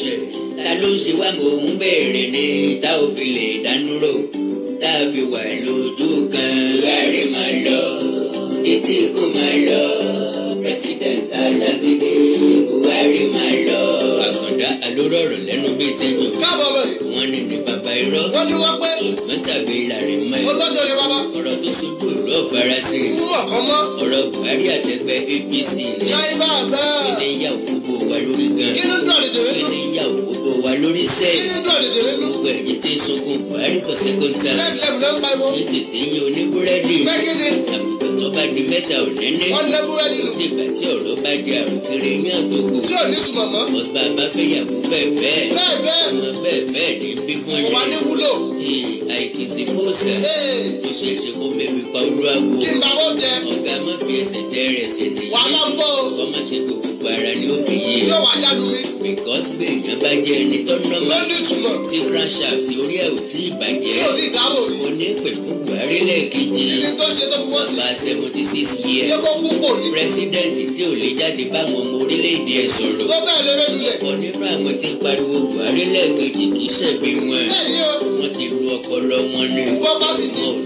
ṣe ta ló ń ṣe wá mò ń bèèrè ni tá ò fi lè dánú rò tá a fi wà lójú kan láàrin máa lọ etí kò máa lọ president alágídé buhari máa lọ. àkàndá àlóró ọ̀rọ̀ lẹ́nu bíi tẹ́jọ́. káàbọ̀ bẹ́ẹ̀. wọ́n ní ní bàbá irọ́. wọ́n ní wọ́n pé. ṣùgbọ́n tàbí ìlàrí mọ́ ẹ̀. ọlọ́jọ́ yẹn bàbá. ọ̀rọ̀ tó ṣubú ìlú ọ̀farasí. fún ọ̀kọ́ mọ́. ọ̀rọ̀ buhari àtẹgbẹ́ apc. ṣáíbà àtà. kí ni ìyàwó gbogbo wa lórí gan. kí sẹ́yìn gbogbo ẹ̀yin tẹ́ sọkún buhari for second time ní tètè yan oníbúrẹ́dì àfikún tó bá di mẹ́ta ò nẹ́nẹ́ nígbà tí ọ̀rọ̀ bá di àròkèrè yín àtòkù bọ́sibà bá fẹ́ yàgò bẹ́ẹ̀ bẹ́ẹ̀ ọmọ bẹ́ẹ̀ bẹ́ẹ̀ ní bí fún yín kìsì fòsà ìṣèṣe kó mẹ́mi pa olú àgbo ọ̀gá má fi ẹsẹ̀ tẹ́rẹ̀ ṣe nìyí ọmọ ṣe gbogbo ara ni ó fi yé because pé èèyàn bá jẹ́ ẹni tó nọ́mà tí crankshaft orí ẹ̀ ò tí ì bàjẹ́ mo ní pè fún Buhari lẹ́ẹ̀kejì bàbá seventy six years president tí ò lè jáde báwọn ọmọ orílẹ̀-èdè ẹ̀ sọ̀rọ̀ ọ̀pọ̀ nínú àwọn tí pariwo Buhari lẹ́ẹ̀kejì kì í ṣẹ̀bi wọn wọ́n ti rú ọpọlọ wọn ni wọn ò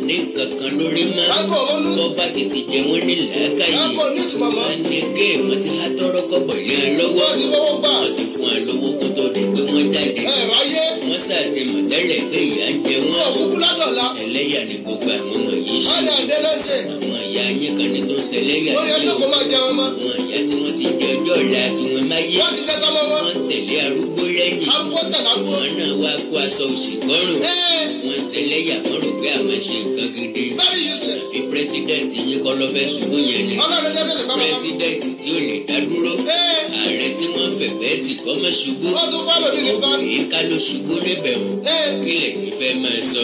ní kankan lórí mọ́ wọn bá tètè jẹ wọn ní làákàyè wọn ní géèmù tí a tọrọ kọ́bọ̀ lé wọn lọ́wọ́ wọn ti fún wọn lówó kó tó di pé wọ́n jáde wọ́n ṣàti mọ̀tẹ́lẹ̀ pé ìyá ń jẹ wọ́n. ẹlẹ́yà ni gbogbo àwọn wọ̀nyí ṣe. àwọn ìyá yín kan ní tó ń ṣẹlẹ́yà nílé o. àwọn ìyá tí wọ́n ti jẹ ọjọ́ ọ̀la tí wọ́n má yé. wọ́n tẹ̀lé arúgbó lẹ́yìn. wọ́n náà wá kó aṣọ òṣì kọ́rùn. wọ́n débẹ̀ o eh. kílẹ̀ kí fẹ́ máa sọ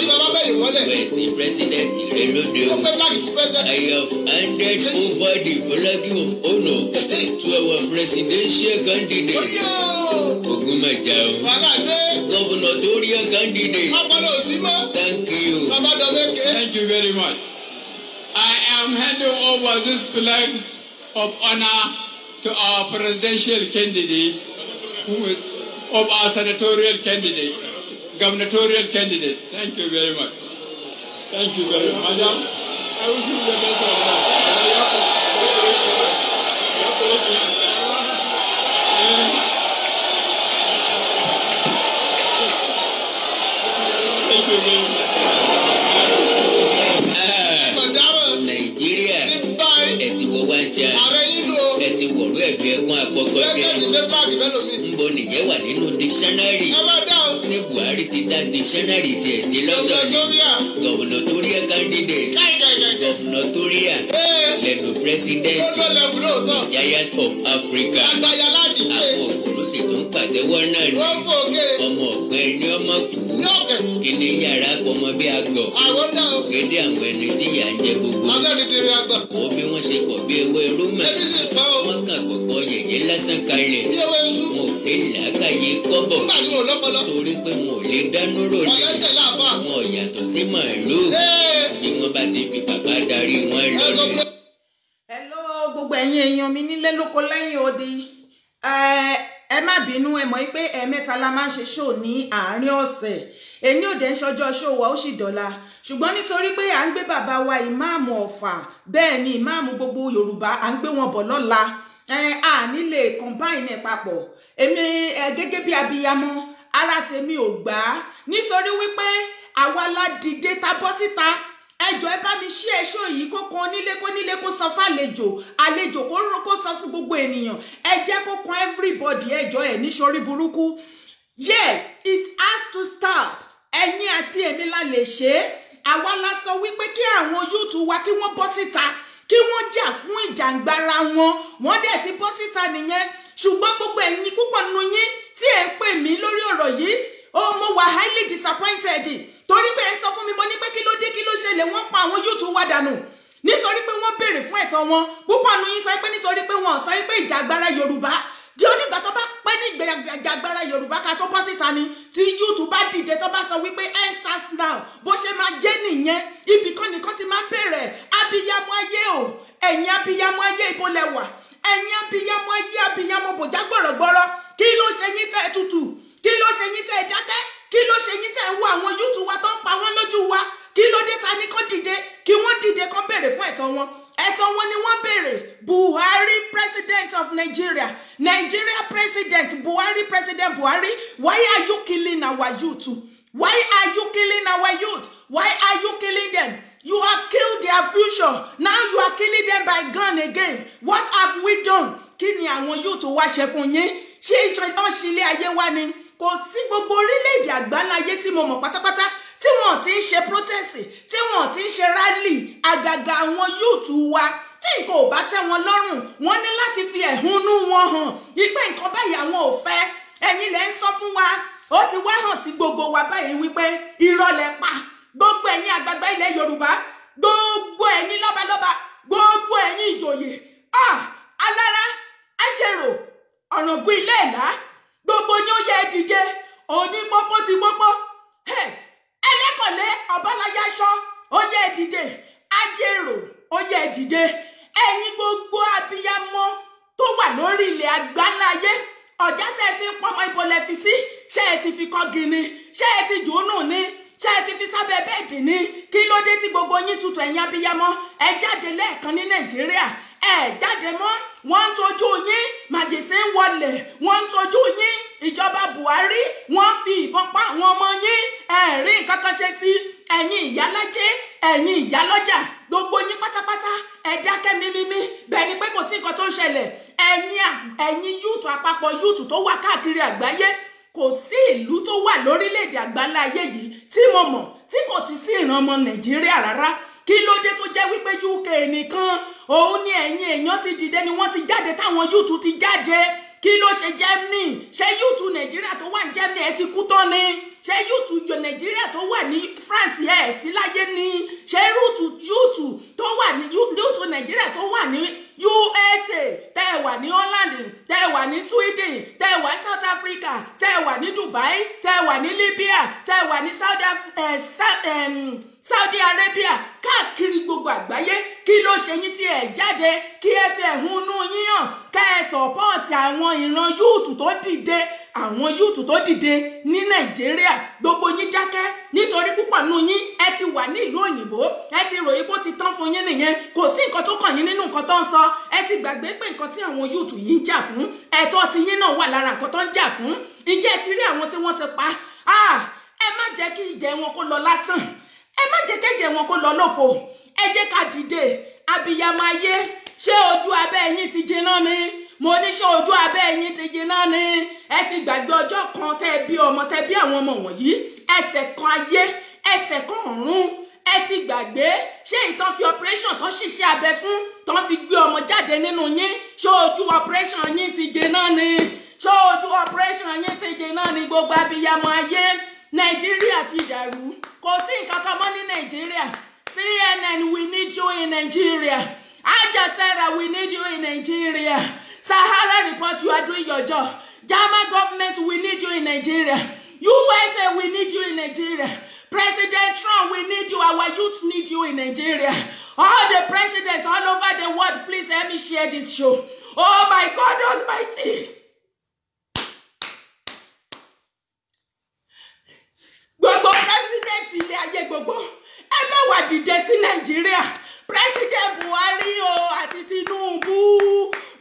wẹ̀sìn pírẹsidẹ́ǹtì rẹ lóde o I have handed over the flag of honour eh. to our presidential candidate Ògúnmájà o gọ́vùnà tó rí ẹ candidate thank you. Thank you very much. I am handing over this flag of honour to our presidential candidate who of our senatorial candidate gubernatorial candidate. Thank you very much. Thank you very much. Madam, I wish you the best of luck. Nàìjíríà ẹ ti wọ wá jà ẹ ti wọ̀rọ̀ ẹ̀bí ẹ̀gbọ́n àpọ̀gbọ́n ẹ̀bí ẹ̀gbọ́n ń bọ̀ nìyẹn wà nínú dikisánárì. ẹ bá dá tí Buhari ti dá dictionary tiẹ̀ sí lọ́tọ̀ ni gọ̀vùnà tó rí ẹ̀ candidate gọ̀vùnà tó rí ẹ̀ lẹ́nu president giant of Africa àwọn òpòlùsìn tó ń rí ọmọ ọ̀pẹ ni ọmọ kù kéde yàrá pọmọ bí agbọ̀ kéde àwọn ẹni tí yà ń jẹ gbogbo wọ́n bí wọ́n ṣe pọ̀ bí ewé rúmọ̀ wọ́n kà gbọ̀gbọ́ yẹ̀yẹ́ lásán kalẹ̀ wọn ò lè làákàyè kọ́bọ̀ torí pé wọn ò lè dánú ròlẹ̀ wọn ò sí màálùú bí wọ́n bá ti fi bàbá darí wọn lọ. hello gbogbo ẹ̀yin èèyàn mi nílé lóko lẹ́yìn odi ẹ má bínú ẹ mọ̀ pé ẹ̀ẹ̀mẹ́ta la máa ń ṣe ṣó ní àárín ọ̀sẹ̀ èní òde ń ṣọjọ́ ṣó wa ó sì dọ̀la ṣùgbọ́n nítorí pé à ń gbé bàbá wa ìmáàmù ọ̀fà bẹ́ẹ̀ ni ìmáàmù gbogbo yorùbá à ń gbé wọn bọ̀ lọ́la a nílé combine papọ̀ èmi gẹ́gẹ́ bí abiyamọ ara tèmi ò gbà á nítorí wípé àwa la dìde ta bọ́ síta ẹjọ ẹ bá mi ṣí ẹṣọ yìí kó kan onílé kó nílé kó sọ fún àlejò àlejò kó rọ kó sọ fún gbogbo ènìyàn ẹ jẹ́ kó kan everybody ẹjọ ẹ níṣorí burúkú yes it has to stop ẹ̀yin àti èmi la lè ṣe é àwa la sọ wípé kí àwọn yúùtù wa kí wọ́n bọ́ síta kí wọ́n jà fún ìjàngbara wọn wọ́n dẹ̀ ti bọ́ síta nìyẹn ṣùgbọ́n gbogbo ẹ̀yin púpọ̀ nínú yín tí ẹ ń pè mí lórí ọ̀rọ̀ yìí ó oh, mo wà highly disappointed torí pé ẹ sọ fún mi mo ní pé kí ló dé kí ló ṣẹlẹ̀ wọ́n pa àwọn YouTube wa dànù nítorí pé wọ́n béèrè fún ẹ̀tọ́ wọn púpọ̀ nu yín sọ pé nítorí pé wọn sọ pé ìjà agbára Yorùbá di ó dìgbà tó bá pẹ́ ní ìjà agbára Yorùbá ká tó bọ́ síta ni tí YouTube bá dìde tó bá sọ wípé ensas now bó ṣe máa jẹ́ nìyẹn ibìkan nìkan ti máa bẹ̀rẹ̀ abiyamọ ayé o ẹ̀yin abiyamọ ayé ibo lẹ wà ẹ̀yin abiyamọ ayé abiyamọ bòjá gbọ̀rọ̀gbọ̀rọ̀ kí ló ṣe yín tẹ́ ẹ tutù kí ló ṣe yín tẹ́ ẹ dákẹ́ kí ló ṣe yín tẹ́ ń wo àwọn yúùtù wa tó ń pa wọ́n lójú wa kí ló dé ta ní kó dìde kí wọ́n dìde kó béèrè fún ẹ̀tọ́ wọn ẹ̀tọ́ wọn ni wọ́n béèrè Buhari president of Nigeria Nigeria president Buhari president Buhari why are you killing our youth why are you killing our youth why are you killing them you have killed their future now you are killing them by gun again what have we done kí ni àwọn youth wá ṣe fún yín ṣé ìṣòro ìṣìlẹ̀ ayé wa ni kò sí gbogbo orílẹ̀-èdè àgbáláyé tí mo mọ̀ pátápátá tí wọ́n ti ń ṣe protest tí wọ́n ti ń ṣe rally àgàgà àwọn yúùtù wa tí nǹkan ò bá tẹ́ wọn lọ́rùn wọ́n ní láti fi ẹ̀hónú wọn hàn wípé nǹkan báyìí àwọn ò fẹ́ ẹ̀yin lẹ́ ń sọ fún wa ó ti wá hàn sí gbogbo wa báyìí wípé irọ́ lẹ pa gbogbo ẹ̀yin àgbààgbà ilẹ̀ Yorùbá gbogbo ẹ̀yin lọ́balọ́ba gbogbo ẹ̀yin ìjòyè ah, alára ajérò ọ̀ràngún ilé ẹ̀lá gbogbo yín ó yẹ ẹ dìde òní pópó ti pópó ẹlẹ́kọ̀lé ọ̀bálayáṣọ ó yẹ ẹ dìde ajérò ó yẹ ẹ dìde ẹ̀yin gbogbo abiyamọ tó wà lórí ilẹ̀ àgbáláyé ọ̀já tẹ́ fi ń pọ́nmọ́ ibo lẹ fi sí ṣé ẹ ti fi kọ́ gini ṣé ẹ ti jùúnù ni ṣé ẹ ti fi sábẹ́ bẹ́ẹ̀dì ni kí ló dé tí gbogbo yín tutù ẹ̀yin abiyamọ ẹ jáde lẹ́ẹ̀kan ní nàìjíríà ẹ jáde mọ́ wọ́n ń tọ́jú yín màjèsè ń wọlé wọ́n ń tọ́jú yín ìjọba buhari wọ́n fi ìbọn pa àwọn ọmọ yín ẹ rí nǹkan kan ṣe sí ẹ̀yin ìyálájẹ́ ẹ̀yin ìyálọ́jà gbogbo yín pátápátá ẹ dákẹ́ mímímí bẹ́ẹ̀ ni pé kò sí nǹkan tó ń ṣẹlẹ̀ ẹ̀yin yúùtù àpapọ̀ yúùtù tó wà káàkiri àgbáyé kò sí ìlú tó wà lórílẹ̀‐èdè àgbáńlá ayé yìí tí mo mọ̀ tí kò ti sí ìran ọmọ nàìjíríà rárá kí ló dé tó jẹ́ wípé uk nìkan òun ni ẹ̀yin èèyàn ti dìde ni wọ́n ti jáde táwọn yúùtù ti jáde kí ló ṣe germany ṣé yúùtù nàìjíríà tó wà ní germany ẹ ti kú tán ni ṣé yúùtù nàìjíríà tó wà ní france ẹ sí láyé ni ṣé yúùtù tó wà ní yúùtù nàìjíríà tó wà ní USA tẹ́ ẹ wà ní Holland tẹ́ ẹ wà ní Sweden tẹ́ ẹ wà South Africa tẹ́ ẹ wà ní Dubai tẹ́ ẹ wà ní Libya tẹ́ ẹ wà ní South Africa. Eh, Saudi Arabia káàkiri gbogbo àgbáyé kí ló ṣe yín tí ẹ jáde kí ẹ fẹ́ hunú yín hàn ká ẹ sọ̀pọ́ọ̀tì àwọn ìran yúùtù tó dìde àwọn yúùtù tó dìde ní Nàìjíríà gbogbo yín dákẹ́ nítorí púpọ̀ nù yín ẹ ti wà ní ìlú òyìnbó ẹ ti ròyìn bó ti tán fún yín nìyẹn kò sí nǹkan tó kàn yín nínú nǹkan tó ń sọ ẹ ti gbàgbé pé nǹkan tí àwọn yúùtù yìí ń jà fún ẹ̀tọ́ ti yín náà wà lára nǹkan tó ń jà fún ìjẹ́ ti rí àwọn tí wọ́n ti pa ah! ẹ má jẹ́ kí ìjẹ́ wọn kó lọ lásán ẹ má jẹ́ kẹ́jẹ́ wọn kó lọ lófo ẹ jẹ́ ká dìde abiyamọ ayé ṣé ojú abẹ́ yín ti jiná ni mo ní ṣé ojú abẹ́ yín ti jiná ni ẹ ti gbàgbé ọjọ́ kan tẹ́ bí ọmọ tẹ́ bí àwọn ọmọ wọ̀nyí ẹsẹ̀ kan ayé ẹsẹ̀ kan ọ̀run ẹ ti gbàgbé ṣé ìtàn fi operation tán ṣiṣẹ́ abẹ fún tán fi gbé ọmọ jáde nínú yín ṣé ojú operation yín ti jiná ni ṣé ojú operation yín ti jiná ni gbogbo abiyamọ ayé nàìjíríà ti dàrú kò sí nǹkan kan mọ́ ní nàìjíríà CNN we need you in Nigeria Ajasera we need you in Nigeria Sahara report you are doing your job German government we need you in Nigeria USA we need you in Nigeria President Trump we need you our youth need you in Nigeria all the presidents all over the world please help me share this show oh my God Almighty. gbogbo pírẹsidẹ́ǹtì ilé ayé gbogbo ẹ bá wá dìde sí nàìjíríà President buhari o àti tinubu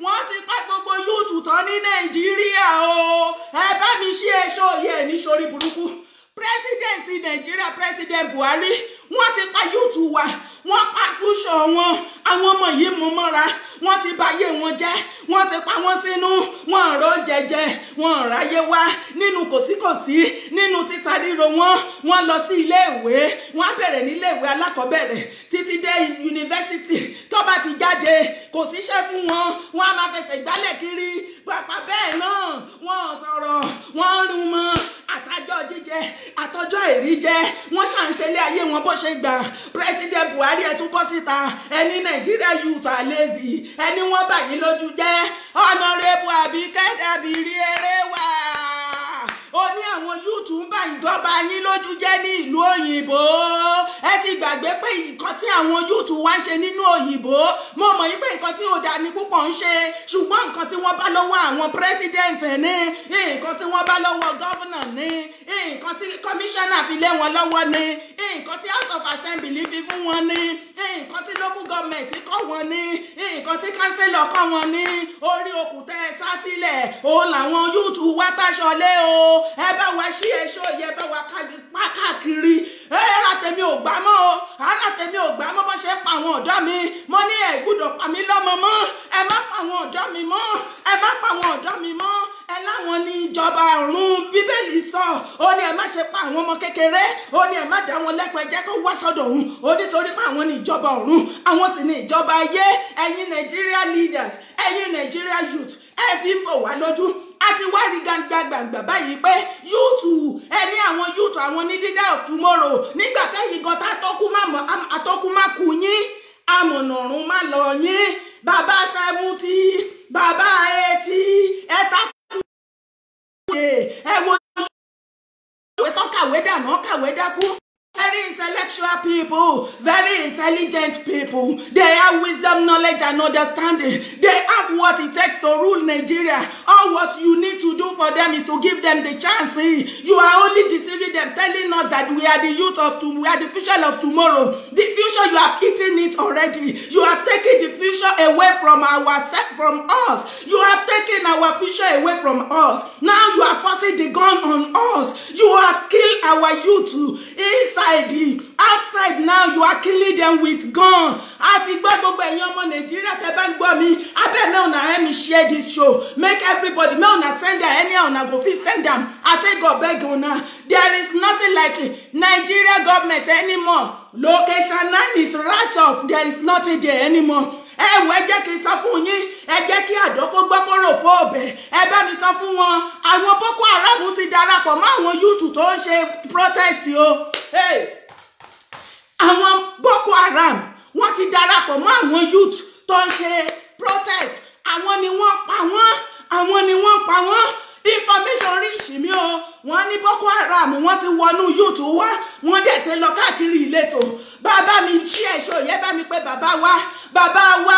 wọ́n ti pa gbogbo yóòtù tán ní nàìjíríà o ẹ bá mi ṣe é ṣó yẹ ní sórí burúkú president Nigeria, president buhari wọ́n ti pa yúùtù wa wọ́n pa fúnṣọ wọn àwọn ọmọ yìí mú mọ́ra wọ́n ti báyé wọn jẹ́ wọ́n ti pa wọ́n sínú wọ́n rọ jẹjẹ wọ́n ráyé wá nínú kòsíkòsí nínú títa ríro wọn wọ́n lọ sí iléèwé wọ́n á bẹ̀rẹ̀ níléèwé alákọ̀ọ́bẹ̀rẹ̀ títí dé yunifásitì tó bá ti jáde kò síṣẹ́ fún wọn wọ́n á máa fẹsẹ̀ gbálẹ̀ kiri pàpà bẹ́ẹ̀ náà wọ́n sọ̀rọ̀ wọ́n rún mọ́ àtàjọ jíjẹ àtọjọ́ ìrí jẹ́ wọ́n ṣàǹṣelé ayé wọn bó ṣe gbà president Buhari ẹ̀ tún bọ́ síta ẹni Nàìjíríà youth are lazy ẹni wọ́n bàyí lójú jẹ́ honorable Abike Dabiri Erewa ó ní àwọn yúùtù ń bá ìjọba yín lójú jẹ́ ní ìlú òyìnbó ẹ ti gbàgbé pé nǹkan tí àwọn yúùtù wá ń ṣe nínú òyìnbó mo mọ̀ yí pé nǹkan tí ó dà ní púpọ̀ ń ṣe ṣùgbọ́n nǹkan tí wọ́n bá lọ́wọ́ àwọn president ní nǹkan tí wọ́n bá lọ́wọ́ gọ́vnà ní nǹkan tí kọmíṣánná fi lé wọn lọ́wọ́ ní nǹkan tí house of assembly fi fún wọn ní nǹkan tí local government kọ́ wọn ní nǹkan tí councillor kọ́ wọn ní orí òkùtẹ́ sásílẹ̀ òun làwọn yúùtù wá táṣọlé o o ẹ bá wa ṣí ẹṣọ yẹ ẹ bá wa kájú pákàkiri ara tèmi ò gbà mọ́ o ara tèmi ò gbà mọ́ bó ṣe pa àwọn ọ̀dọ́ mi mo ní ẹ gbọ́dọ̀ pa mí lọ́mọ mọ́ ẹ má pa àwọn ọ̀dọ́ mi mọ́ ẹ má pa àwọn ọ̀dọ́ mi mọ́ ẹ láwọn ní ìjọba ọ̀run bíbélì sọ ó ní ẹ má ṣe pa àwọn ọmọ kékeré ó ní ẹ má dá wọn lẹ́kọ̀ọ́ ẹ kó wá sọ́dọ̀ òun ó nítorí pé àwọn ní ìjọba ọ̀run àwọn sì ní ìjọba ayé ẹ̀yin Nigeria leaders ẹ̀yin Nigeria youth ẹ fi ń bọ̀ wá lójú a ti wá rí gbangbangba báyìí pé yúùtù ẹ ní àwọn yúùtù àwọn ní leader of tomorrow nígbà tẹ́yìn gan tá atọ́kùn má kú yín amọ̀nàrún má lọ yín bàbá seventy bàbá eighty ẹ takú ẹ wo ìwé tán kàwé dànù kàwé dákú Very intellectual people, very intelligent people. They have wisdom, knowledge, and understanding. They have what it takes to rule Nigeria. All what you need to do for them is to give them the chance. You are only deceiving them, telling us that we are the youth of we are the future of tomorrow. The future you have eaten it already. You have taken the future away from our from us. You have taken our future away from us. Now you are forcing the gun on us. You have killed our youth. Inside outside outside now you are killing them with gun àti gbọ́ gbogbo ẹ̀yin ọmọ nàìjíríà tẹ́ bá ń gbọ́ mi abẹ́ mẹ́ ọ̀nà help me share this show make everybody mẹ́ ọ̀nà send am any ọ̀nà go fit send am àtẹ́gọ̀ ọ̀bẹ́gẹ̀ ọ̀nà there is nothing like Nigeria government anymore location nine is right off there is nothing there anymore ẹ̀wọ̀ ẹ jẹ́ kí n sọ fún yín ẹ jẹ́ kí àdókò gbọ́kọ̀rọ̀ fún ọ̀bẹ ẹ bá mi sọ fún wọn àwọn Boko Haram ti darapọ̀ mọ́ àwọn yúùtù tó ń ṣe protest o àwọn Boko Haram wọ́n ti darapọ̀ mọ́ àwọn youth tó ń ṣe protest àwọn ni wọ́n pa wọ́n àwọn ni wọ́n pa wọ́n information ríṣì mi o wọ́n ní Boko Haram wọ́n ti wọnú YouTube wá wọ́n dẹ̀ ti lọ káàkiri ìletò bàbá mi ṣí ẹ̀ṣọ́ yẹn bá mi pé bàbá wa bàbá wa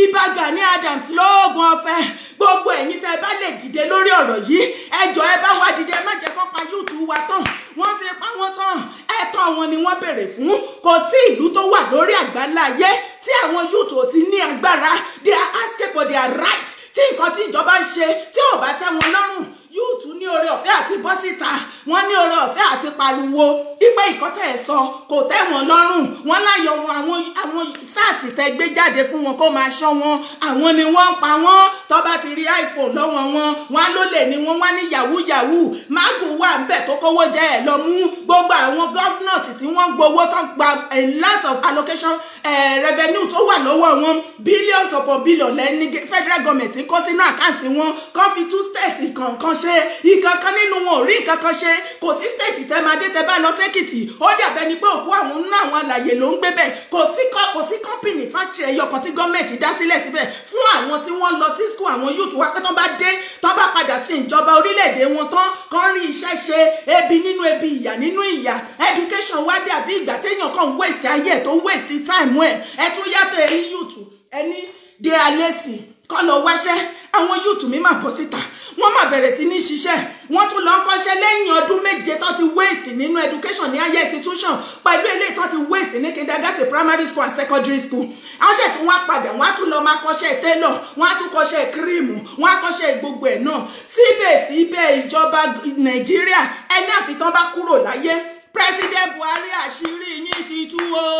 Ìbà Gani Adams lóògùn ọ̀fẹ́ gbogbo ẹ̀yin tẹ́ bá lè dìde lórí ọ̀rọ̀ yìí ẹjọ́ ẹ bá wa dìde má jẹ́ kó pa YouTube wa tán wọ́n ti pa wọ́n tán ẹ̀tọ́ wọn ni wọ́n béèrè fún kò sí ìlú tó wà lórí àgbáńlá ayé tí àwọn YouTube ti ní agbára they are asking for their right tí nǹkan tí ìjọba ń ṣe tí ò bá tẹ́ wọn lọ́rùn yóò tún ní oore ọ̀fẹ́ àti bọ́ síta wọ́n ní oore ọ̀fẹ́ àti pariwo ipe ìkọ́tẹ̀ ẹ̀sọ kò tẹ́ wọn lọ́rùn wọ́n láyọ̀ wọn àwọn àwọn sars tẹ gbé jáde fún wọn kó máa ṣọ́ wọn àwọn ni wọ́n ń pa wọ́n tó bá ti rí iphone lọ́wọ́ wọn wọn lólè ni wọ́n wá ní yahoo yahoo magu wà bẹ́ẹ̀ tó kówó jẹ́ ẹ̀ lọ mú gbogbo àwọn governors tí wọ́n gbowó tó gba a lot of allocation eh, revenue tó wà lọ́wọ́ wọn billions upon billions lẹ́ni federal government kó sínú àkáǹtì wọn kó fi two states kọ̀ọ̀kan ṣ ṣe ìkankan nínú wọn ò rí ìkankan ṣe kò sí stéètì tẹ́ máa dé tẹ́ bá lọ sẹ́kìtì ó dàbẹ́ ni pé òkú àwọn nínú àwọn àlàyé ló ń gbé bẹ̀ kò sí kò sí kọ́mpìnì fáktìrì ẹyọkan tí gọ́ọ̀mẹ̀ntì dá sílẹ̀ síbẹ̀ fún àwọn tí wọ́n lọ sí skul àwọn yúùtù wa pé tán bá dé tán bá padà sí ìjọba orílẹ̀-èdè wọn tán kán rí iṣẹ́ ṣe ebi nínú ebi ìyà nínú ìyà education wá dàbí ìgbà téèyàn kàn waste ayé ẹ̀ tó waste time ẹ̀ ẹ̀ tún yàtọ̀ ẹ̀ ní yúùtù ẹ̀ ní dé alẹ́ sí i kọ́ lọ wáṣẹ́ àwọn yúùtù mi máa bọ́ síta wọ́n máa bẹ̀rẹ̀ sí ní ṣiṣẹ́ wọ́n tún lọ ń kọ́ṣẹ́ lẹ́yìn ọdún méje tó ti waste nínú education ní higher institution pẹ̀lú eléyìí tó ti waste ní kindergarten primary school and secondary school ọṣẹ tí wọ́n padà wọ́n á tún lọ máa kọ́ṣẹ́ tailor wọ́n á tún kọ́ṣẹ́ kírìmù wọ́n á kọ́ṣẹ́ gbogbo ẹ̀ náà síbẹ̀síbẹ̀ ìjọba nàìjíríà ẹni àfitán bá kúrò láyé president buhari àṣírí yín ti tú o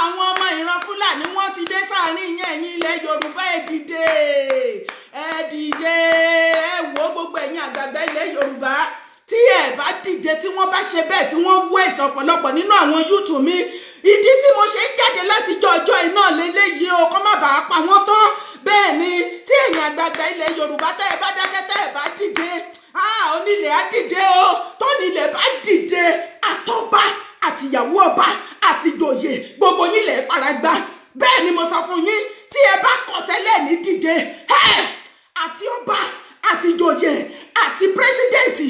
àwọn ọmọ ìran fúlàní wọ́n ti dé sáàrin yẹn ẹ̀yin ilẹ̀ yorùbá ẹ dìde ẹ dìde ẹ wò gbogbo ẹ̀yin àgbààgbà ilẹ̀ yorùbá tí ẹ bá dìde tí wọ́n bá ṣe bẹ́ẹ̀ tí wọ́n wú ẹ̀sìn ọ̀pọ̀lọpọ̀ nínú àwọn yúùtù mi ìdí tí mo ṣe ń jáde láti jọ ọjọ́ iná lélẹ́yìí o kọ́ má bàa pa wọ́n tán bẹ́ẹ̀ ni tí èèyàn àgbààgbà ilẹ̀ yorùbá tẹ́ ẹ bá dákẹ́ tẹ́ ẹ bá dìde onílẹ̀ á dìde o tónílẹ̀ bá dìde àtọ́ba àtìyàwó ọba àtìjòyè gbogbo yín lè faragbá bẹ́ẹ̀ ni mo sọ fún yín tí ẹ bá kọ̀tẹ́lẹ̀ ní dìde àti ọba àtìjòyè àti pírẹsidẹ́ǹtì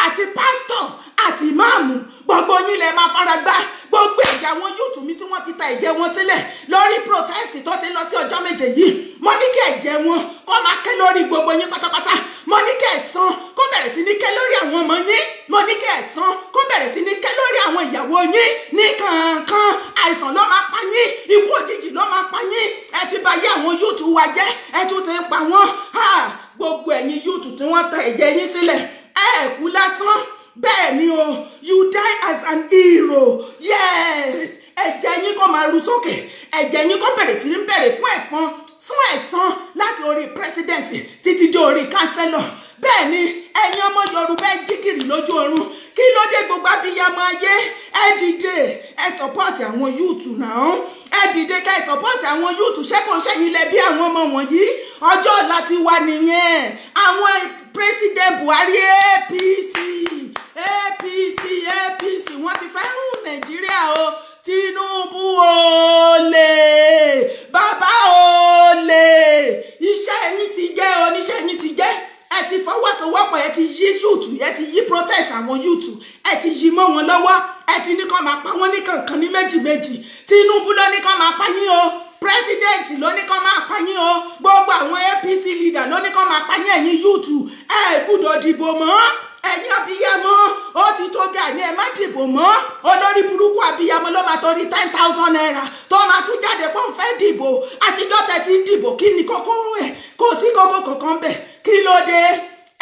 àti pásítọ̀ àti ìmáàmù gbogbo yín lè máa faragbá gbogbo ẹ̀jẹ̀ àwọn yúùtù mi tí wọ́n ti ta ẹ̀jẹ̀ wọn sílẹ̀ lórí protest tó ti lọ sí ọjọ́ méje yìí mo ní kí ẹ̀jẹ̀ wọn kó máa ké lórí gbogbo yín pátápátá mo ní kí ẹ̀san kó bẹ̀rẹ̀ sí ní ké lórí àwọn ọmọ yín mo ní kí ẹ̀san kó bẹ̀rẹ̀ sí ní ké lórí àwọn ìyàwó yín ní kankan àìsàn ló máa pa yín ikú òjijì ló máa pa yín ẹ ti bà yé àwọn yúùtù wa jẹ́ ẹ tún ti pa wọ́n gbogbo ẹ̀yin yúùtù tí wọ́n ta ẹ̀jẹ̀ yín sílẹ̀ ẹ kú lásán bẹ́ẹ̀ ni o you die as an hero yes ẹ̀jẹ̀ yín kó máa ru sókè ẹ̀jẹ̀ yín kó bẹ̀rẹ̀ sí ní bẹ̀rẹ̀ fún ẹ̀fọn fún ẹ̀san láti orí president títí dé orí kánsẹ́lọ̀ bẹ́ẹ̀ ni ẹ̀yin ọmọ yorùbá ẹ jí gìrì lójú oorun kí ló dé gbogbo abiyamọ ayé ẹ dìde ẹ sọpọ́ọ̀tì àwọn yúùtù náà ẹ dìde ká ẹ sọpọ́ọ̀tì àwọn yúùtù ṣẹ́kọ̀ọ́ ṣẹ́yìn lẹ́bí àwọn ọmọ wọ̀nyí ọjọ́ ọ̀la ti wà nìyẹn àwọn president buhari apc apc apc wọ́n ti fẹ́ nàìjíríà o. Tinubu olè bàbá olè iṣẹ́ yín ti jẹ́ oníṣẹ́ yín ti jẹ́ ẹ ti fọwọ́sowọ́pọ̀ ẹ ti yí yúùtù ẹ ti yí protest àwọn yúùtù ẹ ti yí mọ́ wọn lọ́wọ́ ẹ ti ní kàn máa pa wọ́n ní kankan ní méjì Tinubu ló ní kàn máa pa yín o president ló ní kàn máa pa yín o gbogbo àwọn APC leader ló ní kàn máa pa yín ẹ̀yin yúùtù ẹ gbúdọ̀ dìbò mọ́ ẹ̀yin abiyamọ ó ti tó Gani ẹ má dìbò mọ́ olórí burúkú abiyamọ ló máa torí ten thousand naira tó máa tún jáde pọ́n fẹ́ dìbò àtijọ́ tẹ̀sí dìbò kí ni kókó ẹ̀ kò sí kókó kankan bẹ̀ kí ló dé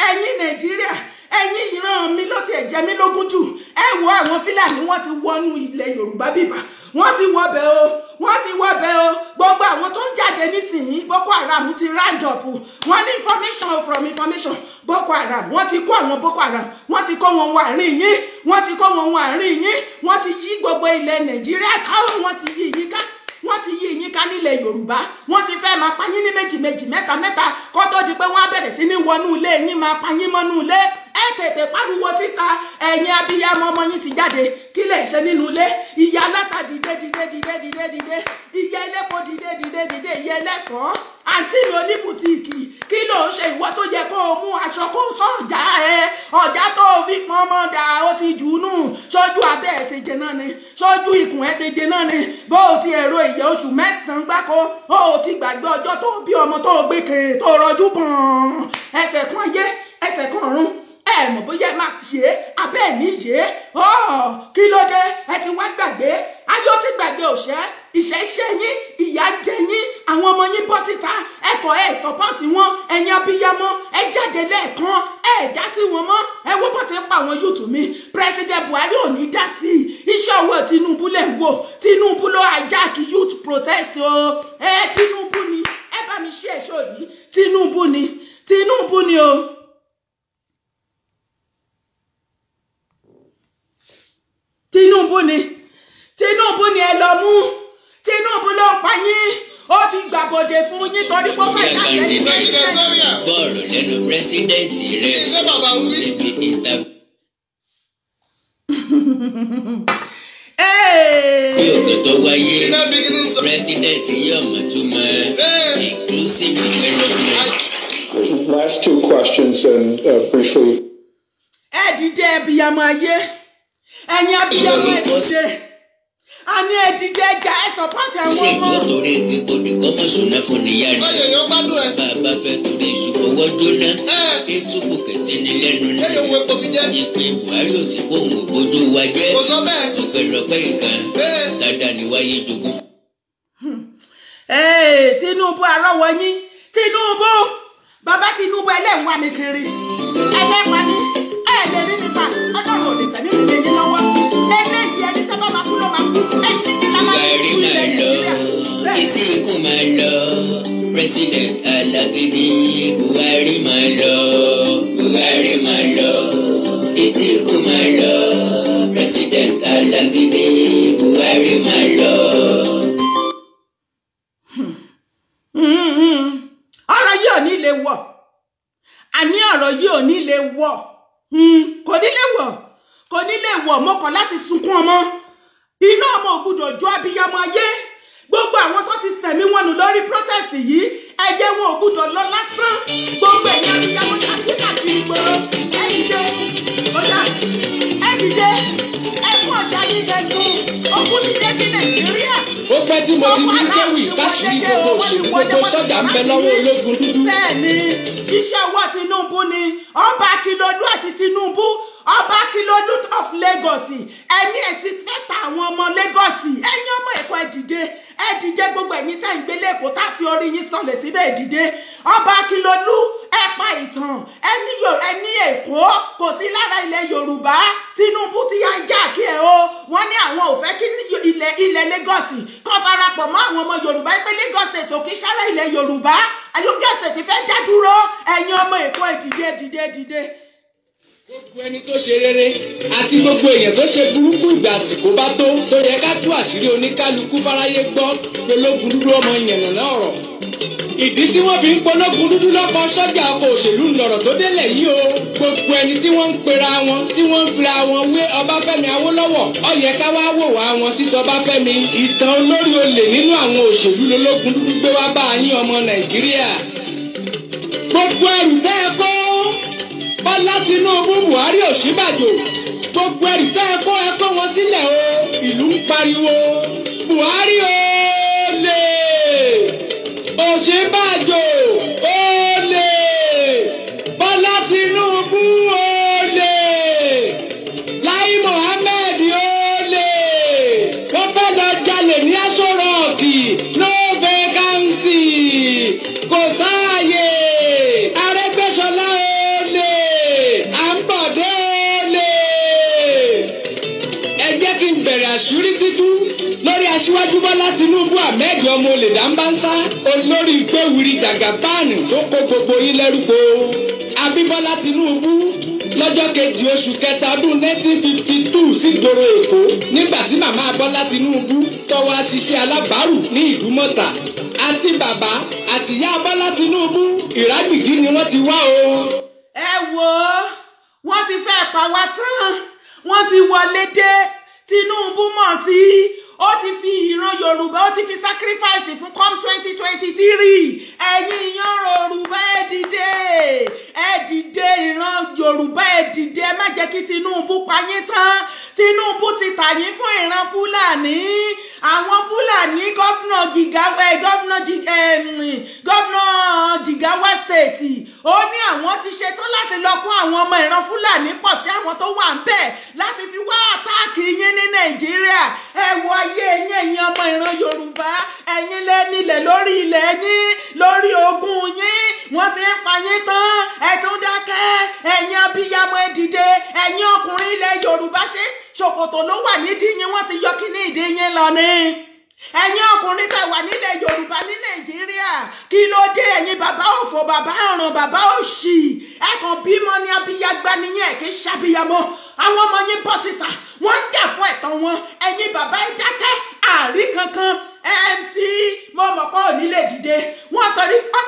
ẹ̀yin Nàìjíríà ẹ̀yin ìran mi ló tiẹ̀ jẹ mí lógún jù ẹ wo àwọn fúlàní wọ́n ti wọnú ilẹ̀ yorùbá bíbà wọ́n ti wọbẹ̀ o wọ́n ti wọbẹ̀ o gbogbo àwọn tó ń jáde nísìnyí boko haram ti round up wọ́n ní information from information boko haram wọ́n ti kó àwọn boko haram wọ́n ti kó wọn wọ àárín yín wọ́n ti kó wọn wọ àárín yín wọ́n ti yí gbogbo ilẹ̀ nàìjíríà káwọn wọ́n ti yí yín ká wọ́n ti yí yín ká nílẹ̀ yorùbá wọ́n ti fẹ máa pa yín ní méjì méjì mẹ́ta mẹ́ta kó tó di pé wọ́n á bẹ̀rẹ̀ sí ní wọnú ilé yín máa pa yín mọ́nú ilé tètè pariwo síta ẹ̀yin abiyamọ ọmọ yín ti jáde kí lè ṣe nínú ilé ìyá aláta dìde dìde dìde dìde dìde ìyá elépo dìde dìde dìde ìyá ẹlẹ́fọ̀ọ́ àǹtí mi oníbùtíìkì kí ló ń ṣe ìwọ tó yẹ kó o mú aṣọ kó sọ ọjà ẹ ọjà tó o fi pọn ọmọ dà ó ti jù ú nù ṣojú abẹ́ ẹ̀ ti jẹ náà ni ṣojú ikùn ẹ̀ ti jẹ náà ni bó o ti ẹ̀rọ ìyẹ́ oṣù mẹ́sàn-án gbáko ó o ti gbàgbé ọjọ́ tó bí ọmọ tó gbé kèé tó rọjú pọ̀n ẹsẹ̀ kan yé ẹsẹ̀ kan rún ẹ mọ̀ bóyá ẹ máa ṣe é abẹ́ ẹ̀ ní yé ọ́ kí ló dé ẹ ti wá gbàgbé ayọ̀ ti gbàgbé òṣẹ́ ìṣẹ́ ṣe yín ìyá jẹ yín àwọn ọmọ yín bọ́ síta ẹ̀kọ́ ẹ̀ sọ́pọ́ọ̀tì wọn ẹ̀yin abiyamọ ẹ jáde lẹ́ẹ̀kan ẹ dá sí wọn mọ́ ẹ wo bó ti pa àwọn yúùtù mi president Buhari ò ní dá sí i iṣẹ́ owó Tinubu lẹ̀ ń wò Tinubu ló hijack youth protest o ẹ Tinubu ni ẹ bá mi ṣe èso yìí Tinubu ni Tinubu ni o. Tinubu ni Tinubu ni ẹ lọ mú Tinubu ló pa yín ó ti gbàbọ̀dè fún yín torí kó fẹ́ ṣàtẹ̀lẹ́ bọ́ọ̀lù lẹ́nu pírẹ́sídẹ́ǹtì rẹ̀ níbi ìta. bí òkè tó wáyé pírẹ́sídẹ́ǹtì yóò mọ̀ tún mọ́ inclusive development. Last two questions and uh, briefly. ẹ dìde ẹbí ya máa yé ẹ̀yin abiyamọ ẹ̀dìde a ní ẹ̀dìde ẹja ẹ̀ sọ̀pọ̀tì àwọn ọmọ. ṣé ìjọ torí igi kọ́mọ sùnà fún níyàrá. ọyọ yóò gbádùn ẹ. bàbá fẹ́ torí ìṣòfowó jóná. ètò kò kẹsí ni lẹ́nu náà. ẹyọ wo epo mi jẹ. ìpè buhari ò sí fóun ò wa jẹ. kò sọ bẹ́ẹ̀. ọpẹ́lọpẹ́ ìkan. dada ni wáyé jogún. Tinubu arọwọ yín Tinubu bàbá Tinubu ẹlẹ́wọ̀n mi kiri ẹ̀jẹ̀ pa mí ọlọ́run ò lè rí máa lọ etí ikú máa lọ president alágídí Buhari máa lọ Buhari máa lọ etí ikú máa lọ president alágídí Buhari máa lọ. Hmm, ọ̀rọ̀ yìí ò ní lè wọ̀ àní ọ̀rọ̀ yìí ò ní lè wọ̀ hmm, kò ní lè wọ̀ kò ní lè wọ̀ mọ́kàn láti sunkún ọmọ iná ọmọ ògbúdọ̀ jó abiyamọ ayé gbogbo àwọn tó ti sẹ̀mí wọn nù lórí protest yìí ẹ̀jẹ̀ wọn ò gbúdọ̀ lọ lásán gbogbo ẹ̀yìn abiyamọ àti káàkiri gbòòrò ẹ dìde ọjà ẹ dìde ẹ kú ọjà yìí kẹsùn ogun ti dé sí nàìjíríà. ó pẹ́ tí mo ti wí kéwì káṣírí gbogbo òṣèlú gbogbo sọ́jà ń bẹ lọ́wọ́ ológun dúdú. bẹ́ẹ̀ ni iṣẹ́ ọwọ́ Tinubu ni ọba Akínlọ́dún àti Tinubu ọba Kilolú of Lagos ẹ̀mí ẹ̀ ti fẹ́ ta àwọn ọmọ Lagos ẹ̀yin ọmọ Èkó ẹ̀ dìde ẹ̀ dìde gbogbo ẹ̀yin tẹ̀ ń gbélé Èkó tá a fi orí yín sọlẹ̀ síbẹ̀ ẹ̀ ọba Kilolú ẹ̀ pa ìtàn ẹ̀mí ẹ̀ní Èkó kò sí lára ilẹ̀ Yorùbá Tinubu ti yá já kí ẹ o wọ́n ní àwọn ò fẹ́ kí ilẹ̀ ilẹ̀ Lagos kọ́ farapọ̀ mọ́ àwọn ọmọ Yorùbá pé Lagos state òkè sára ilẹ̀ Yorùbá Lagos state fẹ́ dá dúró ẹ̀yin ọmọ Èkó ẹ̀ dìde dìde gbogbo ẹni tó ṣe rere àti gbogbo èèyàn tó ṣe burúkú ìgbà àsìkò bá tó tó yẹ ká tú àṣírí oníkálukú fáráyé gbọ́ pológun dúdú ọmọ yànnàná ọ̀rọ̀ ìdí tí wọ́n fi ń pológun dúdú lọ́kọ̀ sọ́jà ọkọ̀ òṣèlú ńlọ̀rọ̀ tó délẹ̀ yìí o gbogbo ẹni tí wọ́n ń pera wọn tí wọ́n ń fira wọn wé ọbáfẹ́mi awólọ́wọ̀ ó yẹ ká wá wò wá wọn sí tọbáfẹ́mi ìtàn olórí olè nínú àwọn òṣèlú lológun dúdú gbé wá bá a yín ọmọ nàìjíríà gbogbo ẹrù tẹ́ ẹ kó Bọ́lá Tinubu Buhari Òsínbàjò gbogbo ẹ̀rí tẹ́ ẹ kó ẹ kó wọn sílẹ̀ o ìlú ń pariwo Buhari o lè Òsínbàjò o. aṣíwájú bọ́lá tinubu ahmed ọmọ olè dáńbánsá olórí gbẹ̀wìrì jàgàbáànì tó kó gbogbo yín lẹ́rùkọ abíbọ́lá tinubu lọ́jọ́ kejì oṣù kẹta ọdún nineteen fifty two sígboro èkó nígbà tí màmá bọ́lá tinubu tọwọ́ ṣiṣẹ́ alábàárù ní ìdúmọ̀tà àti bàbá àtìyá bọ́lá tinubu ìrágbìkí ni wọ́n ti wá o. ẹ wo wọ́n ti fẹ́ pa wá tán wọ́n ti wọlé dé tinubu mọ̀ sí i ó ti fi ìran yorùbá ó ti fi sacrifice fún come twenty twenty three ẹ̀yin ìyan yorùbá ẹ dìde ẹ dìde ìran yorùbá ẹ dìde ẹ má jẹ́ kí tinubu pa yín tán tinubu ti tà yín fún ìran fúlàní àwọn fúlàní gọ́fúnà jigawa gọ́fúnà gọ́fúnà jigawa state ó ní àwọn ti ṣetán láti lọ kún àwọn ọmọ ìran fúlàní pọ̀ sí àwọn tó wà ń bẹ̀ láti fi wá àtáàkì yín ní nàìjíríà ẹ wọ ayé yín ẹ̀yin ọmọ ìran Yorùbá ẹ̀yin lẹ́nilẹ̀ lórí ilẹ̀ yín lórí ogún yín wọ́n ti ń pa yín tán ẹ tún dákẹ́ ẹ̀yin abiyamọ ẹ dìde ẹ̀yin ọkùnrin ilẹ̀ Yorùbá ṣe ṣòkòtò ló wà nídìí yín wọ́n ti yọ kíní ìdí yín lọ ni ẹ̀yin ọkùnrin tẹ́ wà nílẹ̀ yorùbá ní nàìjíríà kí ló dé ẹ̀yin bàbá òfò bàbá ọ̀ràn bàbá òṣì ẹ̀kan bímọ ní abiyagba nìyẹn kì í ṣàbíyamọ àwọn ọmọ yín bọ́ síta wọ́n ń jà fún ẹ̀tọ́ wọn ẹ̀yin bàbá ń dákẹ́ àárí kankan mc mo mọ̀ pé òní lè dìde wọ́n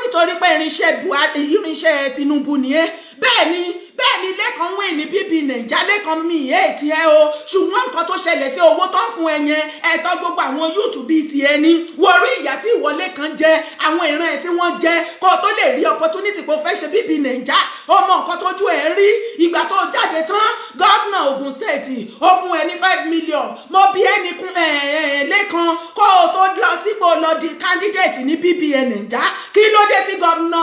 nítorí pé irinṣẹ́ Buhari irinṣẹ́ Tinubu nìyẹn bẹ́ẹ̀ ni bẹ́ẹ̀ ni lẹ́kan wọ́n ní bíbí nàìjà lẹ́kan mi ìyé ètí ẹ o ṣùgbọ́n nǹkan tó ṣẹlẹ̀ sí owó tó ń fún ẹ yẹn ẹ̀tọ́ gbogbo àwọn yúùtù bíi ti ẹni wọrí ìyá tí ìwọlé kan jẹ àwọn ìran ẹ tí wọ́n jẹ kó o tó lè rí opportunity kó o fẹ́ ṣe bíbí nàìjà ọmọ nǹkan tójú ẹ rí ìgbà tó jáde tán gọ́vnà Ògùn stéètì ó fún ẹ ní five million mo bí ẹni kún ẹ ẹ lẹ́kan kó o tó lọ sípò lọ di candidate ní BBN nàìjà kí ló dé tí gọ́vnà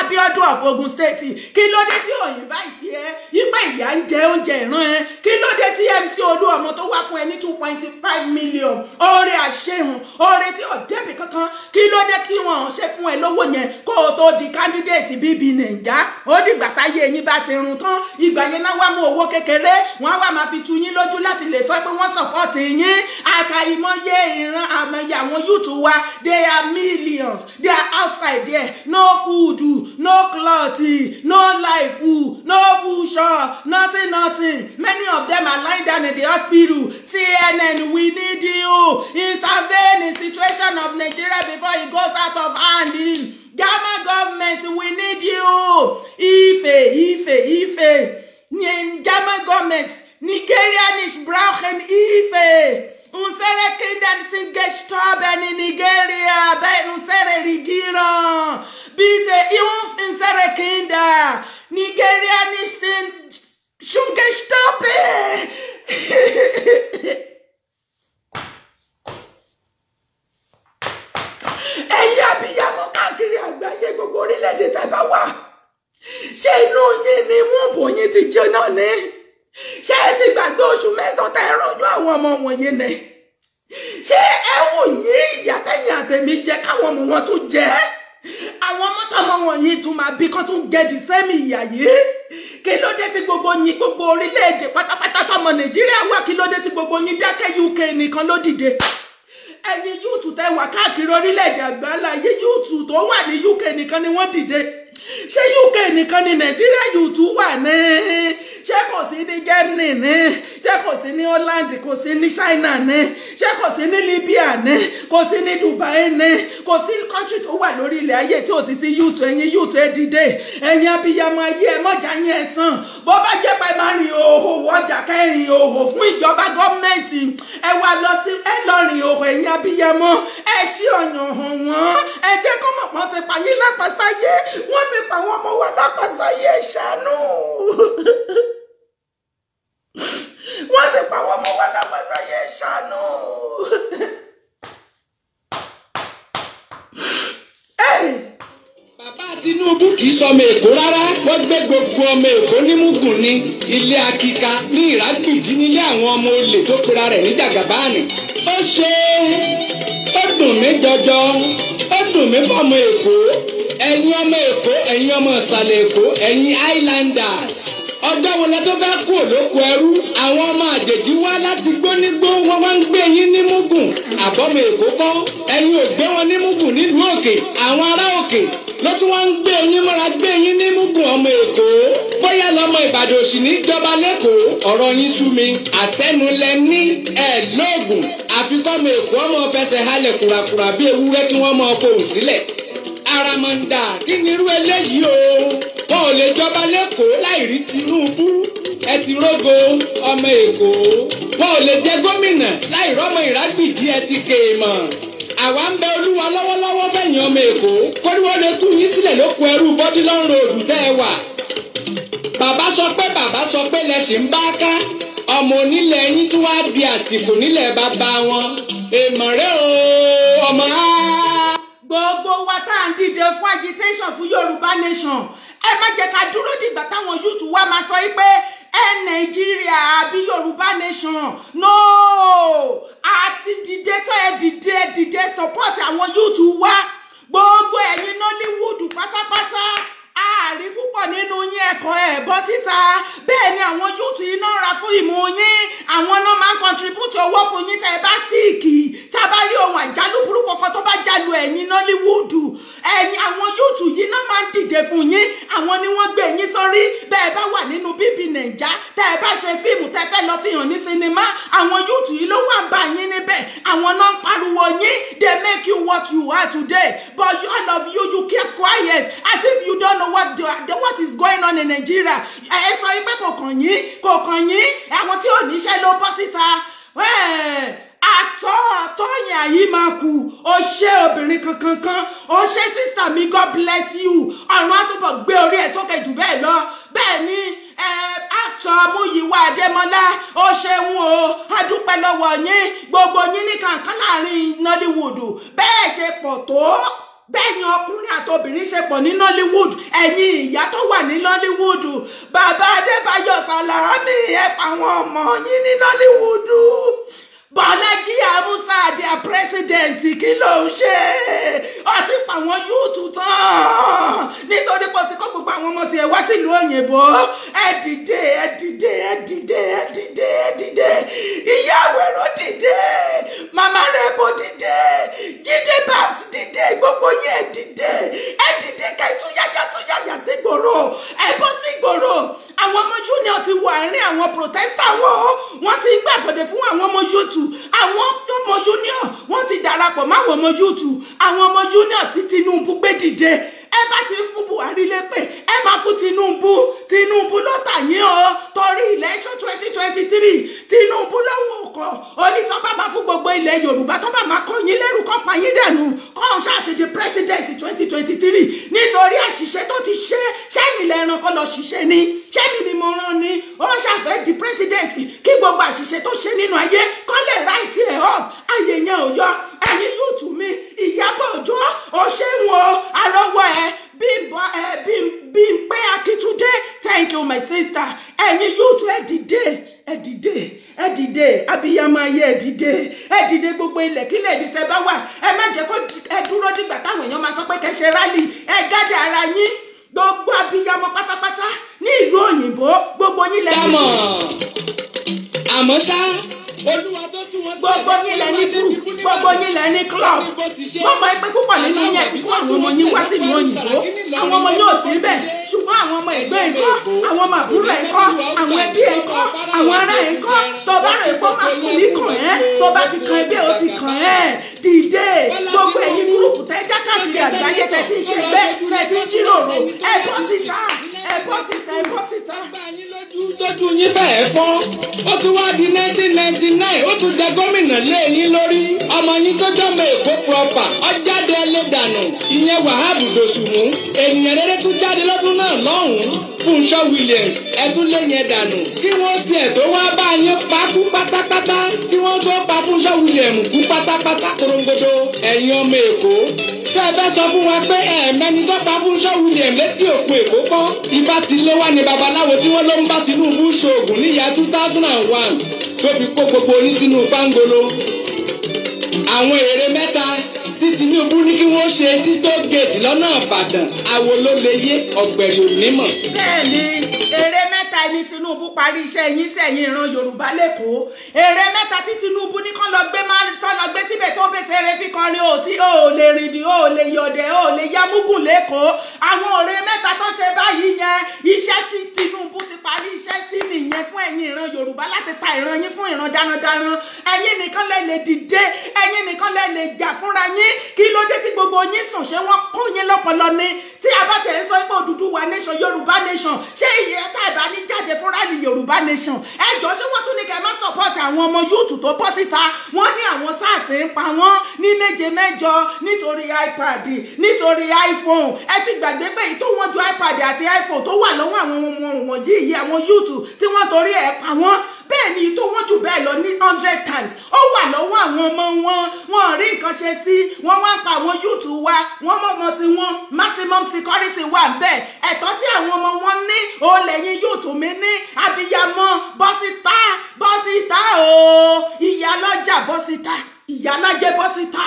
Abíọ́dún of Ògùn stéètì kí ló ló dé tí òyìn báyìí ẹ yípa ìyá ń jẹ oúnjẹ ìran ẹ kí ló dé tí mc olúọmọ tó wá fún ẹ ní two point five million oore àṣehùn oore tí ọ̀dẹ́bì kankan kí ló dé kí wọ́n ṣe fún ẹ lówó yẹn kó o tó di candidate bíbí nàìjà ó dìgbà táyé yín bá ti run tán ìgbà yẹn náà wá mú owó kékeré wọ́n wá máa fi tu yín lójú láti lè sọ pé wọ́n sọ̀pọ̀tì yín àkàìmọye ìran àmọye àwọn yúùtù wa they are millions they are outside there no food no cloth no life life who no full sure nothing nothing many of them are lying down in the hospital cnn we need you intervene in situation of nigeria before it goes out of hand Gamma government we need you ife ife ife Gamma government nigerianish brauchen ife unsere Kinder sind gestorben in Nigeria bei unseren Regierung. Bitte, impf unsere Kinder. Nigerian is in Shunke, stop it! Ẹ̀yin abiyamọ káàkiri àgbáyé gbogbo orílẹ̀-èdè tẹ́ bá wà. Ṣé inú yín ni múùbù yín ti jóná ni? Ṣé ẹ ti gbàgbé oṣù mẹ́sàn-án tẹ́ rọ́jú àwọn ọmọ wọ̀nyí ni? Ṣé ẹ wò yín ìyá tẹ́yìn àtẹ̀mí jẹ káwọn ọmọ wọn tún jẹ ẹ́? àwọn mọ́tàmọ́ wọ̀nyí tún máa bí kán tún gẹ̀dì sẹ́mi ìyà yìí kí ló dé tí gbogbo yín gbogbo orílẹ̀-èdè pátápátá tọmọ nàìjíríà wà kí ló dé tí gbogbo yín dákẹ́ uk nìkan ló dìde ẹ̀yin yúùtù tẹ́ wà káàkiri orílẹ̀-èdè àgbáláyé yúùtù tó wà ní uk nìkan ni wọ́n dìde ṣé uk nìkan ni nàìjíríà yúùtù wà ní ṣé kò sí ní Germany ni ṣé kò sí ní Holland kò sí ní China ni ṣé kò sí ní Libya ni kò sí ní Dubai ni kò sí kọ́ńtì tó wà lórí ilẹ̀ ayé tí ò ti sí yúùtù ẹ̀yin yúùtù ẹ̀ dìde ẹ̀yin abiyamọ ayé ẹ̀ mọ̀jà yín ẹ̀sán bó bá jẹ́ pé máa rìn òhò wọ́jà kẹrin òhò fún ìjọba gọ́ọ̀mẹ̀ntì ẹ wá lọ sí ẹ lọ rìn òhò ẹ̀yin abiyamọ ẹ ṣí ọ̀yàn hàn wọ́n ẹ jẹ́ kó mọ̀ pọ́n ti pa yín lápasáyé wọ́n ti pa àwọn ọmọ wa lápasáyé wọ́n ti pa àwọn ọmọ wa lágbàsáyé ṣàánú. bàbá Tinubu kì í sọmọ Èkó rárá wọ́n gbé gbogbo ọmọ Èkó ní Mugun ní ilé akíka ní ìrágbìdí nílé àwọn ọmọ olè tó pera rẹ̀ ní Jàgàbáànì. ó ṣe ó dùn mí jọjọ ó dùn mí fọmọ Èkó ẹ̀yin ọmọ Èkó ẹ̀yin ọmọ ìsàlẹ̀ Èkó ẹ̀yin Islanders? ọjọ́ wo lẹ́tọ́ fẹ́ kú òlóko ẹrú àwọn ọmọ àjèjì wá láti gbónígbó wọn wá ń gbé yín ní mugun àbọ̀mọ̀ èkó kọ́ ẹ̀yin ò gbé wọn ní mugun nílùú òkè àwọn ará òkè ló tún wọ́n ń gbé yín mọ́ra gbé yín ní mugun ọmọ èkó bóyá lọ́mọ ìbàdàn òsì ní ìjọba lẹ́kọ̀ọ́ ọ̀rọ̀ yín sú mi àsẹ́nulẹ̀ ní ẹ̀ lóògùn àfikọ́ ọmọ èkó ọmọ fẹsẹ̀ halẹ̀ kùràkùrà bí ewúrẹ́ kí wọ́n mọ ọkọ̀ òsílẹ̀ àràmàǹdà kí ni irú eléyìí o wọn ò lè jọba lẹ́kọ̀ọ́ láì rí Tinubu ẹ ti rógo ọmọ Èkó wọn ò lè jẹ gómìnà láì rọ́mọ ìrágbìjí ẹ ti kéèmọ̀ àwa ń bẹ olúwa lọ́wọ́lọ́wọ́ bẹ̀yìn ọmọ Èkó kóríwó lè tú yín sílẹ̀ lóko ẹrú bọ́dí lọ́rùn òdù tẹ́ ẹ wà bàbá sọ pé bàbá sọ pé lẹ́sìn ń bá ká ọmọ onílẹ̀ yín tún wá di àtìkù nílẹ̀ bàbá wọn èèmọ̀ rẹ o ọmọ á gbogbo wa tá à ń dìde fún agitation fún yorùbá nation ẹ má jẹ́ ká dúró dìgbà táwọn youth wa máa sọ pé ẹ nàìjíríà àbí yorùbá nation no àti dìde tó ẹ dìde dìde support àwọn youth wa gbogbo ẹ̀yin Nollywood pátápátá àárí púpọ̀ nínú yín ẹ̀kọ́ ẹ̀ bọ́ síta bẹ́ẹ̀ ni àwọn yúùtù iná ra fún ìmú yín àwọn náà máa ń kọntribútì owó fún yín tẹ́ ẹ bá síìkì tá a bá rí ohun àjálù burúkú kan tó bá jálu ẹ̀yìn Nollywood ẹ̀yìn àwọn yúùtù yìí náà máa ń dìde fún yín àwọn ni wọ́n gbé yín sórí bẹ́ẹ̀ bá wà nínú bíbí nàìjà tẹ́ ẹ bá ṣe fíìmù tẹ́ fẹ́ lọ fi hàn ní sinimá àwọn yúùtù yìí ló wà ń bá yín níbẹ̀ àwọn náà ń pariwo yín they make you what you are today but all of you you keep quiet as if you don't know what the, what is going on in Nigeria ẹ sọ pé kò kàn yín kò kàn yín àwọn tí ò níṣẹ́ ló bọ́ síta àtọ́ àtọ́yìn àyí máa kú ó ṣe obìnrin kankan kan ó ṣe sister mi God bless you ọ̀run àtúbọ̀ gbé orí ẹ̀ sókè jù bẹ́ẹ̀ lọ bẹ́ẹ̀ ni àtọ̀ amúyíwá adémọlá ó ṣeun o adúpẹ́ lọ́wọ́ yín gbogbo yín ní kankan láàrin Nollywood bẹ́ẹ̀ ṣe pọ̀ tó bẹ́ẹ̀ ni ọkùnrin àtobìnrin ṣe pọ̀ ní Nollywood ẹ̀yin ìyá tó wà ní Nollywood bàbá Adébáyọ̀ Sàlámì ẹ̀ pa ọmọ yín ní Nollywood bọ́lájí amúsá àdìẹ pírẹsidẹ̀ǹtì kí ló ń ṣe ọtí pa àwọn yúùtù tán nítorí pé ọtí kó gbogbo àwọn ọmọ tiẹ̀ wá sílùú òyìnbó ẹ dìde ẹ dìde ẹ dìde ẹ dìde ẹ dìde ìyá àwẹ̀rọ dìde màmá rẹ̀ bò dìde jíde bàs dìde gbogbo yẹn dìde ẹ dìde kẹtùyàyà túyàyà sí gbòòrò ẹ bọ́ sí gbòòrò àwọn ọmọ junior ti wà ní àwọn protester wọn wọn ti gbàgbọ́dẹ̀ fún àwọn ọmọ yóòtù YouTube àwọn ọmọ junior wọ́n ti darapọ̀ máwọn ọmọ YouTube àwọn ọmọ junior tí Tinubu gbé dìde ẹ bá ti fún Buhari lépè ẹ máa fún Tinubu Tinubu ló tà yín o torí election twenty twenty three Tinubu lọ́wọ́ ọkọ̀ onítọ́ bá máa fún gbogbo ilẹ̀ Yorùbá tó bá máa kọ́ yín lẹ́rù kọ́ pa yín dànù kọ́ ọ̀ṣà àti di president twenty twenty three nítorí àṣìṣe tó ti ṣe sẹ́yìn lẹ́ran kọ́ lọ ṣiṣẹ́ ni sẹ́mi ni mo rán ni ó ṣàfẹ́ di president kí gbogbo àṣìṣe tó ṣe nínú ayé kọ́ lè right ẹ̀ off ayé yẹn ò yọ ẹ̀yin yóò tù mí Ìyábọ̀ Ọjọ́ ó ẹ Bímbọ́ ẹ Bímpé Akíntúndé thank you my sister ẹ̀yin yóòtú ẹ dìde ẹ dìde ẹ dìde abiyamọ ayé ẹ dìde ẹ dìde gbogbo ilẹ̀ kílẹ̀ ibi tẹ́ bá wà ẹ má jẹ́ kó ẹ dúró dìgbà táwọn èèyàn máa sọ pé kẹ́ ṣe rálì ẹ gádà ara yín gbogbo abiyamọ pátápátá ní ìlú òyìnbó gbogbo yín lẹ mọ̀. àmọ́ ṣá gbogbo nílẹ̀ ní group gbogbo nílẹ̀ ní club gbogbo ẹgbẹ́ púpọ̀ nínú yẹn ti kó àwọn ọmọ yín wá sí ìlú òyìnbó àwọn ọmọ yóò sí bẹ̀ ṣùgbọ́n àwọn ọmọ ẹgbẹ́ ẹ̀kọ́ àwọn ọmọ àbúrò ẹ̀kọ́ àwọn ẹbí ẹ̀kọ́ àwọn ará ẹ̀kọ́ tó bá rẹ̀ pọ́ máa kù ní kàn ẹ́ tó ti kan ẹgbẹ́ ó ti kàn ẹ́ dìde gbogbo ẹ̀yin group tẹ́ dákàtúndì àgbáyé tẹ́ ti ń ṣẹgbẹ́ tẹ́ ti ń jíròrò ẹ bọ́ síta lójú lójú yín bẹ́ẹ̀ fọ́n ó tún wá di nineteen ninety nine ó tún jẹ gómìnà lé yín lórí ọmọ yín tó jọmọ èkó pọ̀pà ọjáde ẹlẹ́dànù ìyẹn wàhálù dòṣùmù ènìyàn rere tún jáde lọ́dún náà lọ́hùn-ún Fúnṣọ́ Williams ẹtún lẹ́yìn ẹ̀ dànù kí wọ́n tiẹ̀ tó wá bá yín pa kú pátápátá kí wọ́n tó pa Fúnṣọ́ Williams kú pátápátá korongodo ẹ̀yin ọmọ Èkó ṣé ẹ fẹ́ sọ fún wa pé ẹ̀ẹ̀mẹ́ni tó pa Fúnṣọ́ Williams létí òkú Èkó kọ́ ibà ti lé wá ní babaláwo tí wọ́n ló ń bá Tinubu ṣoògùn níyà two thousand and one tó fi kó gbogbo oní sínú pangolo àwọn èrè mẹ́ta tí Tinubu ní kí wọ́n ṣe sí tóògèètì lọ́nà Ìbàdàn àwo ló lè yé ọ̀gbẹ̀rì ò ní mọ̀. bẹ́ẹ̀ ẹni Tinubu parí iṣẹ́ yín sẹ́yìn ìran Yorùbá lẹ́kọ̀ọ́ èrè mẹ́ta tí Tinubu ní kán lọ gbé máa tán lọ gbé síbẹ̀ tó bẹ̀sẹ̀ rẹ fi kan rí òtí ò lè rìndì ò lè yọ̀dẹ̀ ò lè yámúgùn lẹ́kọ̀ọ́ àwọn èrè mẹ́ta tó ṣe báyìí yẹn iṣẹ́ tí Tinubu ti parí iṣẹ́ sí nìyẹn fún ẹ̀yin ìran Yorùbá láti ta ìran yín fún ìran darandaran ẹ̀yin nìkan lẹ lè dìde ẹ̀yin nìkan lẹ lè jà fúnra yín kí ló dé tí gbogbo yín sùn ṣé wọ́n kó yín lọ́pọlọ ni tí a bá tẹ̀ ń sọ pé Odùduwà nation Yorùbá nation ṣé ìyẹn tá ìbá ní jáde fúnra ní yorùbá nation ẹjọ́ ṣé wọ́n tún ní kẹ́ má support àwọn ọmọ yúùtù tó bọ́ síta wọ́n ní àwọn sars ń pa wọ́n ní méje mẹ́jọ nítorí ipad nítorí iphone ẹ ti gbàgbé pé èyí tó wọ́n ju ipad àti iphone tó wà lọ́wọ́ àwọn ọmọ wọ̀nyí yìí àwọn yúùtù tí wọ́n torí ẹ̀ pa wọ́n bẹ́ẹ̀ ni tó wọ́n jù bẹ́ẹ̀ lọ ní hundred times ó wà lọ́wọ́ àwọn ọmọ wọn wọn rí nǹkan ṣe sí wọn wá ń pa àwọn yúùtù wa wọn mọ̀mọ́ tí wọ́n maximum security wà bẹ́ẹ̀ ẹ̀tọ́ tí àwọn ọmọ wọn ní ó lẹ́yìn yúùtù mùmíní abiyamọ bọ́ síta bọ́ síta o ìyálọ́jà bọ́ síta ìyálájẹ bọ́ síta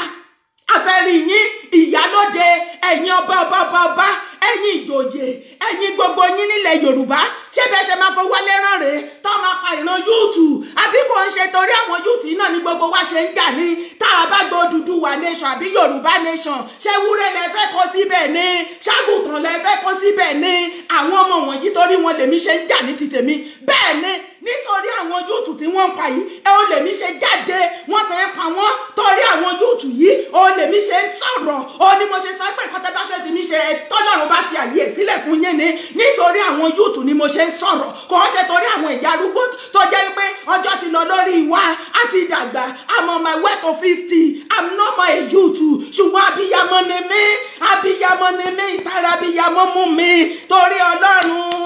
afẹ́rí yín ìyálóde ẹ̀yin ọba ọba ọba ọba ẹ̀yin ìjòyè ẹ̀yin gbogbo yín nílẹ̀ yorùbá ṣé bẹ́ẹ̀ ṣe máa fowó lẹ́ràn rèé tó máa pa ìran yúùtù àbí kò ń ṣe torí àwọn yúùtù náà ni gbogbo wa ṣe ń jà ní tára bá gbọ́ Odùduwà nation àbí yorùbá nation ṣé wúrẹ́ lẹ fẹ́ kọ́ síbẹ̀ ni ṣàgùtàn lẹ fẹ́ kọ́ síbẹ̀ ni àwọn ọmọ wọ̀nyí torí wọn lèmi ṣe ń jà ní ti bẹ́ẹ̀ ni nítorí àwọn yúùtù tí wọ́n ń pa yìí ẹ ò lèmi ṣe jáde wọ́n ti ń pa wọ́n torí àwọn yúùtù yìí ò lèmi ṣe ń sọ̀rọ̀ ò ní mo ṣe sọ pé nǹkan bá fẹ́ fi mi ṣe tọ́lọ́run bá fi àyè sílẹ̀ fún yín ni nítorí àwọn yúùtù ni mo ṣe ń sọ̀rọ̀ kò ń ṣe torí àwọn ìyá arúgbó tó jẹ́ pé ọjọ́ ti lọ lórí wa á ti dàgbà I'm on my way to fifty I'm not my youth ṣùgbọ́n abiyamọ ni mí abiyamọ ni mí ìtara abiyamọ mú mi torí ọlọ́run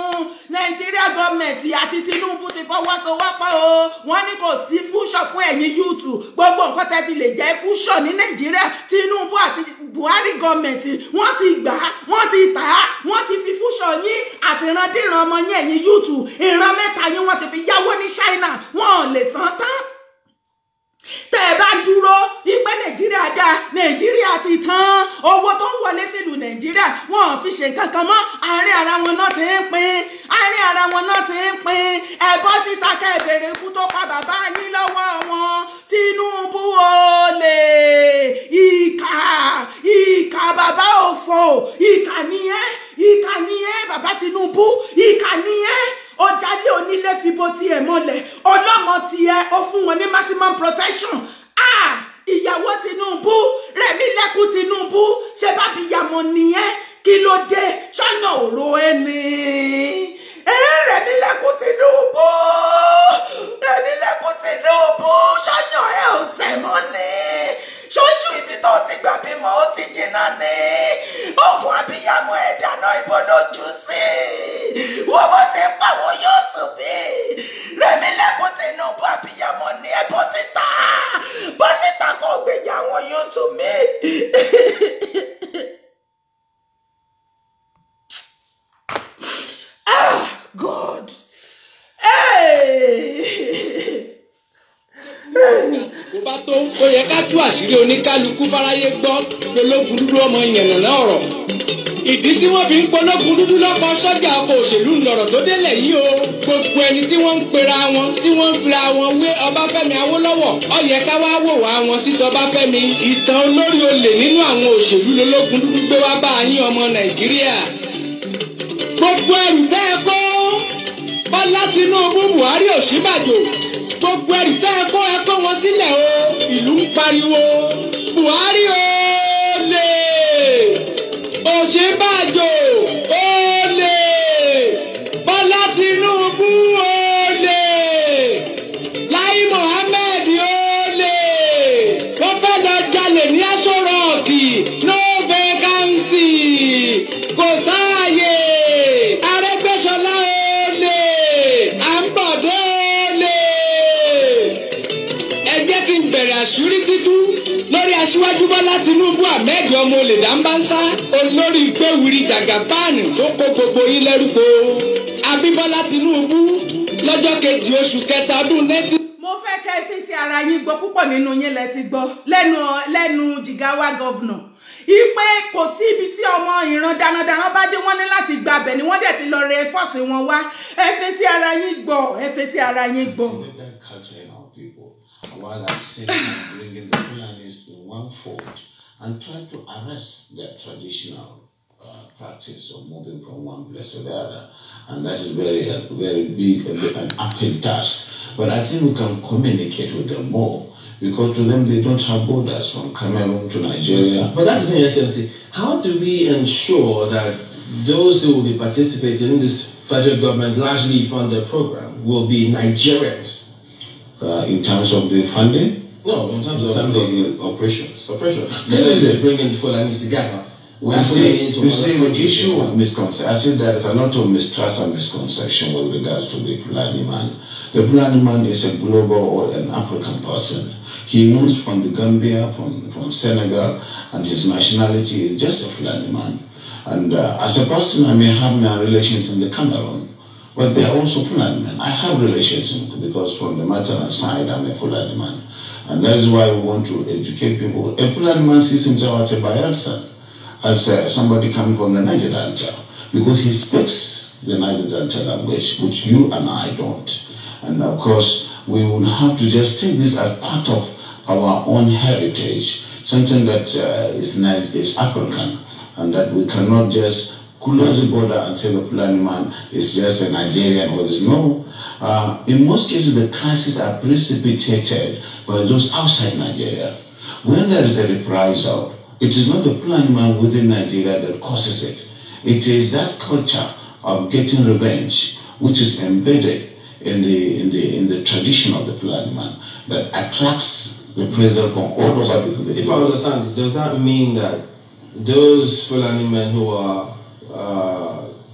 Nàìjíríà gọọmẹ̀ntì àti Tinubu ti fọwọ́sowọ́pọ̀ o wọ́n ní kò sí fúnṣọ̀ fún ẹ̀yin yúùtù gbogbo nǹkan tẹ́ fi lè jẹ́ fúnṣọ̀ ní nàìjíríà tinubu àti buhari gọọmenti wọ́n ti gbà á wọ́n ti tà á wọ́n ti fi fúnṣọ̀ yín àti ìrandíran ọmọ yín ẹ̀yin yúùtù ìran mẹ́ta yín wọ́n ti fi yáwó ní ṣáínà wọ́n ò lè san tán tẹ́ ẹ bá dúró ipẹ́ nàìjíríà dáa nàìjíríà ti tán owó tó ń wọlé sílùú nàìjíríà wọn ò fi ṣe nǹkan kan mọ́ àárín ara wọn náà ti ń pín àárín ara wọn náà ti ń pín ẹ bọ́ síta kẹ́ bèrè ikú tó pa bàbá yín lọ́wọ́ wọn Tinubu o. wọn maximum protection faraye gbọ́ pológun dúdú ọmọ ìyànnàná ọ̀rọ̀ ìdí tí wọ́n fi ń pológun dúdú lọ́kọ̀ sọ́jà ọkọ̀ òṣèlú ńlọrọ̀ tó délẹ̀ yìí o gbogbo ẹni tí wọ́n ń pera wọn tí wọ́n ń fira wọn wé ọbáfẹ́mi awólọ́wọ̀ ó ká wá wò wá wọn sí tọbáfẹ́mi ìtàn olórí olè nínú àwọn òṣèlú lológun dúdú gbé wá bá yín ọmọ nàìjíríà gbogbo ẹrù bẹ́ẹ̀ kó bọ́lá tinubu buhari òsínbàjò gbogbo ẹrù bẹ́ẹ̀ kó ẹ kó wọn sílẹ̀ o ìlú ń pariwo Buhari olè Ọ̀ṣínbàjò. ìjà ń bá ń sá olórí gbẹ̀wìrì jàgàbáàní tó kó gbogbo yín lẹ́rúgbó Abímbọ́lá Tinúbú lọ́jọ́ kejì oṣù kẹta ọdún nineteen. mo fẹ́ kẹ́ fi ti ara yín gbọ́ púpọ̀ nínú yín lẹ gbọ́ lẹ́nu lẹ́nu Jigawa governor ipe kò sí ibi tí ọmọ ìran darandaran bá dé wọ́n ní láti gba abẹ ni wọ́n dẹ̀ ti lọ rẹ fọ́ọ̀sì wọn wá ẹ fetí ara yín gbọ́ ẹ fetí ara yín gbọ́. While I'm saying bringing the Fulanis in one fold and try to arrest their traditional uh, practice of moving from one place to the other. And that is very, very big and uphill task. But I think we can communicate with them more because to them they don't have borders from Cameroon to Nigeria. But that's the thing, Excellency. How do we ensure that those who will be participating in this federal government largely funded program will be Nigerians? Uh, in terms of the funding? No, in terms of, in terms of the oppression. Oppression. You say that bringing Fulanis together. We you see, you see the issue of misconception, I think there is a lot of mistrust and misconception with regards to the Fulani man. The Fulani man is a global or an African person. He moves from the Gambia, from, from Senegal, and his nationality is just a Fulani man. And uh, as a person, I may have my relations in the Cameroon, but they are also Fulani men. I have relations because from the maternal side, I'm a Fulani man. And that is why we want to educate people. A Fulani man sees himself as a Bayelsa, as uh, somebody coming from the Niger Delta, because he speaks the Niger Delta language, which you and I don't. And of course, we would have to just take this as part of our own heritage, something that uh, is nice, is African, and that we cannot just close the border and say the Fulani man is just a Nigerian or is No, uh, in most cases, the crises are precipitated by those outside Nigeria. When there is a reprisal, it is not the Fulani man within Nigeria that causes it. It is that culture of getting revenge which is embedded in the, in the, in the tradition of the Fulani man that attracts reprisal from all over the If I understand, does that mean that those Fulani men who are uh,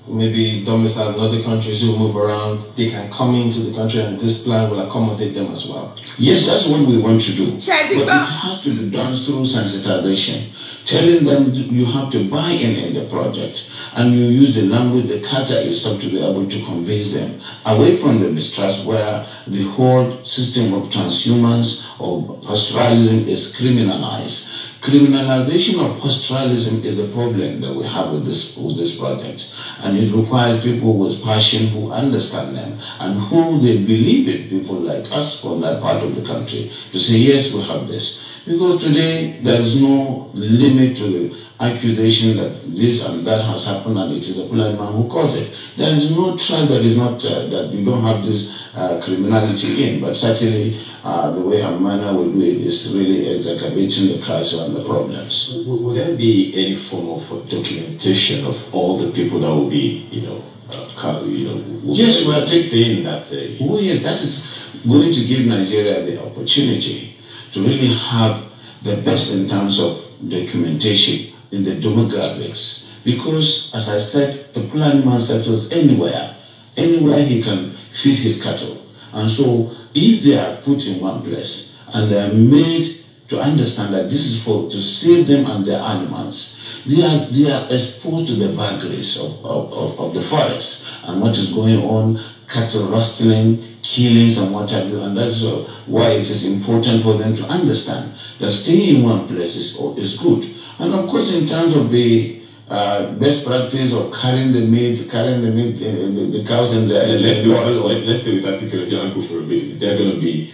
maybe domicile in other countries who move around, they can come into the country and this plan will accommodate them as well. Yes, that's what we want to do. But it has to be done through sensitization, telling them you have to buy in in the project and you use the language the culture is up to be able to convince them away from the mistrust where the whole system of transhumans or pastoralism is criminalized Criminalization of pastoralism is the problem that we have with this, with this project. And it requires people with passion who understand them and who they believe in, people like us from that part of the country, to say, yes, we have this. Because today there is no limit to the accusation that this and that has happened and it is a Fulani man who caused it. There is no trial that is not, uh, that you don't have this uh, criminality in, but certainly uh, the way and manner we do it is really exacerbating the crisis and the problems. Will there be any form of documentation of all the people that will be, you know, uh, you know, yes, we are taking that. Uh, oh, yes, that is going to give Nigeria the opportunity to really have the best in terms of documentation in the demographics. Because, as I said, the Fulani man settles anywhere, anywhere he can feed his cattle. And so, if they are put in one place and they are made to understand that this is for to save them and their animals, they are, they are exposed to the vagaries of, of, of, of the forest and what is going on cattle rustling, killings, and what have you. And that's why it is important for them to understand that staying in one place is, is good. And of course, in terms of the uh, best practice of carrying the meat, carrying the meat, uh, the, the, cows and the... Let's, do, let let's stay with that security uncle for a bit. Is there going to be...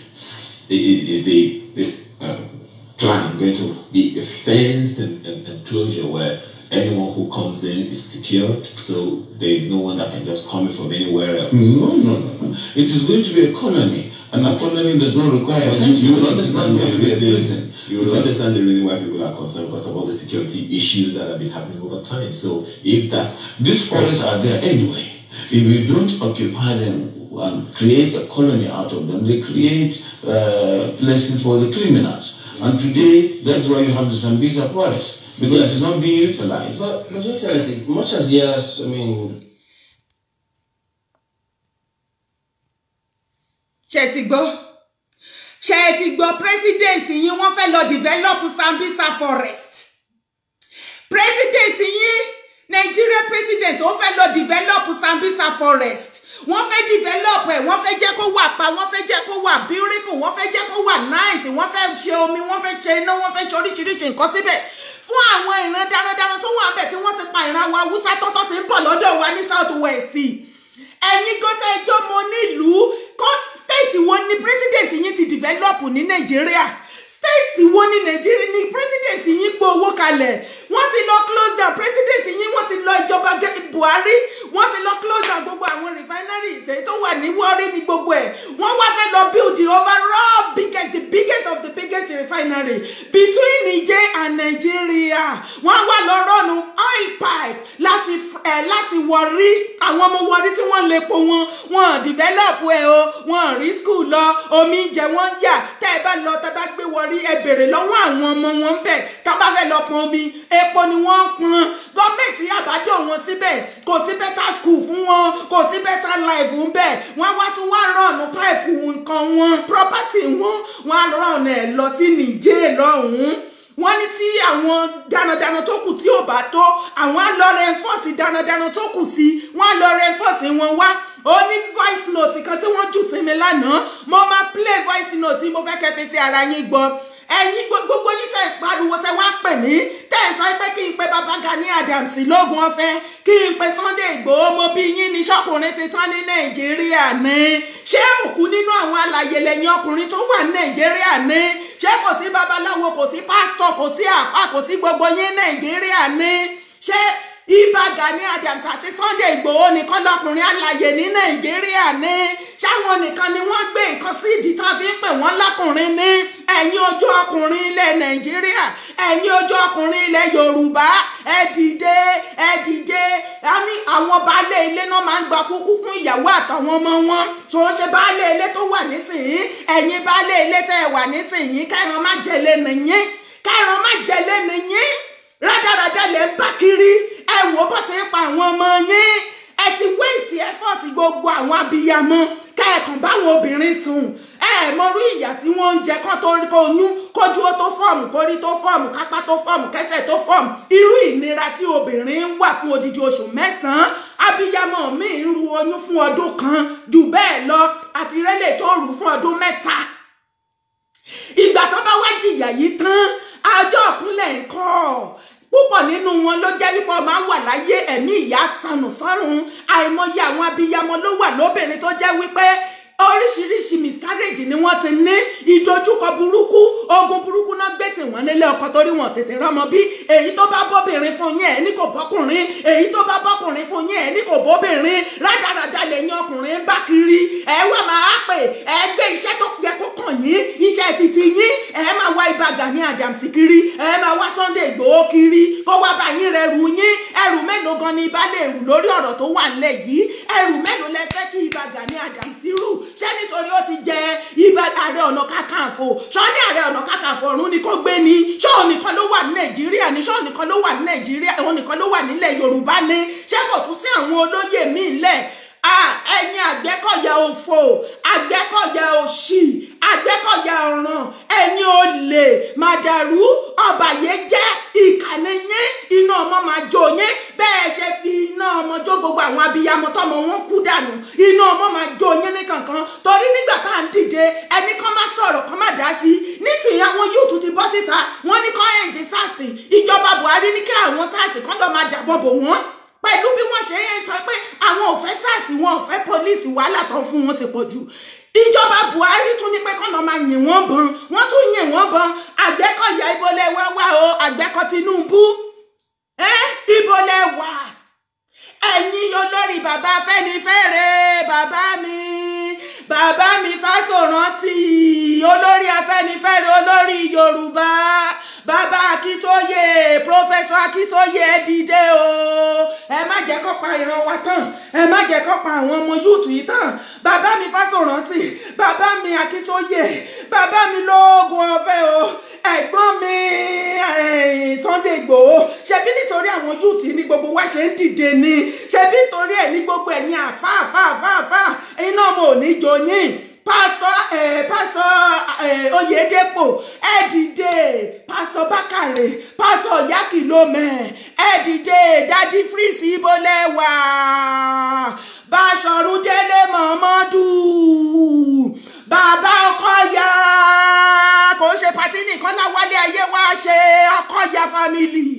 Is, is the, this uh, plan going to be a fenced and, and, and where anyone who comes in is secured, so there is no one that can just come in from anywhere else. No, no, no. It is going to be a colony. An economy does not require You, you will understand the reason. You will understand the reason why people are concerned because of all the security issues that have been happening over time. So if that these forests are there anyway, if you don't occupy them and create a colony out of them, they create uh, places for the criminals. And today, that's why you have the Zambeza forest because yes. it's not being utilized. But, but much as yes, I mean. ṣe ti president you want to lọ develop Sambisa forest president you. Nigeria president ó fẹ́ lọ develop Sambisa forest wọ́n fẹ́ develop ẹ̀ wọ́n fẹ́ jẹ́ kó wà pa wọ́n fẹ́ jẹ́ kó wà beautiful wọ́n fẹ́ jẹ́ kó wà nice wọ́n fẹ́ ṣe omi wọ́n fẹ́ ṣe iná wọ́n fẹ́ ṣe oríṣiríṣi nǹkan síbẹ̀ fún àwọn ìran darandaran tó wà bẹ̀ tí wọ́n ti pa ìran wa Haúsá tọ́tọ́ ti ń bọ̀ lọ́dọ̀ wa ní south west ẹ̀yin gọ́tẹ́ ẹjọ́ mo nílùú state wo ni president yín ti develop ní Nàìjíríà state wo ní Nigeria, ni president yín gbọ́ owó kalẹ̀ wọ́n ti lọ close down president yín wọ́n ti lọ ìjọba buhari wọ́n ti lọ close down gbogbo àwọn refineries èyí tó wà ní warri ní gbogbo ẹ̀ wọ́n wá fẹ́ lọ build the overall biggest the biggest of the biggest refinery between niger and nigeria wọ́n wá lọ rọ́ọ̀nù oil pipe láti ẹ̀ láti warri àwọn ọmọ warri tí wọ́n lè po wọn wọ́n develop ẹ̀ o wọ́n rí school lọ omi jẹ wọ́n yà tẹ́ ẹ bá lọ tẹ́ bá gbé wọ wọrí ẹ bèrè lọ́wọ́ àwọn ọmọ wọn bẹ̀ tá bá fẹ́ lọ pọn omi epo ni wọ́n ń pọn gọ́ọ̀mẹ̀ntì àbájọ wọn síbẹ̀ kò sí better school fún wọn kò sí better life ń bẹ̀ wọ́n wá tún wá rọ̀nù páìpù nǹkan wọn property wọn wọ́n á rọ̀nù ẹ̀ lọ sí nìjẹ́ lọ́hùn-ún wọ́n ní tí àwọn darandaran tó kù tí ò bá tó àwọn á lọ reinforce darandaran tó kù sí wọ́n á lọ reinforce wọn wá ó ní voice note kan tí wọ́n jù sí mi lánàá mo máa play voice note mo fẹ́ kẹ́ fi ti ara yín gbọ́ ẹ̀yin gbogbo yín tẹ̀ pariwo tẹ̀ wá pè mí tẹ̀ sọ pé kí n pe baba Gani Adams lógun ọ̀fẹ́ kí n pe Sunday Igboho mo bí yín ní sọkùnrin titan ní Nàìjíríà ní ṣé òkú nínú àwọn alàyè lẹ́yìn ọkùnrin tó wà ní Nàìjíríà ní ṣé kò sí babaláwo kò sí pásítọ̀ kò sí àáfà kò sí gbogbo yín Nàìjíríà ní ṣé Ìbà Gani Adams àti Sunday Ìgbòho nìkan lọkùnrin alàyè ní Nàìjíríà ní ṣáwọn nìkan ni wọ́n gbé nǹkan sí ìdí tá a fi ń pè wọ́n lọ́kùnrin ní ẹ̀yin ojú ọkùnrin ilẹ̀ Nàìjíríà ẹ̀yin ojú ọkùnrin ilẹ̀ Yorùbá ẹ dìde ẹ dìde a ní àwọn baálé ilé náà máa ń gba kúkú fún ìyàwó àtàwọn ọmọ wọn tó ń ṣe baálé ilé tó wà nísìnyí ẹ̀yin baálé ilé tẹ́ ẹ wà nísìnyí kẹran má jẹ lẹ́nu yín kẹran má jẹ lẹ́nu yín rádaràda lẹ̀ ń bá kiri ẹ wò bó ti ń pa àwọn ọmọ yín ẹ ti wéèsì effort gbogbo àwọn abiyamọ kẹ́ẹ̀kan báwọn obìnrin sùn ẹ mọrú ìyà tí wọ́n ń jẹ kán tó rí kó yún kójú ó tó fọ́ọ̀mù kórí tó fọ́ọ̀mù kápá tó fọ́ọ̀mù kẹsẹ̀ tó fọ́ọ̀mù irú ìnira tí obìnrin ń wà fún odidi oṣù mẹ́sàn-án abiyamọ mi ń ru oyún fún ọdún kan jù bẹ́ẹ̀ lọ àti rẹ́lẹ̀ tó rù fún ọdún mẹ́ta ìgbà tó bá wá jìyà yìí tán àjọ ìkúnlẹ̀ nǹkan púpọ̀ nínú wọn ló jẹ́ wípé ọmọ wà láyé ẹ̀mí ìyá sanù sọ́run àìmọye àwọn abiyamọ ló wà lóbìnrin tó jẹ́ wípé oríṣiríṣi miscarriage ni wọ́n ti ní ìdojúkọ burúkú ogun burúkú náà gbé tì wọ́n nílé ọkọ torí wọn tètè rọ́mọ bí èyí tó bá bọ́bìnrin fún yín ẹ̀ ní kò bọ́kùnrin èyí tó bá bọ́kùnrin fún yín ẹ̀ ní kò bóbìnrin rádaràda lẹ́yìn ọkùnrin ń bá kiri ẹ wà máa pè ẹ gbé iṣẹ́ tó yẹ kó kàn yín iṣẹ́ títí yín ẹ máa wá ibà Gani Adams kiri ẹ máa wá Sunday Igboho kiri kó wá bá yín rẹ rù yín ẹrù mélòó gan ni ibà lè rù lórí ọ̀rọ̀ tó wà nílẹ̀ yìí ẹrù mélòó lẹ fẹ́ kí ibà Gani Adams rù ṣé nítorí ó ti jẹ ibà ààrẹ ọ̀nà kàkànfò ṣọ́ ní ààrẹ ọ̀nà kàkànfò ọ̀run ni kò gbé ni ṣọ́ nìkan ló wà ní nàìjíríà ni ṣọ́ nìkan ló wà ní nàìjíríà òun nìkan ló wà nílẹ̀ yorùbá ni ṣé kò tún sí àwọn olóyè míì lẹ̀ ẹ̀yin àgbẹ́kọ̀yà òfò àgbẹ́kọ̀yà òṣì àgbẹ́kọ̀yà ọ̀ràn ẹ̀yin olè màdàrú ọ̀bàyéjẹ́ ìkànnì yín iná ọmọ máa jó yín bẹ́ẹ̀ ṣe fi iná ọmọ jó gbogbo àwọn abiyamọ tọmọ wọn kú dànù iná ọmọ máa jó yín ní kankan torí nígbà tá à ń dìde ẹni kan má sọ̀rọ̀ kan má dá sí i nísìnyí àwọn yúùtù ti bọ́ síta wọ́n ní kọ́ ẹ̀ǹtì sars ìjọba Buhari ní kí àwọn sars kọ́ńdọ̀ máa dàbọ̀ wọ́n pẹ̀lú bí wọ́n ṣe ń sọ pé àwọn ò fẹ́ SARS wọn ò fẹ́ pọ́lísì wàhálà tán fún wọn ti pọ̀ jù ìjọba Buhari tún ní pé kán lọ máa yìn wọ́n bọ́n wọ́n tún yìn wọ́n bọ́n Àgbẹ̀kọ̀yà ìbọlẹ̀ wá wá o Àgbẹ̀kọ̀ Tinubu ìbọlẹ̀ wá ẹ̀yin olórí bàbá Afẹ́nifẹ́re bàbá mi bàbá mi fásórántì olórí afẹ́nifẹ́re olórí yorùbá bàbá akíntóyè pòfẹsọ akíntóyè ẹ dìde o ẹ má jẹ́ kó pa ìran wa tán ẹ má jẹ́ kó pa àwọn ọmọ yúùtù yìí tán bàbá mi fásórántì bàbá mi akíntóyè bàbá mi lóògùn ọ̀fẹ́ o ẹ̀gbọ́n mi Sunday Igboho ṣebí nítorí àwọn yúùtù ní gbogbo wa ṣe ń dìde ni ṣebí nítorí ẹ̀ ní gbogbo ẹ̀yin àfáàfáàfáà iná ọmọ ò ní jọ yín pásítọ̀ eh, pásítọ̀ eh, oyèdèpọ̀ ẹ dìde pásítọ̀ bákàrè pásítọ̀ yakilome ẹ dìde dádì fírìsì ibo lẹ́wà Báṣọ̀run Délé Mọ̀mọ́dù bàbá Ọkọ̀yà kò ń ṣe pàtí nìkan náà Wálé ayé wa ṣe Ọkọ̀yà family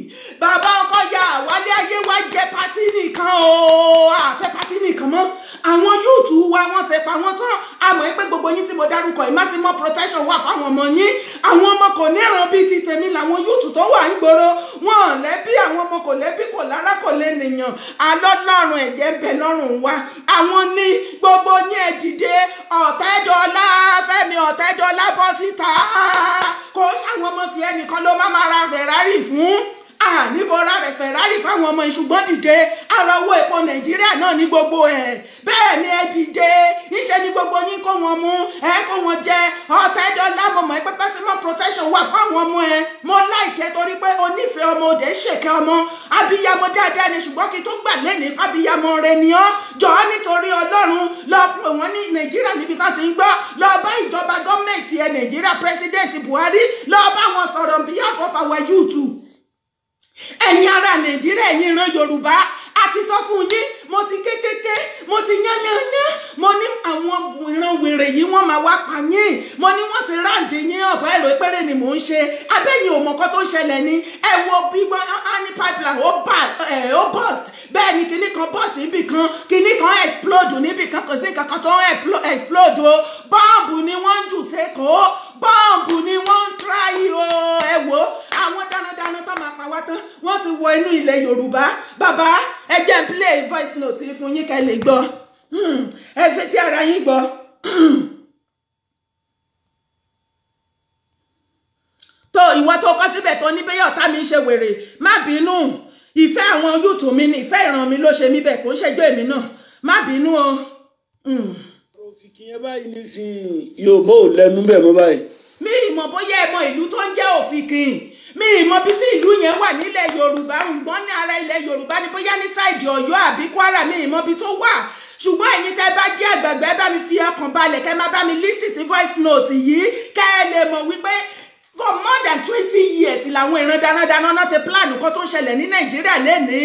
bàbá Ọkọ̀yà Wálé ayé wa jẹ pàtí nìkan o àfẹ́ pàtí nìkan mọ́ àwọn yúùtù wa wọ́n ti pa wọ́n tán àmọ́ pé gbogbo yín tí mo dárúkọ yìí maximum protection wà fáwọn ọmọ yín àwọn ọmọ kò níran bíi ti tèmi làwọn yúùtù tó wà ń gbòòrò wọn lẹ́bí àwọn ọmọ kò lẹ́bí kò lára kò lè nìyàn alọ́lọ́run ẹ̀jẹ̀ bẹ lọ́rùn wa àwọn ní gbogbo ní ẹ̀dìdẹ ọ̀tẹ́dọ́lá fẹ́mi ọ̀tẹ́dọ́lá bọ́ síta kò ṣàwọn ọmọ tiẹ̀ nìkan ló má máa ra Ferrari fún àníkọ́ra rẹ̀ Ferrari fáwọn ọmọ ìṣùgbọ́n dìde ara owó epo nàìjíríà náà ní gbogbo ẹ̀ bẹ́ẹ̀ ni ẹ dìde níṣẹ́ ní gbogbo yín kó wọn mú ẹ kó wọn jẹ ọ̀tá ẹ̀dọ́ lámọ̀mọ́ ẹ pẹ́pẹ́ protection wà fáwọn ọmọ ẹ mo láìkẹ́ torí pé onífẹ̀ẹ́ ọmọ òde ṣèkẹ́ ọmọ abiyamọ dáadáa ni ṣùgbọ́n kí tó gbà lẹ́ni abiyamọ rẹ ni ọ́ jọ̀ọ́ nítorí ọlọ́run lọ pè wọ́n ní nàìjíríà níbi tá ti ń gbọ́ lọ bá ìjọba gọ́ọ̀mẹ̀ntì ẹ nàìjíríà president Buhari lọ bá wọn sọ̀rọ̀ on behalf of our youth ẹ̀yin ará nàìjíríà ẹ̀yin ìran yorùbá a ti sọ fún yín mo ti kékeré mo ti yányányán mo ní àwọn ìran wèrè yìí wọ́n máa wá pa yín mo ní wọ́n ti ráǹdì yín ọ̀bọ ẹ̀rọ ìpẹ́rẹ́ ni mò ń ṣe abẹ́yìn òmọ̀kọ́ tó ṣẹlẹ̀ ni ẹ wo bí wọ́n á pipeline ó burst bẹ́ẹ̀ ni kinní kan burst níbì kan kinní kan explode níbì kan kò sí nǹkan kan tó ń explode o bọ́ọ̀bù ni wọ́n ń jù sẹ́kọ̀ọ́ bọ́ọ̀bù ni wọ́n ń tráyì o ẹ wo máa pa wá tán wọ́n ti wọ inú ilẹ̀ Yorùbá bàbá ẹ jẹ́ n play voice note fún yín kẹ́ lè gbọ́ hmm, ẹ fi tí ara yín gbọ́. Hmm. tó ìwọ tó kọ síbẹ̀ tó ní bẹ́yọ̀ tá mi ṣe wèrè má bínú ìfẹ́ àwọn yùtù mi ni ìfẹ́ ìran mi ló ṣe mí bẹ̀ kó ń ṣẹjọ́ èmi náà má bínú o. òfìkì hmm. yẹn báyìí nísìnyí Yorùbá ò lẹnu bẹ̀ mọ́ báyìí. mi ìmọ̀ bóyá ẹ ìlú tó ń jẹ́ òfìkì mi ìmọ̀ bí tí ìlú yẹn wà nílẹ̀ yorùbá ǹgbọ́n ní ara ilẹ̀ yorùbá ni bóyá ní sáìdì ọ̀yọ́ àbí kwara mi ìmọ̀ bí tó wà ṣùgbọ́n ẹ̀yin tẹ́ bá jẹ́ àgbàgbà ẹ bá mi fi ọkàn balẹ̀ kẹ́ máa bá mi lísì sí voice note yìí kẹ́ ẹ lè mọ̀ wípé for more than twenty years làwọn ìran darandaran náà ti plan nǹkan tó ń ṣẹlẹ̀ ní nàìjíríà lénìí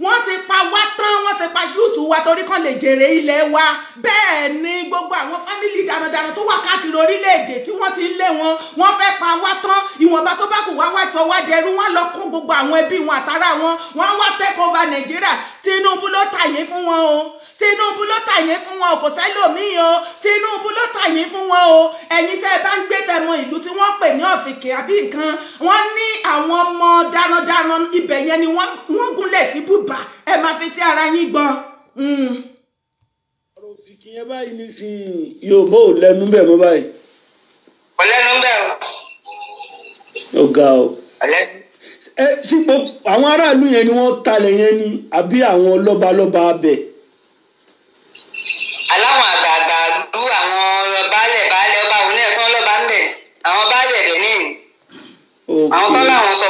wọ́n ti pa wá tán wọ́n ti pa ṣúùtù wa torí kan lè jèrè ilẹ̀ wa bẹ́ẹ̀ ni gbogbo àwọn fámìlì darandaran tó wà káàkiri orílẹ̀-èdè tí wọ́n ti ń lé wọn wọ́n fẹ́ pa wá tán ìwọ̀nba tó bá kù wá wá tọ́ wá dẹrú wọ́n lọ kó gbogbo àwọn ẹbí wọn àtàrà wọn wọ́n wá take over nàìjíríà tinubu ló tàyè fún wọn o tinubu ló tàyè fún wọn o kò sẹ́lòmíì o tinubu ló tàyè fún wọn o ẹ̀yin tẹ́ ẹ bá ń gbé tẹmọ ìlú tí wọ́n pè ní ọ̀fìnkì àbí nǹkan wọ́n ní àwọn ọmọ darandaran ibẹ̀ yẹn ni wọ́n gúnlẹ̀ sí búb yorùbá ẹ máa fi ti ara yín gbọ́. Hmm. ọ̀rọ̀ òsìkì yẹn báyìí nísìnyí yorùbá ò lẹ́nu bẹ̀ mọ́ báyìí. kò lẹ́nu bẹ̀ o. ó ga o. ẹ sípò àwọn aráàlú yẹn ni wọ́n talẹ̀ yẹn ni àbí àwọn lọ́balọ́ba abẹ. aláwọn àgbààgbà lu àwọn baálẹ̀ baálẹ̀ ọba òun náà sọ́n lọ́ba ń àwọn baálẹ̀ bẹ̀ ní àwọn tó láwọn sọ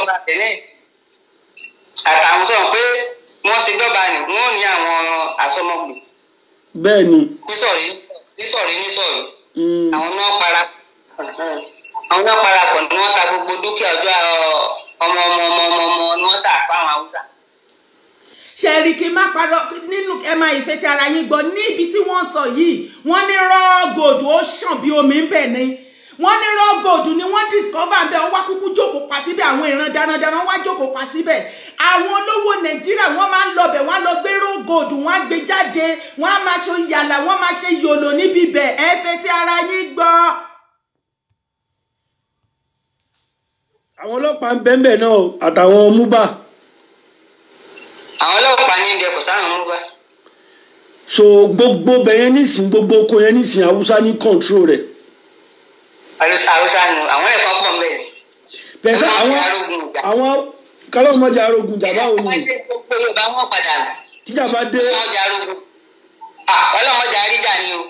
àtàwọn sọ̀rọ̀ pé wọ́n ṣe dọ́ba ni wọ́n ní àwọn àsọmọgbò. bẹ́ẹ̀ni. nísọ̀rí nísọ̀rí nísọ̀rí. Hmm. àwọn náà para àwọn náà para pọ̀ ni wọ́n ta gbogbo dúkìá ọjọ́ ọmọ ọmọ ọmọ ọmọ ọmọ ni wọ́n tà fáwọn haúsá. ṣẹ̀rì kí n má parọ́ nínú ẹ máa ìfẹ́ ti ara yín gbọ́ níbi tí wọ́n sọ yìí wọ́n ní rọ́ọ̀gòdò ó ṣàn bí omi ń bẹ̀ ni wọ́n ní raw gold ni wọ́n discover ń bẹ́ ọ wá kúkú jókòó pa síbẹ̀ àwọn ìran darandaran wá jókòó pa síbẹ̀ àwọn olówó nàìjíríà wọ́n máa ń lọbẹ̀ wọ́n á lọ gbé raw gold wọ́n á gbé jáde wọ́n á máa ṣe yàlà wọ́n máa ṣe yòlò níbi ibẹ̀ ẹ fẹ́ tí ara yín gbọ́. àwọn ọlọ́pàá ń bẹ́ńbẹ̀ náà àtàwọn múbà. àwọn ọlọ́pàá ní ìdẹ́kọ̀ sáwọn múbà. so gbogbo bẹ̀yẹn nísìnyí gbogbo oko yẹn nísìnyí haúsá ní kọ́ńtró rẹ̀ haúsá nu àwọn ẹ̀kọ́ pọ̀ ń bẹ̀. pẹ̀sẹ̀ àwọn àwọn kálọ̀ mọ́jà arógun jàmbá òun. àwọn ẹ̀jẹ̀ gbogbo yorùbá wọn padà. tíjà bá dé. mọ́jà arógun ọlọ́mọjà ah, rídà ni o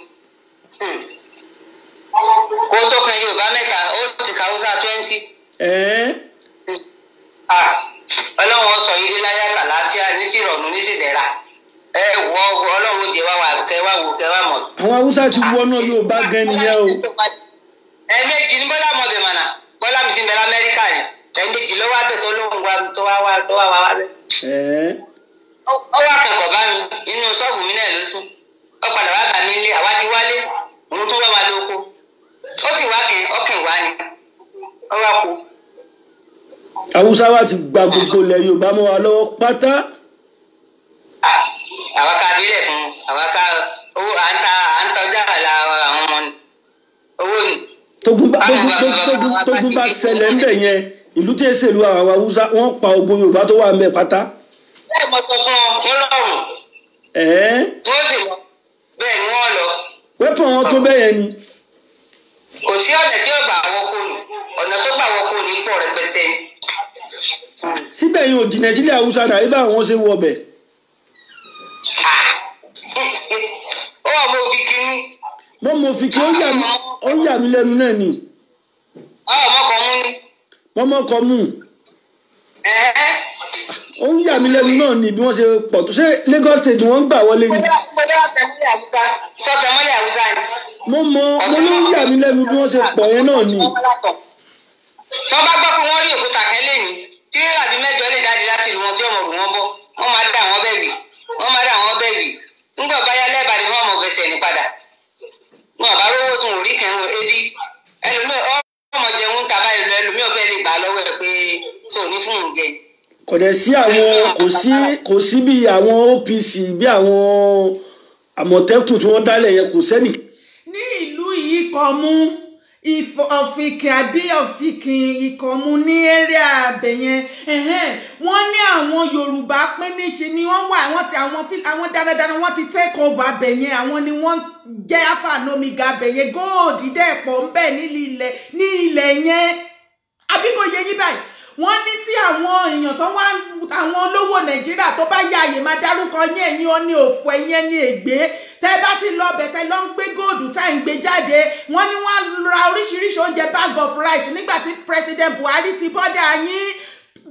hmm. kó tó kan yorùbá mẹ́ta ó ti ka haúsá twenty. Hmm. Ah, ọlọ́run sọ ilé láyà kàláfíà ní tìrọ̀nù ní tìdẹ̀ra ẹ wọ ọlọ́run jẹ wá wà kẹwàá wò kẹwàá mọ̀. àwọn haúsá ti wọnú yorùbá gan nìyẹn o ẹ̀ẹ̀mejì ní bọ́lá ọmọbìnrin mọ̀nà bọ́lá mi ti bẹ̀rẹ̀ amẹ́ríkà ni ẹ̀ẹ̀mejì ló wá bẹ̀ tó lóhùn wa tó wá wá tó wá wá wá bẹ̀. ó wá kẹ̀kọ̀ bá mi inú ṣọ́ọ̀bù mi náà ló sùn ó padà wá bà mí lé àwa ti wálé òun tó wá wa lóko ó sì wá kẹ ọkàn wá ni ó wá kú. haúsá wa ti gba gbogbo ilẹ̀ yorùbá mọ́ wa lọ́wọ́ pátá. àwa ká abílẹ̀ fún àwa ká owó à ń ta ọjà àlà àwọn ọmọ owó ni tógun bá tógun bá ṣẹlẹ̀ ńbẹ̀ yẹn ìlú tí èsè lu àwọn haúsá wọ́n pa ògbó yorùbá tó wà ńbẹ̀ pátá. bẹ́ẹ̀ mo sọ fún ọ fúlọ́ọ̀rù. ẹ̀ẹ́. tó sì lọ bẹ́ẹ̀ ni wọ́n lọ. wẹ́pọ̀ wọn tó bẹ́ẹ̀ yẹn ni. kò sí ọ̀nà tí ọba àwọn kò ní ọ̀nà tó bá àwọn kò ní pọ̀ rẹpẹtẹ. síbẹ̀ yìí ò jìnnà sílẹ̀ haúsá náà ibà àwọn ṣe wọ ọbẹ̀. ó wà mo fi kínní bó mo fi kí ó yà mí lẹ́nu náà ni. Ah, mọ́mọ́kọ mú. ó ń yà mí lẹ́nu náà ni bí wọ́n ṣe pọ̀ tó ṣe Lagos state wọ́n ń gbà wọlé ni. mo mọ mo ló ń yà mí lẹ́nu bí wọ́n ṣe pọ̀ yẹn náà ni. tí bá gbọ́ pé wọ́n rí òkúta kẹ́lẹ́ ni tí àbí mẹ́jọ lè jáde láti ìlú wọn tí ọmọ òrùn wọn bọ́ wọ́n máa dá àwọn bẹ́ẹ̀ wì wọ́n máa dá àwọn bẹ́ẹ̀ wì ńgbọ̀ báyá lẹ́ẹ̀bà ni wọ́n mọ̀ fẹsẹ̀ ní padà wọn àbá rówó tún rí kẹrun ebi ẹlòmíì ọmọ jẹun tàbá ìlú ẹlòmíì ọfẹ lè gbà lọ́wọ́ ẹ pé tó ní fún un jẹ. kò dẹ̀ sí àwọn kò sí kò sí bí àwọn OPC bí àwọn àmọ̀tẹ́kùn tí wọ́n dálẹ̀ yẹn kò sẹ́nì. ní ìlú yìí kọ mú if ọ̀fìnkìn àbí ọ̀fìnkìn ìkọ̀mù ní eré àbẹ̀ yẹn wọ́n ní àwọn Yorùbá pín níṣe ni wọ́n wà wọ́n ti àwọn dáradára wọ́n ti take over àbẹ̀ yẹn àwọn ni wọ́n jẹ́ àfànómìgà àbẹ̀ yẹn góòdì dẹ́pọ̀ ń bẹ̀ nílẹ̀ yẹn àbí kò yẹ yín báyìí wọ́n ní tí àwọn èèyàn tó wá àwọn olówó nàìjíríà tó bá yá àyè máa dárúkọ yín ẹ̀yin ọ ní òfò ẹ̀yin ẹni ègbé tẹ́ bá ti lọ bẹ̀ tẹ́ lọ ń gbé góòdù tá à ń gbé jáde wọ́n ní wọ́n ra oríṣiríṣi oúnjẹ bag of rice nígbà tí president buhari ti bọ́dà yín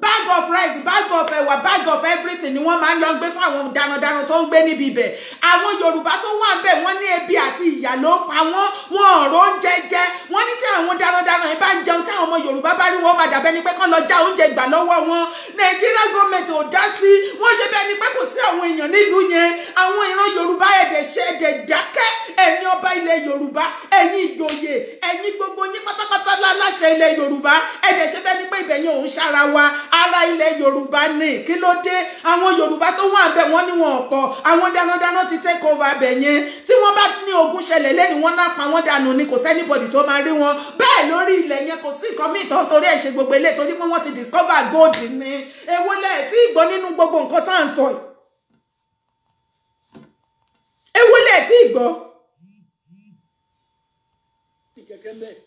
bag of rice bag of ẹ̀wà bag of everything ni wọ́n máa ń lọ gbé fún àwọn darandaran tó ń gbé níbi ibẹ̀ àwọn yorùbá tó wà ń bẹ̀ wọ́n ní ebi àti ìyà ló ń pa wọ́n wọn ọ̀rọ̀ oúnjẹ jẹ wọ́n ní tí àwọn darandaran yìí bá ń jẹun tí àwọn ọmọ yorùbá bá rí wọn máa dàbẹ́ ni pé kán lọ já oúnjẹ gbà lọ́wọ́ wọn nàìjíríà gọọmenti ò dá sí wọ́n ṣe bẹ́ẹ̀ ni pé kò sí àwọn èèyàn nílùú yẹn àwọn ìran yorùbá ẹ̀dẹ̀ ṣe ẹ̀dẹ̀ dákẹ́ ẹ̀yin ọba ilẹ̀ yorùbá ẹ̀yin ìjòyè ẹ̀yin gbogbo yín pátápátá láláṣẹ ilẹ̀ yorùbá ẹ̀dẹ̀ ṣe bẹ́ẹ̀ ni pé ibẹ̀ yẹn òun ṣára wa ará ilẹ̀ yorùbá ni kí ló dé àwọn yorùbá tó wà bẹ̀ wọ́n ní wọn ọ̀pọ̀ àwọn dánadáná ti take over bẹ̀ yẹn tí wọ́n bá ní ogun ṣẹlẹ̀ lẹ́nu wọn náà pa wọ́n dànù ni kò sẹ́nibọ̀dì tó máa rí wọn bẹ́ẹ̀ lórí ilẹ̀ yẹn kò sí nǹkan míì tán torí ẹ̀ ṣe gbogbo ilé torí pé wọ́n ti discover gold ni èwo lẹ̀ tí ìgbọ́ nínú gbogbo nǹkan tá à ń sọ yìí lẹ̀ tí ìgbọ́. kẹ̀kẹ́ mẹ́ẹ̀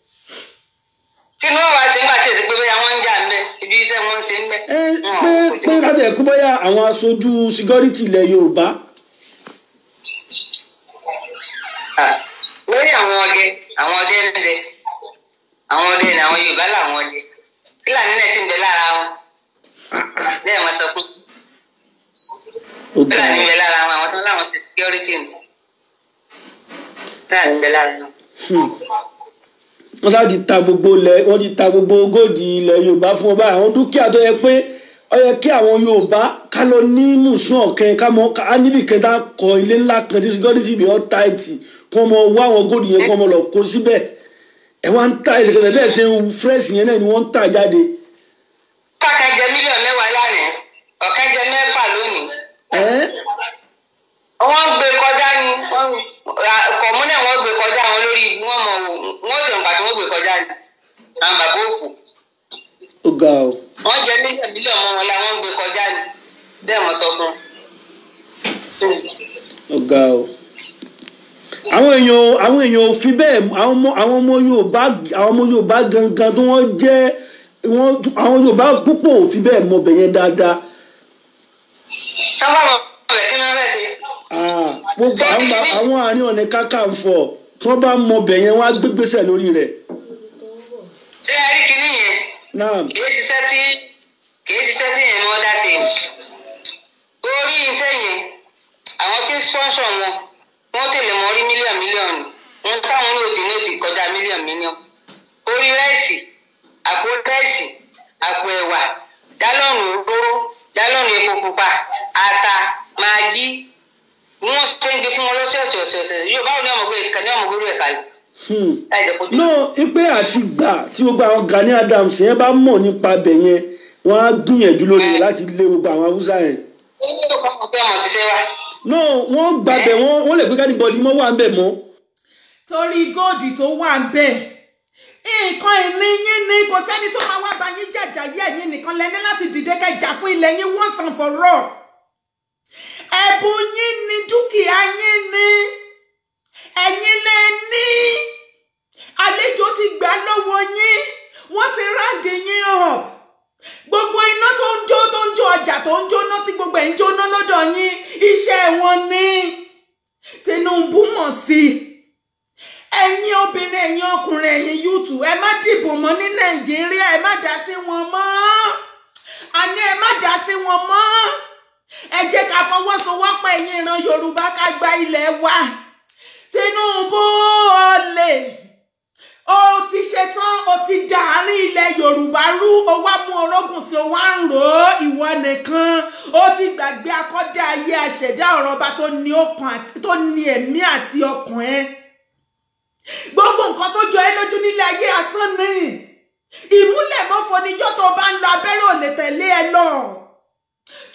kí ni wọ́n wá sí nígbà tí èsì pé bóyá wọ́n ń jà ń bẹ ibi iṣẹ́ wọn ṣe ń bẹ. ẹ pé pé láti ẹ̀kú bóyá àwọn aṣojú síkọ́rìtì ilẹ̀ Yorùbá. lórí àwọn ọdẹ àwọn ọdẹ ń dẹ àwọn ọdẹ ni àwọn Yorùbá làwọn ọdẹ Fúlàní náà sì ń bẹ lára wọn bẹ́ẹ̀ wọ́n sọ fún Fúlàní ń bẹ lára wọn àwọn tó ń láwọn ṣe síkọ́rìtì nù Fúlàní bẹ lára wọn. Hmm wọ́n sáré ti ta gbogbo ilẹ̀ wọ́n ti ta gbogbo góòdì ilẹ̀ yorùbá fún ọba àwọn dúkìá tó yẹ pé ó yẹ kí àwọn yorùbá ká lọ ní mùsùn ọ̀kẹ́ ká mọ ká níbi kẹta kọ ilé ńlá kan tí gọ́dí fi bìọ́ táìtì kó mọ wá àwọn góòdì yẹn kó mọ lọ kó síbẹ̀ ẹ wá ń ta ìṣèkẹsẹ̀ bẹ́ẹ̀ ṣe ń fírẹ́sì yẹn náà ni wọ́n ń tà jáde. káka jẹ mílíọ̀nù mẹ́wàá lánàá ọ̀kẹ́ kọ̀mú náà wọ́n gbé kọjá wọn lórí wọn mọ̀ wò wọ́n tẹ̀ bàtí wọ́n gbé kọjá ni àwọn bàbá òfò. ó ga o. wọ́n jẹ mílíọ̀ mílíọ̀ mọ́ wọn la wọ́n gbé kọjá ni bẹ́ẹ̀ mo sọ fún un. ó ga o àwọn èèyàn àwọn èèyàn ò fi bẹ́ẹ̀ àwọn ọmọ àwọn ọmọ Yorùbá àwọn ọmọ Yorùbá gangan tí wọ́n jẹ́ wọ́n àwọn Yorùbá púpọ̀ ò fi bẹ́ẹ̀ mọ bẹ̀yẹn dáadáa. sábà mọ̀ bẹ̀ kí ni wọ́n fẹ́ ṣe. Ah, gbogbo àwọn àárín ọ̀nà kakanfò tí wọ́n bá mọ ọbẹ̀ yẹn wọ́n á gbé gbèsè lórí rẹ̀. ṣé ẹ rí kinní yẹn kì í ṣiṣẹ́ tí kì í ṣiṣẹ́ tí yẹn ni wọ́n dá sí i orí iṣẹ́ yẹn àwọn tí ń sponsor wọn wọ́n tẹ̀lé mọ́ orí mílíọ̀nù mílíọ̀nù wọn táwọn ní òtí ní òtí kọjá mílíọ̀nù mílíọ̀nù orí rẹ́ẹ̀sì àpò rẹ́ẹ̀sì àpò ẹ̀wà gálọ́ọ̀nù òróró gálọ́ọ̀nù epo pupa ata màgí bí wọ́n ṣe ń gbé fún wọn lọ́sẹ̀ọ̀sẹ̀ ọ̀sẹ̀ọ̀sẹ̀ yóò báwo ni ọmọgbé ìkànnì ọmọgbé rẹ̀ kalẹ̀. no hmm. ipe àti gbà tí gbogbo àwọn Gani Adams yẹn bá mọ̀ nípa bẹ̀ yẹn wọ́n á gbìyànjú lórí eh. láti lé gbogbo àwọn Haúsá yẹn. Eh, no wọ́n gbàbẹ̀ eh. wọ́n lè pé kánibọ̀dì mọ́ wà ń bẹ̀ mọ́. torí góòdì tó wà ń bẹ̀ nǹkan ìní yín ni kò sẹ́ni tó máa wá bá yín jàjà yí ẹ̀yin nìkan lẹ́ni láti dìde kẹjà fún ilẹ̀ yín once and for all ẹ̀bùn yín ni dúkìá yín ni ẹ̀yin lè ní àlejò ti gbà lọ́wọ́ yín wọ́n ti ráǹdì yín hàn gbogbo iná tó ń jó tó ń jó ọjà tó ń jóná tí gbogbo ẹ̀ ń jóná lọ́dọ̀ yín iṣẹ́ wọn ni Tinubu mọ̀ sí ẹ̀yin obìnrin ẹ̀yin ọkùnrin ẹ̀yin yúùtù ẹ má dìbò mọ́ ní Nàìjíríà ẹ má dá sí wọn mọ́ àní ẹ má dá sí wọn mọ́ ẹ jẹ́ ká fọwọ́sowọ́pọ̀ ẹ̀yin ìran yorùbá ká gba ilẹ̀ wa tinubu olè ó ti ṣetán ó ti dà àárín ilẹ̀ yorùbá rú ó wá mú orógùn sí ó wá ń rò ó ìwọ nìkan ó ti gbàgbé akọ́dá ayé àṣẹ̀dá ọ̀rọ̀ ọba tó ní ẹ̀mí àti ọkàn ẹ gbogbo nǹkan tó jọ ẹ́ lójú nílé ayé asán ni ìmúlẹ̀ mọ́fọ́ níjọ́ tó bá ń lọ abẹ́rẹ́ ò tẹ̀lé ẹ lọ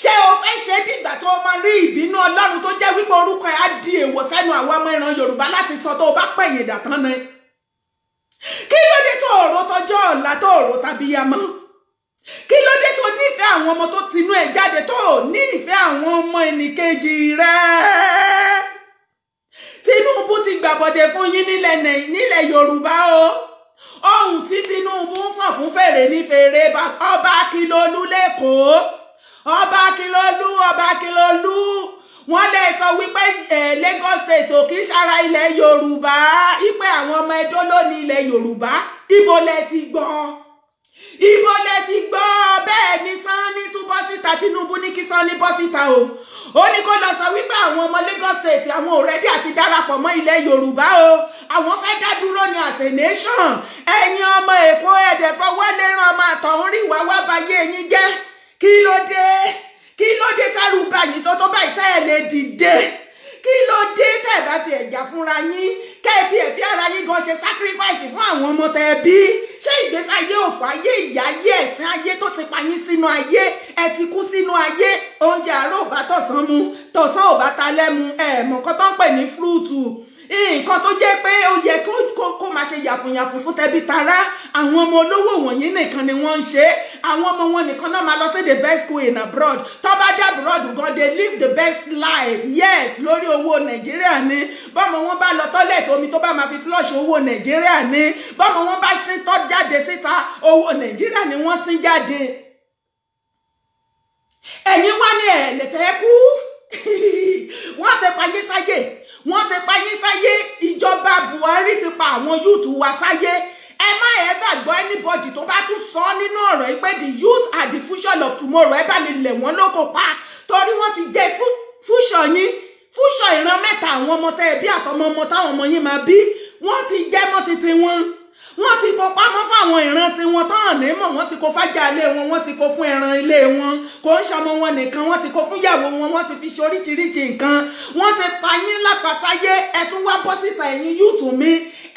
ṣé o fẹ́ ṣe dìgbà tó o máa rí ìbínú ọlọ́run tó jẹ́ wípé orúkọ ẹ̀ á di èèwọ̀ sẹ́nu àwọn ọmọ ìran yorùbá láti sọ tó o bá pẹ̀yìn ìdà tán ni kí ló dé tó òró tọjọ́ ọ̀la tó òró tàbíyamọ́ kí ló dé tó nífẹ̀ẹ́ àwọn ọmọ tó tinú ẹ̀ jáde tó nífẹ̀ẹ́ àwọn ọmọ ẹnìkejì rẹ̀ Tinubu ti gbàbọ̀dẹ̀ fún yín nílẹ̀ Yorùbá o ohun tí Tinubu ń fọ̀ fún fèrè ní fèrè ọba Akilolu lẹ́kọ̀ọ́ ọba Akínlolú ọba Akínlolú wọ́n lè sọ wípé Lagos state ò kì í ṣara ilẹ̀ Yorùbá ipe àwọn ọmọ Ẹdó ló ní ilẹ̀ Yorùbá ibo lẹ ti gbọ́ ibo lẹ ti gbọ́ bẹ́ẹ̀ ni Sanni tún bọ́ síta Tinubu ní kí Sanni bọ́ síta o ó ní kó lọ sọ wípé àwọn ọmọ Lagos state àwọn already àti darapọ̀ mọ́ ilẹ̀ Yorùbá o àwọn fẹ́ dá dúró ní as a nation ẹ̀yin ọmọ Èkó ẹ̀dẹ̀fọwọ́lẹ́rán ọmọ àtọ̀húnrìnwá wá bayé yín jẹ́ kí ló dé kí ló dé tẹ́rù báyìí tó tó báyìí tẹ́ ẹ̀ lè dìde kí ló dé tẹ́ ẹ̀ bá tiẹ̀ jà fúnra yín kẹ́ ẹ tiẹ̀ fi ara yín gan ṣe sacrifice fún àwọn ọmọ tẹ́ ẹ bí ṣé ìgbésí ayé òfò ayé ìyá ayé ẹ̀sìn ayé tó ti pa yín sínú ayé ẹ ti kú sínú ayé oúnjẹ àárọ̀ ò bá tọ̀sán mu tọ̀sán ò bá ta lẹ́mu ẹ̀ mọ̀ọ́kọ́ tó ń pè ní fúrúùtù nǹkan tó jẹ́ pé ó yẹ kó máa ṣe yàfùnyàfùn fún tẹbí tará àwọn ọmọ olówó wọ̀nyí nìkan ni wọ́n ń ṣe àwọn ọmọ wọn nìkan náà máa lọ sí the best school in abroad tó bá dé abroad gan they live the best life yes lórí owó nàìjíríà ni bọ́mọ wọn bá lọ tọ́lẹ̀tì omi tó bá máa fi flush owó nàìjíríà ni bọ́mọ wọn bá sín tọ́ jáde síta owó nàìjíríà ni wọ́n sín jáde ẹ̀yin wá ní ẹ̀ lè fẹ́ kú wọ́n ti pa yín sáyé wọ́n ti pa yín sáyé ìjọba Buhari ti pa àwọn yúùtù wa sáyé ẹ má ẹ̀fà gbọ́ anybody tó bá tún sọ nínú ọ̀rọ̀ yìí pé the youth are the future of tomorrow ẹ bá mi lẹ̀ wọ́n lóko pa torí wọ́n ti jẹ́ future yín future ìran mẹ́ta àwọn ọmọ tẹ́ ẹ bí àtọmọ ọmọ táwọn ọmọ yín máa bí wọ́n ti jẹ́ mọ́ titi wọn wọ́n ti kó pamọ́ fáwọn ìran tí wọ́n tán ní mọ̀ wọ́n ti kó fájà ilé wọn wọ́n ti kó fún ẹran ilé wọn kò ń ṣọmọ wọn nìkan wọ́n ti kó fún ìyàwó wọn wọ́n ti fi ṣe oríṣiríṣi nǹkan wọ́n ti pa yín lápasáyé ẹ tún wá bọ́ síta ẹ̀yin yúùtù mi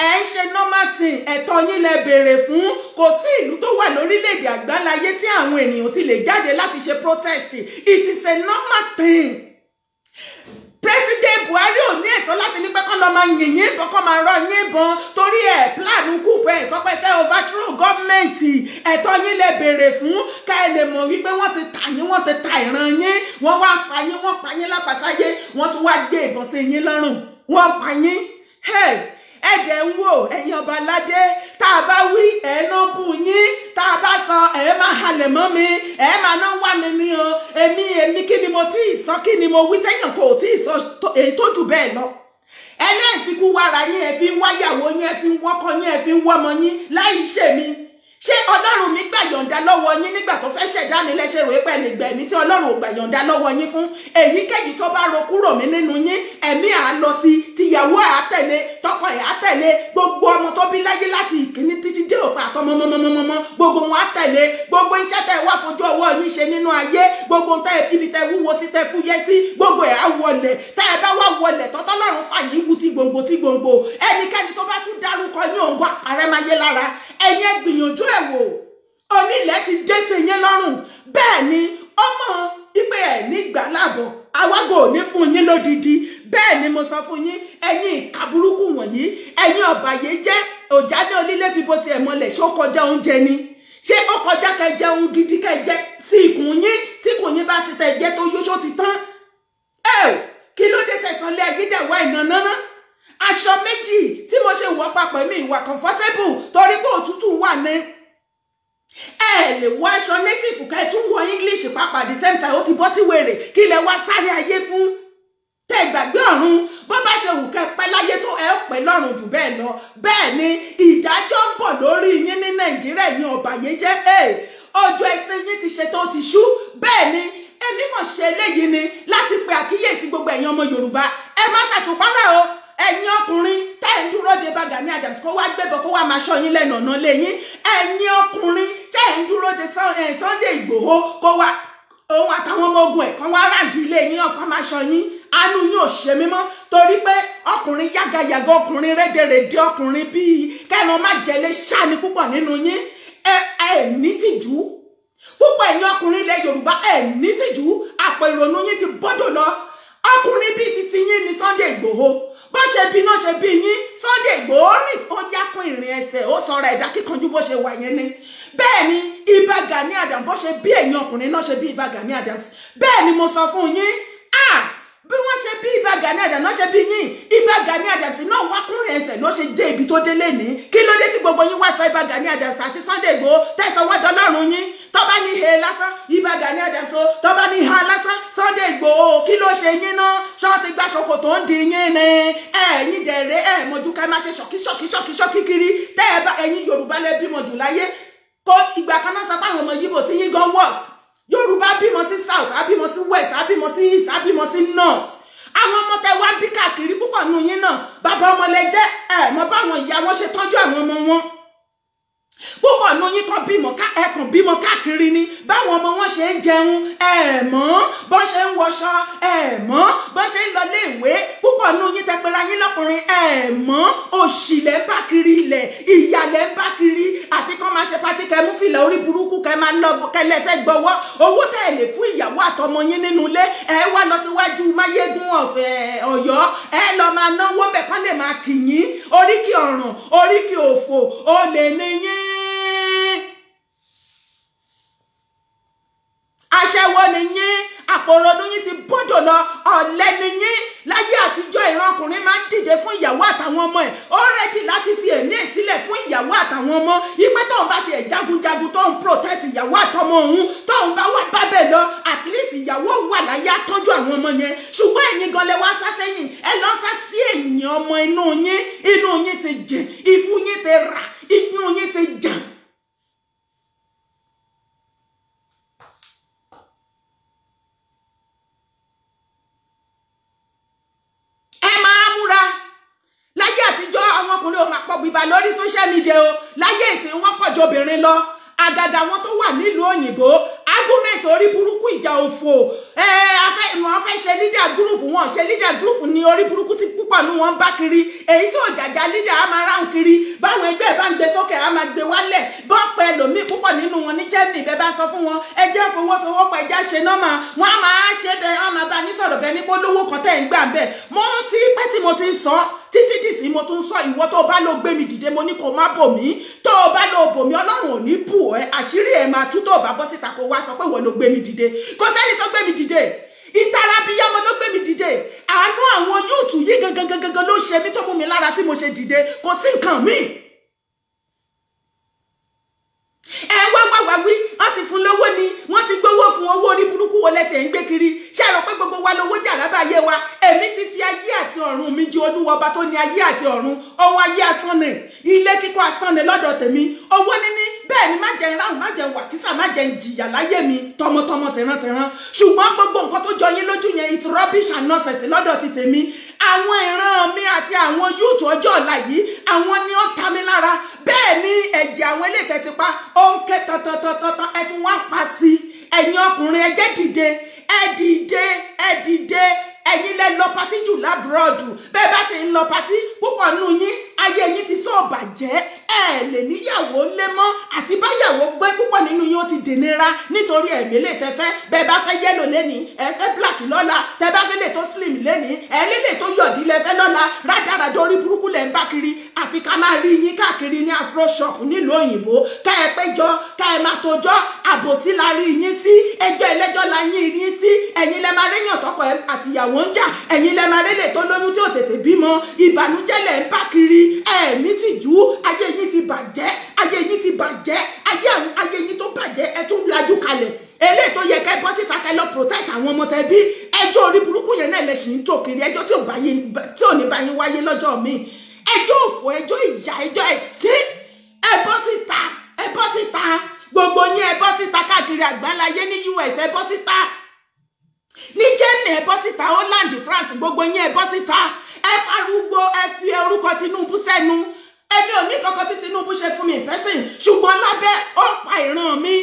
ẹ ń ṣe normal thing ẹ̀tọ́ yín lẹ béèrè fún kò sí ìlú tó wà lórílẹ̀‐èdè àgbáláyé tí àwọn ènìyàn ti lè jáde láti ṣe protest it is a normal thing president buhari ò ní ẹ̀tọ́ láti ní pé kán lọ́ọ́ máa yìnyín ìbọn kán máa rọ yín ìbọn torí ẹ̀ plan kúùpẹ́ ìsọpẹ́ fẹ́ overthrow gọ́ọ̀mẹ̀ntì ẹ̀tọ́ yín lè béèrè fún ká ẹ lè mọ̀ wípé wọ́n ti tà yín wọ́n ti ta ìran yín wọ́n wá pa yín wọ́n pa yín lápasáyé wọ́n tún wá gbé ìbọn sí yín lọ́rùn wọ́n pa yín ẹ̀dẹ̀ ń wò ẹ̀yin ọba aládé tá a bá wí ẹ̀ náà bù yín tá a bá sọ ẹ̀ máa halẹ̀ mọ́ mi ẹ̀ máa náà wà mí mi o èmi èmi kí ni mo tí ì sọ kí ni mo wí tẹ́yàn kò tí ì sọ èyí tó jù bẹ́ẹ̀ lọ ẹlẹ́ẹ̀fikú wàrà yín ẹ fi ń wáyàwó yín ẹ fi ń wọ́kọ yín ẹ fi ń wọ́mọ yín láì ṣèmi ṣé ọlọ́run mi gbà yọ̀ǹda lọ́wọ́ yín nígbà tó fẹ́ ṣẹ̀dá mi lẹ́ṣẹ̀ rò pé ẹnì gbẹ̀mí tí ọlọ́run ò gbà yọ̀ǹda lọ́wọ́ yín fún èyíkéyìí tó bá ro kúrò mí nínú yín ẹ̀mí à lọ sí tìyàwó à tẹ̀lé tọkọ ẹ̀ à tẹ̀lé gbogbo ọmọ tó bí láyé láti ìkíní títí dé òpin àtọmọ mọmọmọmọ gbogbo wọn à tẹ̀lé gbogbo iṣẹ́ tẹ wá fojú ọwọ́ yín ṣe nínú ayé gbogbo tẹ ibi tẹ wúwo sí tẹ fúyẹ́ sí gbogbo ẹ̀ á wọlẹ̀ tẹ ẹ bá wà wọlẹ̀ tọ́tọ́lọ́run fàyè wú ti gbòǹgbò ti gbòǹgbò ẹnikẹ́ni tó bá tún dárúkọ yín òǹgbò àpárẹ́máyé lára ẹ̀yin ẹ gbìyànjú ẹ yẹ̀ wò onílẹ̀ ti dé sí yín lọ́rùn bẹ́ẹ̀ ni ọmọ ipe ẹ̀ nígbà láàbọ̀ awágò ní fún yín lódidi bẹ́ẹ̀ ni mo sọ fún yín ẹ̀yin ìka burúkú wọ̀nyí ẹ̀yin ọ̀bàyéjẹ́ òjádé onílé fi bó tiẹ̀ mọlẹ̀ ṣó kọjá oúnjẹ ni ṣé ó kọjá kẹjẹ ohun gidi kẹjẹ tí ikùn yín tí ikùn yín bá ti tẹ̀ jẹ́ tó yóṣó ti tán ẹ ò kí ló dé tẹ̀sán lé ẹ̀yídẹ̀wá ìnànánà aṣọ méjì tí mo ṣe wọ́ papọ̀ mi ìwà comfortable torí pé òtútù wà ní ẹ lè wọ aṣọ native ká tún wọ english pàápàá the same time ó ti bọ́ sí wèrè kí lẹ wá sáré ayé fún tẹ gbàgbé ọ̀run bó bá ṣe wù kẹ́ pẹ́ láyé tó ẹ pẹ́ lọ́run jù bẹ́ẹ̀ lọ bẹ́ẹ̀ ni ìdájọ́ ń bọ̀ lórí yín ní nàìjíríà yín ọ̀bàyéjẹ́ ẹ ọjọ́ ẹsẹ̀ yín ti ṣe tó ti ṣú bẹ́ẹ̀ ni èmi kàn ṣe eléyìí ni láti pe àkíyèsí gbogbo ẹ̀yin ọmọ yorùbá ẹ má ṣàṣùpárà o ẹ̀yin ọkùnrin tẹ́ ẹ̀ ń dúró de bá Gani Adams kó wá gbébọn kó wá máa ṣọ́ yín lẹ́nu ọ̀nà lé yín ẹ̀yin ọkùnrin tẹ́ ẹ̀ ń dúró de eh, Sunday Ìgbòho kó wá òun àtàwọn ọmọ ogun ẹ̀ kan wá ráàdì ilé yín ọ̀kan máa ṣọ́ yín àánú yín ò ṣe mí mọ́ torí pé ọkùnrin yàgàyàgà ọkùnrin rédèrèdè ọkùnrin bíi kẹ́nu má jẹ́lé ṣáni púpọ̀ nínú yín ẹ ẹ ní tìjú púpọ̀ ẹ̀yin ọkùnrin ilẹ̀ Yorùbá ẹ ní tìjú àpò ìrònú yín ti bọ́dọ̀ lọ ọkùnrin bíi titi yín ni Sunday Ìgbòho bó ṣe bí náà ṣe bí yín Sunday Igboho rìn ó yákùn ìrìn ẹsẹ̀ ó sọra ẹ̀dá kíkanjú bó ṣe wà yẹn ni bẹ́ẹ̀ ni Ìbà Gani Adams bó ṣe bí ẹ̀yin ọkùnrin náà ṣe bí Ìbà Gani Adams bẹ́ẹ̀ ni mo sọ fún yín ah bí wọ́n ṣe bí Ìbà Gani Adams ṣe bí yín Ìbà Gani Adams náà wá kúnlẹ̀ ẹsẹ̀ ló ṣe dé ibi tó délé ní kí ló dé tí gbogbo yín wá sọ Ìbà Gani Adams àti Sunday Igboho tẹ̀sán wá dọlọ́run yín tó bá ní he lásán Ìbà Gani Adams so tó bá ní ha lásán Sunday Igboho kí ló ṣe yín náà ṣọ́ọ̀tì gba ṣoko tó ń di yín ni ẹ̀yin dẹ̀rẹ́ ẹ̀ mọ̀jú ká má ṣe ṣọ̀kí ṣọ̀kí ṣọ̀kí kiri tẹ́ ẹ bá ẹ̀yin Yorùbá lẹ́ bímọ jù láyé kó ìgbà kan náà ti yín gan yorùbá bímọ sí south abímọ sí west abímọ sí east abímọ sí north àwọn ọmọ tẹ wá bí káàkiri púpọ̀ nù yín náà bàbá ọmọ lẹ jẹ́ ẹ̀ mọ báwọn ìyá wọn ṣe tọ́jú àwọn ọmọ wọn púpọ̀ nu yín kan bímọ ká ẹkùn bímọ káàkiri ni báwọn ọmọ wọn ṣe ń jẹun ẹ mọ̀ bọ́n ṣe ń wọṣọ ẹ mọ̀ bọ́n ṣe ń lọ lé ìwé púpọ̀ nu yín tẹpẹra yín lọkùnrin ẹ mọ̀ òṣì lẹ́ ń bá kiri ilẹ̀ ìyà lẹ́ ń bá kiri àfi kán máa ṣe pátí kẹ́ mú fìlà orí burúkú kẹ́ máa lọ kẹlẹ́ fẹ́ gbọ́wọ́ owó tẹ̀ lè fún ìyàwó àtọmọ yín nínú ilé ẹ wá lọ síwájú máyégún ọ̀fẹ́ ọ̀yọ́ ẹ lọ máa náwó bẹ̀ kán lè máa kì yín oríkì ọ̀ràn oríkì òfò olè ní yín. aṣẹ́wó ni yín àpòrònú yín ti bọ́dọ̀ lọ ọ̀lẹ ni yín láyé àtijọ́ ìran ọkùnrin máa ń dìde fún ìyàwó àtàwọn ọmọ ẹ̀ ó rẹ́dì láti fi ẹ̀mí ẹ̀ sílẹ̀ fún ìyàwó àtàwọn ọmọ ìpẹ́ tóun bá tiẹ̀ jagunjagun tóun protect ìyàwó àtọmọ òun tóun bá wà bábẹ̀ lọ at least ìyàwó wà láyé àtọ́jú àwọn ọmọ yẹn ṣùgbọ́n ẹ̀yin gan lẹ wá sá sẹ́yìn ẹ lọ sá sí ẹ̀yìn ọmọ inú yín inú yín ti jẹ ìfun yín ti ra inú yín ti jàn múra láyé àtijọ́ àwọn ọkùnrin ò máa pọ̀ lórí social media o láyé ìsìn wọn pọ̀ ju obìnrin lọ àgàgà wọn tó wà nílùú òyìnbó argument orí burúkú ìjà òfò ẹ eh, fẹ́ wọ́n fẹ́ ṣe leader group wọn ṣe leader group ni orí burúkú ti púpọ̀ ní wọn bá kiri èyí tí òjàjà leader á máa ráhùn kiri báwọn ẹgbẹ́ bá ń gbé sókè á máa gbé wálẹ̀ bọ́pẹ́ lòmíì púpọ̀ nínú wọn ní Germany bẹ́ẹ̀ bá sọ fún wọn ẹ jẹ́ fọwọ́sowọ́pọ̀ ẹ jẹ́ ṣe nọ́mà wọn á máa ṣe bẹ́ẹ̀ á máa bá yín sọ̀rọ̀ bẹ́ẹ̀ ní polówó kan tẹ́ ń gbà bẹ́ẹ̀ mo ti ti ń sọ títí dìsí mo tún sọ ìwọ tó bá lọ gbé mi dìde mo ní kó má bò mí tó o bá lọ bò mí ọlọ́run ò ní bù ẹ àṣírí ẹ máa tú tó o bá bọ́ síta kó wá sọ pé ìwọ ló gbé mi dìde kò sẹ́ni tó gbé mi dìde ìtara abiyamọ ló gbé mi dìde àánú àwọn yóòtù yìí gangan gangan ló ṣe mí tó mú mi lára tí mo ṣe dìde kò sí nǹkan míì ẹ wá wá wá wí wọn ti fún lówó ni wọn ti gbowó fún owó orí burúkú wọlé tẹ̀ ń gbé kiri ṣé ẹ rò pé gbogbo wa lówó jà lábàáyé wa èmi ti fi ayé àti ọ̀run mi ju olúwa ọba tó ní ayé àti ọ̀run ohun ayé asán ni ilé kíkọ́ asán lọ́dọ̀ tèmi owó níní bẹ́ẹ̀ ni má jẹ́ ìrànù má jẹ́ wàkísà má jẹ́ ìjìyà láyé mi tọmọtọmọ tìrantìran ṣùgbọ́n gbogbo nǹkan tó jọ yín lójú yẹn is rubbish and nonsense lọ́dọ̀ ti tèmi àwọn ìran mi àti àwọn yúùtù ọjọ́ ọ̀la yìí àwọn ni ó ta mi lára bẹ́ẹ̀ ni ẹ̀jẹ̀ àwọn eléyìí tẹ́tí pa ó ń ké tantantantantan ẹ ti wá pa sí ẹ̀yin ọkùnrin ẹ jẹ́ dìde ẹ dìde ẹ dìde ẹ̀yin lẹ lọ patí jù lábúrọ̀dù bẹ́ẹ̀ bá ti ń lọ patí púpọ̀ nù yín ayé yín ti sọ ọ̀bàjẹ́ ẹ lè níyàwó ńlé mọ́ àti báyàwó gbé púpọ̀ nínú yín ó ti dènera nítorí ẹ̀mí lè tẹ́fẹ́ bẹ́ẹ̀ bá fẹ́ yẹ́lò lẹ́ni ẹ fẹ́ black lọ́la tẹ́ bá fẹ́ lè tó slim lẹ́ni ẹ lè lè tó yọ̀dí lẹ́fẹ́ lọ́la rádaràdà orí burúkú lẹ́ ń bá kiri àfi ká máa rí yín káàkiri ní afro shop nílùú òyìnbó ká ẹ péjọ ká ẹ máa tójọ àbòsí la rí yín sí ẹjọ́ ẹlẹ́jọ́ la yín yín sí ẹ̀yin lẹ́ máa réyàn tọkọ àtìyàwó ń jà ẹ̀yin lẹ́ máa rélè tó lóyún tí ò tètè bímọ ìbànújẹ́ lẹ́ ń bá kiri ẹ̀mí tìjú ayé yín ti bàjẹ́ ayé yín ti bàjẹ́ ayé ayé yín tó bàjẹ́ ẹ tún lajú kalẹ̀ eléyìí tó yẹ kẹ́ bọ́ síta kẹ́ lọ protect àwọn ọmọ tẹ́ bí ẹjọ́ orí burúkú yẹn náà lẹ ṣì ń tò kiri ẹjọ́ tí ò ní bá yín wáyé lọ́jọ́ míì ẹjọ́ òfò ẹjọ́ ìyà ẹjọ́ ẹ̀sìn ẹ bọ́ síta ẹ bọ́ síta gbogbo yín ẹ bọ́ síta káàkiri àgbáláyé ní US ẹ bọ́ síta ní Germany ẹ bọ́ síta Holland France gbogbo yín ẹ bọ́ síta ẹ arúgbó ẹ fi orúkọ Tinubu sẹ́nu èmi ò ní kankan tí Tinubu ṣe fún mi ìpẹ́sìn ṣùgbọ́n lábẹ́ ó ń pa ìran mi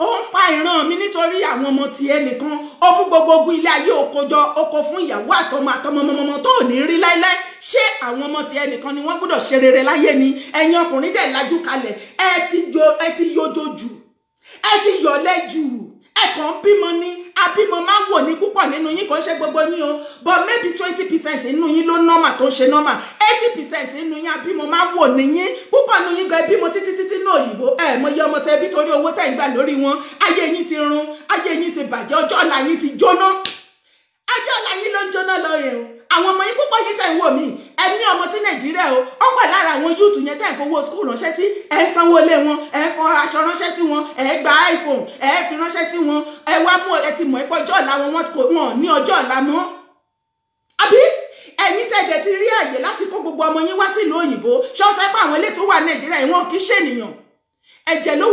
ó ń pa ìran mi nítorí àwọn ọmọ ti ẹnìkan ó mú gbogbo ogun ilé ayé òkojọ oko fún ìyàwó àtọmọ àtọmọ ọmọọmọ tó ò ní rí láéláé ṣé àwọn ọmọ ti ẹnìkan ni wọ́n gbọ́dọ̀ ṣe rere láyé ni ẹ̀yin ọkùnrin dẹ̀ lajú kalẹ̀ ẹ ti yọjọ jù ẹ ti yọlẹ jù ẹ̀kọ́ ń bímọ ní abímọ máa wò ní púpọ̀ nínú yín kò ṣe gbogbo yín o but maybe twenty percent nínú yín ló normal tó ń ṣe normal eighty percent nínú yín abímọ máa wò ní yín púpọ̀ nínú yín gan ebímọ títí títí ní òyìnbó ẹ̀ mọ iye ọmọ tẹ́bí torí owó tẹ̀ ń gbà lórí wọn ayé yín ti run ayé yín ti bàjẹ́ ọjọ́ ọ̀la yín ti jóná ajọ́ ọ̀la yín ló ń jóná lọ yẹn o àwọn ọmọ yín púpọ̀ yìí tẹ̀ ń wò mí ẹ ní ọmọ sí nàìjíríà o ó wà lára àwọn yúùtù yẹn tẹ̀ ń fowó skul ránṣẹ́ sí ẹ ń sanwó lé wọn ẹ ń fọ aṣọ ránṣẹ́ sí wọn ẹ gba iphone ẹ fi ránṣẹ́ sí wọn ẹ wá mú ẹ ti mọ̀ ẹ̀pọ̀ ọjọ́ ọ̀la wọn wọn ní ọjọ́ ọ̀la mọ́ àbí ẹ̀yin tẹ̀dẹ̀ ti rí àyè láti kó gbogbo ọmọ yín wá sílùú òyìnbó ṣọ́ọ́sẹ́ pé àwọn ilé tó wà nàìjíríà yìí wọn kì í ṣènìyàn ẹ̀jẹ̀ ló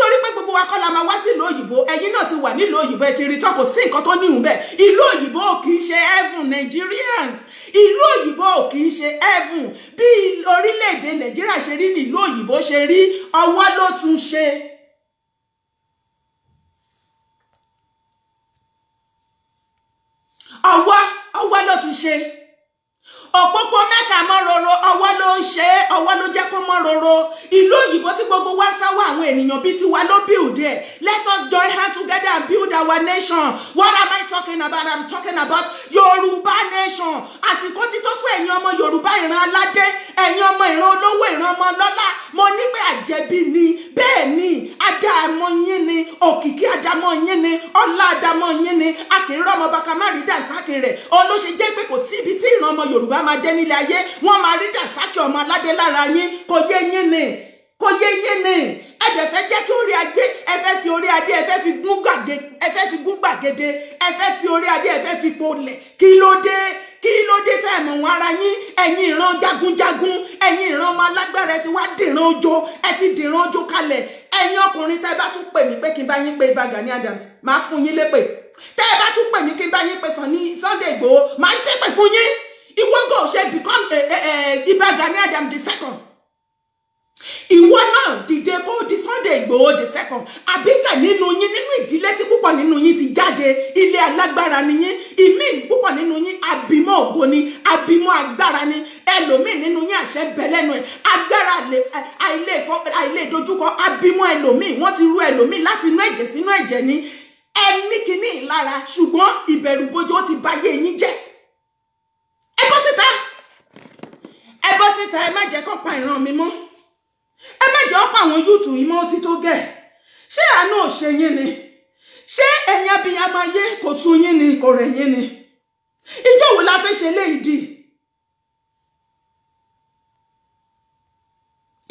torí pé gbogbo wa kọ́ la máa wá sílùú òyìnbó ẹ̀yin náà ti wà nílùú òyìnbó ẹ ti rí tán kò sí nǹkan tó níhùn bẹ́ẹ̀ ìlú òyìnbó kì í ṣe heaven Nigerians ìlú òyìnbó kì í ṣe heaven bí orílẹ̀-èdè Nàìjíríà ṣe rí ní òyìnbó ṣe rí ọwọ́ ló tún ṣe. ọwọ́ ọwọ́ ló tún ṣe òpópó mẹ́ka mọ́ roro ọwọ́ ló ń ṣe é ọwọ́ ló jẹ́ kó mọ́ roro ìlú òyìnbó tí gbogbo wá sáwọ́ àwọn ènìyàn bíi tiwa ló build ẹ̀ let us join hand together and build our nation what am I talking about I'm talking about Yorùbá nation àsìkò títọ́ fún ẹ̀yin ọmọ Yorùbá ìran aládé ẹ̀yin ọmọ ìran olówó ìran ọmọ lọ́lá mo ní pé àjẹbí ni bẹ́ẹ̀ ni àdàmọ́ yín ni òkìkí àdàmọ́ yín ni ọlá àdàmọ́ yín ni akèrè ọmọ bàkàmárì dàsákè rẹ̀ olóṣèjẹ́ pé kò sí ibi tí ìran ọmọ Yorùbá bá máa jẹ́ nílé ayé wọ́n máa rí dàsákì ọmọ aládé lára yín kò yé yín ni kò yé yín ni ẹ dẹ̀ fẹ́ jẹ́ kí orí adé ẹ fẹ́ fi orí adé ẹ fẹ́ fi gún gbàgede ẹ fẹ́ fi gún gbàgede ẹ fẹ́ fi orí adé ẹ fẹ́ fi polẹ̀ kí ló dé kí ló dé tẹ́ ẹ̀ mọ̀ wọn ara yín ẹ̀yin ìran jagunjagun ẹ̀yin ìran ọmọ alágbára ẹ ti wá dìran ojo ẹ ti dìran ojo kalẹ̀ ẹ̀yin ọkùnrin tẹ́ ẹ bá tún pè mí pé kí n bá yín pé Ìbà Gani Adams máa fún yín lépè tẹ́ ẹ bá tún pè mí kí n bá yín pé Sunday Igboho máa ń ṣépè fún yín ìwọ gan ṣe become Ìbà Gani Adams the second ìwọ náà dìde kó di Sunday Ìgbòho the second àbíkẹ́ nínú yín nínú ìdílé tí púpọ̀ nínú yín ti jáde ilé alágbára nìyín ìmí púpọ̀ nínú yín àbímọ ògo ni àbímọ agbára ni ẹlòmíì nínú yín àṣẹ bẹlẹnu ẹ agbára àìlè dojúkọ àbímọ ẹlòmíì wọ́n ti rú ẹlòmíì láti inú ẹ̀jẹ̀ sínú ẹ̀jẹ̀ ni ẹ ní kinní ìlara ṣùgbọ́n ìbẹ̀rù bojo ti bayé yín jẹ́ síta ẹ bọ́ síta ẹ má jẹ́ kó pa ìran mi mọ́ ẹ má jẹ́ ọ̀pọ̀ àwọn yúùtù yìí mọ́ ó ti tó gẹ̀ ṣé àánú ò yín ni ṣé ẹ̀yin abiyamọ ayé kò sun yín ni kò rẹ̀ yín ni ìjọ wo la fẹ́ ṣe léyìí dì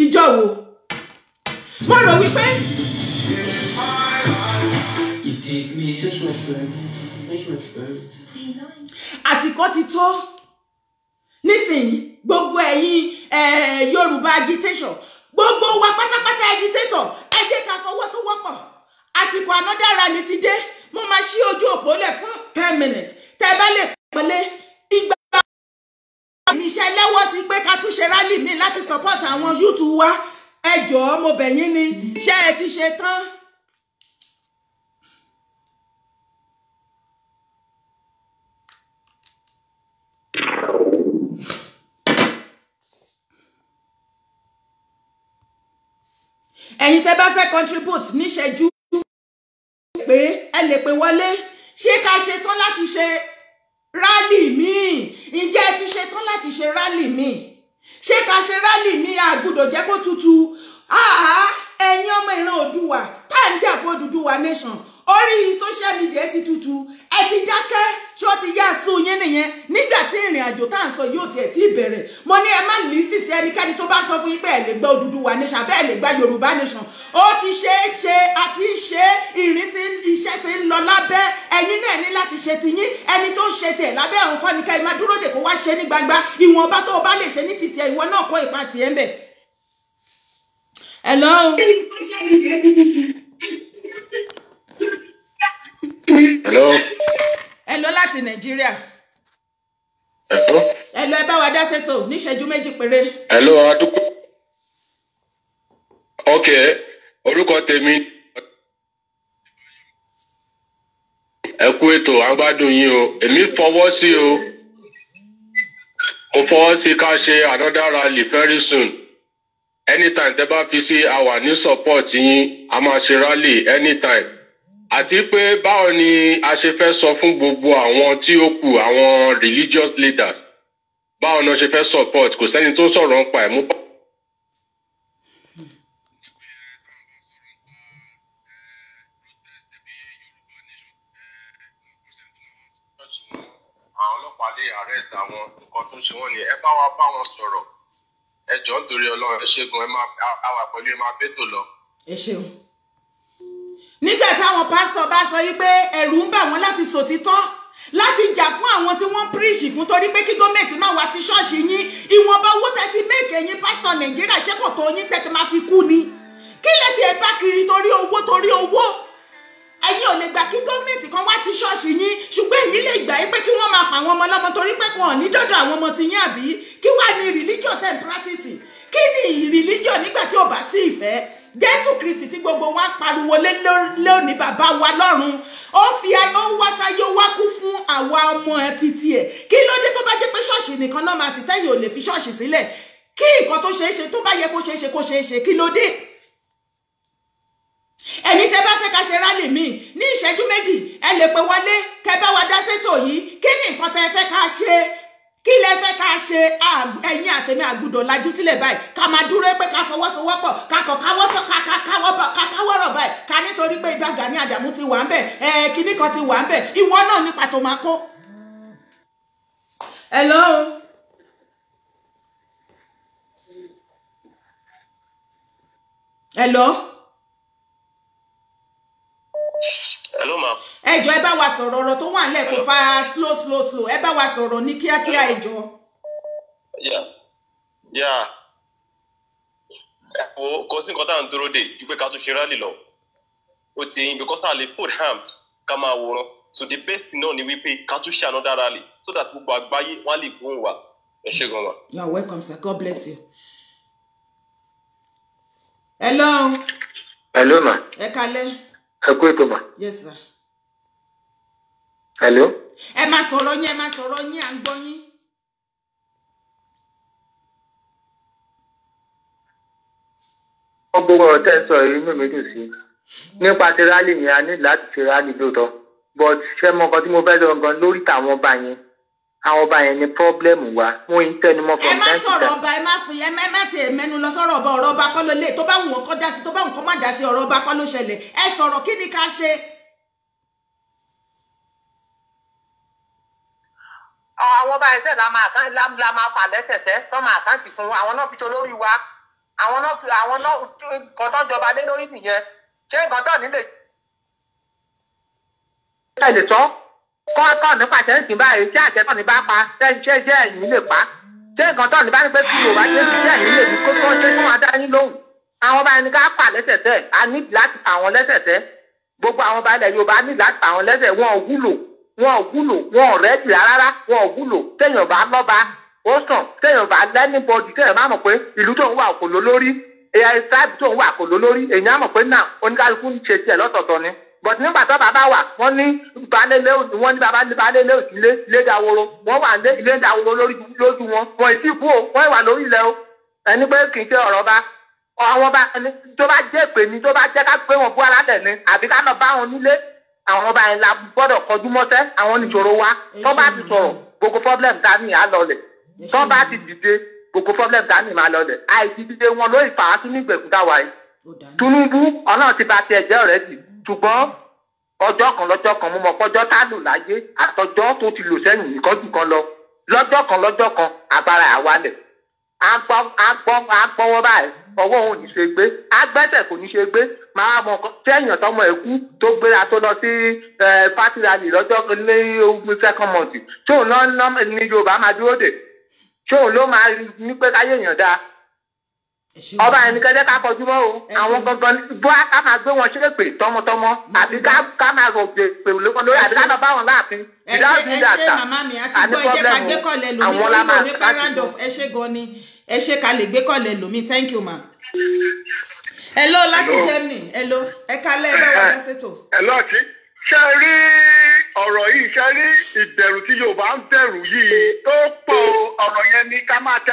ìjọ wo mo rò wípé. àsìkò ti tó nísìnyí gbogbo ẹ̀yin eh, Yorùbá agitation gbogbo wa pátápátá agitator ẹ jẹ́ ká fọwọ́sowọ́pọ̀ àsìkò ànádára ni ti dé mo máa ṣí ojú òpó lẹ̀ fún ten minutes tẹ́ bá lè pẹ̀lẹ́ igba níṣẹ́ lẹ́wọ́ sí pé ká tún ṣe rálì mi láti support àwọn YouTube wa ẹ jọ̀ọ́ mo bẹ̀ yín ni ṣé ẹ ti ṣe tán. contribute níṣẹ́jú pé ẹ lè pè wọlé ṣé ká ṣetán láti ṣe rálì míì ǹjẹ́ ẹ ti ṣetán láti ṣe rálì míì ṣé ká ṣe rálì míì àgbùdọ̀ jẹ́ kó tutù ẹ̀yin ọmọ ìran Oòduà tá à ń jà fún Oòduà nation orí social media ti tutù ti dákẹ́ ṣé ó ti yá ẹ̀sùn yín nìyẹn nígbà tí ìrìn àjò tá à ń sọ yóò tiẹ̀ tí bẹ̀rẹ̀ mo ní ẹ má lísì sí ẹnikẹ́ni tó bá sọ fún yín pé ẹ lè gba Odùduwà nation bẹ́ẹ̀ lè gba Yorùbá nation ó ti ṣe é ṣe àti ṣe ìrìn tí iṣẹ́ ti ń lọ lábẹ́ ẹ̀yin náà ní láti ṣe ti yín ẹni tó ń ṣe tiẹ̀ lábẹ́ ọ̀hún kọ́ ni ká ẹ dúró dè kó wá ṣe ní gbangba ìwọ̀nba tó Hello. Hello ẹ̀lọ́ láti nàìjíríà. ẹ̀lọ́. ẹ̀lọ́ ẹ bá wa dá sétò níṣẹ́jú méjì péré. ẹ̀lọ́ adúgbò. ok orúkọ tèmi. ẹ kú ètò àgbàdùn yín o èmi fọwọ́ sí o mo fọwọ́ sí ká ṣe another rally very soon anytime tẹ bá fi sí a wà ní support yín a máa ṣe rally anytime àti pé báwo ni a ṣe fẹ́ sọ fún gbogbo àwọn tí ó kù àwọn religious leaders báwo ni wọ́n ṣe fẹ́ support kò sẹ́ni tó sọ̀rọ̀ ń pa ẹ̀ mú. àwọn ọlọ́pàá arrest àwọn nǹkan tó ń ṣe wọ́n ni ẹ bá wa bá wọn sọ̀rọ̀ ẹ jọ̀ọ́ nítorí ọlọ́run ẹ ṣègùn ẹ máa bá wa pẹ̀lú ẹ máa bẹ́tò lọ. ẹ ṣeun nígbà táwọn pásítọ̀ bá sọ yí pé ẹ̀rù ń bà wọ́n láti sòtítọ́ láti jà fún àwọn tí wọ́n píríṣì fún torí pé kí gómẹ̀ntì máa wá ti ṣọ́ọ̀ṣì yín ìwọ̀nba owó tẹ́tí mẹ́kẹ̀ yín pásítọ̀ nàìjíríà ṣẹ́kọ̀ yín tẹ́tí máa fi kú ni kí lè tiẹ̀ bá kiri torí owó torí owó ẹ̀yin ò lè gbà kí gómẹ̀ntì kan wá ti ṣọ́ọ̀ṣì yín ṣùgbọ́n èyí lè gbà pé kí wọ́n máa pa àwọn ọmọ ọlọ́mọ torí pé wọn ò ní dọ́dọ̀ àwọn ọmọ ti yín àbí kí wàá ní religion ten practice kí ni religion nígbà tí ò bá sí ìfẹ́ jésù kristi tí gbogbo wa ń pariwo lé lónìí bàbá wa lọ́run ó fi ó wá sáyé ó wá kú fún àwa ọmọ ẹ títí ẹ kí ló dé tó bá jẹ́ pé ṣọ́ọ̀ṣì nìkan náà máa ti tẹ́yìn ò lè fi ṣọ́ọ̀ṣì sílẹ̀ kí nǹkan tó ṣeé ṣe tó bá yẹ kó ṣeé ṣe kó ṣeé ṣe kí ló dé ẹ̀yin bá fẹ́ ká ṣe rálì míì ní ìṣẹ́jú méjì ẹ lè pè wọlé kẹ́ bá wa dá sétò yìí kí ni nǹkan tẹ́ fẹ́ ká ṣe kí lẹ fẹ́ ká ṣe ẹ̀yin àtẹ̀mí àgùdọ̀ lajú sílẹ̀ báyìí ká máa dúró pé ká fọwọ́sowọ́pọ̀ ká káwọ́sọ ká báyìí ká nítorí pé ibà Gani Adamu ti wà ń bẹ̀ ẹ̀ kíní kan ti wà ń bẹ̀ ìwọ náà nípa tó máa kó. hello. hello hello ma. ẹ jọ̀ọ́ ẹ bá wa sọ̀rọ̀ ọ̀rọ̀ tó wà nílẹ̀ kó fa slow slow slow ẹ bá wa sọ̀rọ̀ ní kíákíá ẹ jọ̀ọ́. yà yà ẹ wo kò sí nǹkan tá à ń dúró dè ju pé ká tún ṣe rálì lọ ó ti yín because àlè food hams ká máa wòran so the best thing náà ni wípé ká tún ṣe àná dára lè so that gbogbo àgbáyé wọn lè gbóhùn wa ẹ ṣe gan wa. you are welcome sir god bless you. hello. hello ma. ẹ kalẹ́ ẹ kú ètò mà. yes ma. hello. ẹ máa sọ̀rọ̀ yín ẹ máa sọ̀rọ̀ yín à ń gbọ́ yín. wọ́n gbogbo ọ̀rọ̀ tẹ́ ń sọ èyí mímí dùn sí nípa ti rálì yẹn a ní láti ṣe rálì lóòótọ́ but ṣé mo kàn tí mo fẹ́ sọ gan lórí tàwọn ọba yẹn àwọn ọba yẹn ni problem wa wọn ń tẹnu mọ́ from time to time. ẹ má sọ̀rọ̀ ọba ẹ má fún yẹn ẹ má tiẹ̀ mẹ́nu lọ sọ̀rọ̀ ọba ọ̀rọ̀ ọba kọ́ ló lè tó bá wù wọ́n kọ́ dá sí tó bá wù kọ́ má dá sí ọ̀rọ̀ ọba kọ́ ló ṣẹlẹ̀ ẹ sọ̀rọ̀ kí ni ká ṣe. àwọn ọba ẹsẹ̀ la máa kán la máa fà lẹ́sẹ̀sẹ̀ tó máa kán ti fún àwọn náà fi ṣe olórí wa àwọn náà fi àwọn náà kọ́ tó jọba lé lórí kọ́ọ̀tọ̀ ní pàṣẹ ń sìn báyìí tí àṣẹ tọ̀ ní bá pa ṣẹ́ ṣẹ́ ẹ̀yìn lè pa ṣé nǹkan tọ̀ ní bá ní pé kí yorùbá ṣe ṣẹ́ ẹ̀yìn lè ní kó tó ṣe fún adá yín lóhùn àwọn ọba ẹni ká pa lẹ́sẹ̀tẹ̀ a ní láti pa àwọn lẹ́sẹ̀tẹ̀ gbogbo àwọn ọba ilẹ̀ yorùbá ní láti pa àwọn lẹ́sẹ̀ wọn ò wọn ò wọn ò rẹ́jì rárá wọn ò téèyàn bá lọ́ba ó sàn téèyàn bá lẹ́ni bọ́ọ̀dù téèyàn má mọ̀ pé ìlú tó ń wà kò lólórí ẹ̀yà ìsáàbù tó ń wà kò lólórí èèyàn á mọ̀ pé náà oníkálukú ń ṣe tiẹ̀ lọ́tọ̀ọ̀tọ̀ ni but nígbà tó bàbá wà wọ́n ní balẹ̀lẹ̀ wọ́n ní bàbá balẹ̀lẹ̀ òsílẹ̀ ilé dàwòrò wọ́n wà ní ilé dàwòrò lójú wọn wọ́n ìsì kú o wọ́n wà lórí ilẹ̀ o ẹni pé kì í ṣe ọ̀rọ̀ bá àwọn bá ẹni tó bá jẹ́ pè mí tó bá jẹ́ ká pé wọn bú aládẹ̀ ni àbí ká lọ bá wọn nílé àwọn ọba yẹn la gbọ́dọ̀ kọjú mọ́tẹ́ àwọn nìṣòro wa tó bá ti sọ̀rọ̀ gbogbo problem ta ni à lọlẹ̀ tó bá ti dìde gbogbo problem ta ni mà lọlẹ̀ àìsí dìde wọn lórí fàá sínú ìgbèkúta wa yìí Tinubu ọ̀nà ti ba tiẹ̀ jẹ́ ọ̀rẹ́ dì ṣùgbọ́n ọjọ́ kan lọ́jọ́ kan mo mọ̀ pọ́jọ́ tá lò láyé àtọjọ́ tó ti lò sẹ́yìn ìkọ́jú kan lọ lọ́jọ́ kan lọ́jọ́ kan àbára àwalẹ̀ agbọ́wọ́ báyìí ọwọ́ òun ní ṣe gbé agbẹ́sẹ̀ kò ní ṣe gbé máa mọ kẹ́yìn tọmọ ẹ̀ kú tó gbéra tó lọ sí party rally lọ́jọ́ lé ogun second month tóun náà ní Yorùbá máa dúró dè tóun ló máa ní pé káyé èèyàn dáa ọba ẹnìkan jẹ́ ká kọjú mọ́ o àwọn gangan bó a ká máa gbé wọn ṣe pè tọmọtọmọ àbí ká máa rò pèrò lóko lórí àbí ká lọ bá wọn láàfin. ẹ ṣe ẹ ṣe màmá mi àti gbọ́ ẹ jẹ́ ká gbé kọ̀lẹ́ lómi torí mo ní pé round ẹ ṣe gan ni ẹ ṣe ká lè gbé kọ̀lẹ́ lómi thank you ma. hello láti Germany hello ẹ kálẹ̀ ẹ bá wà lásìtò. hello ti ṣe rí ọ̀rọ̀ yìí ṣe rí ìbẹ̀rù tí Yorùbá ń bẹ̀rù yìí tó pọ̀ ọ̀rọ̀ yẹn ni ká máa tẹ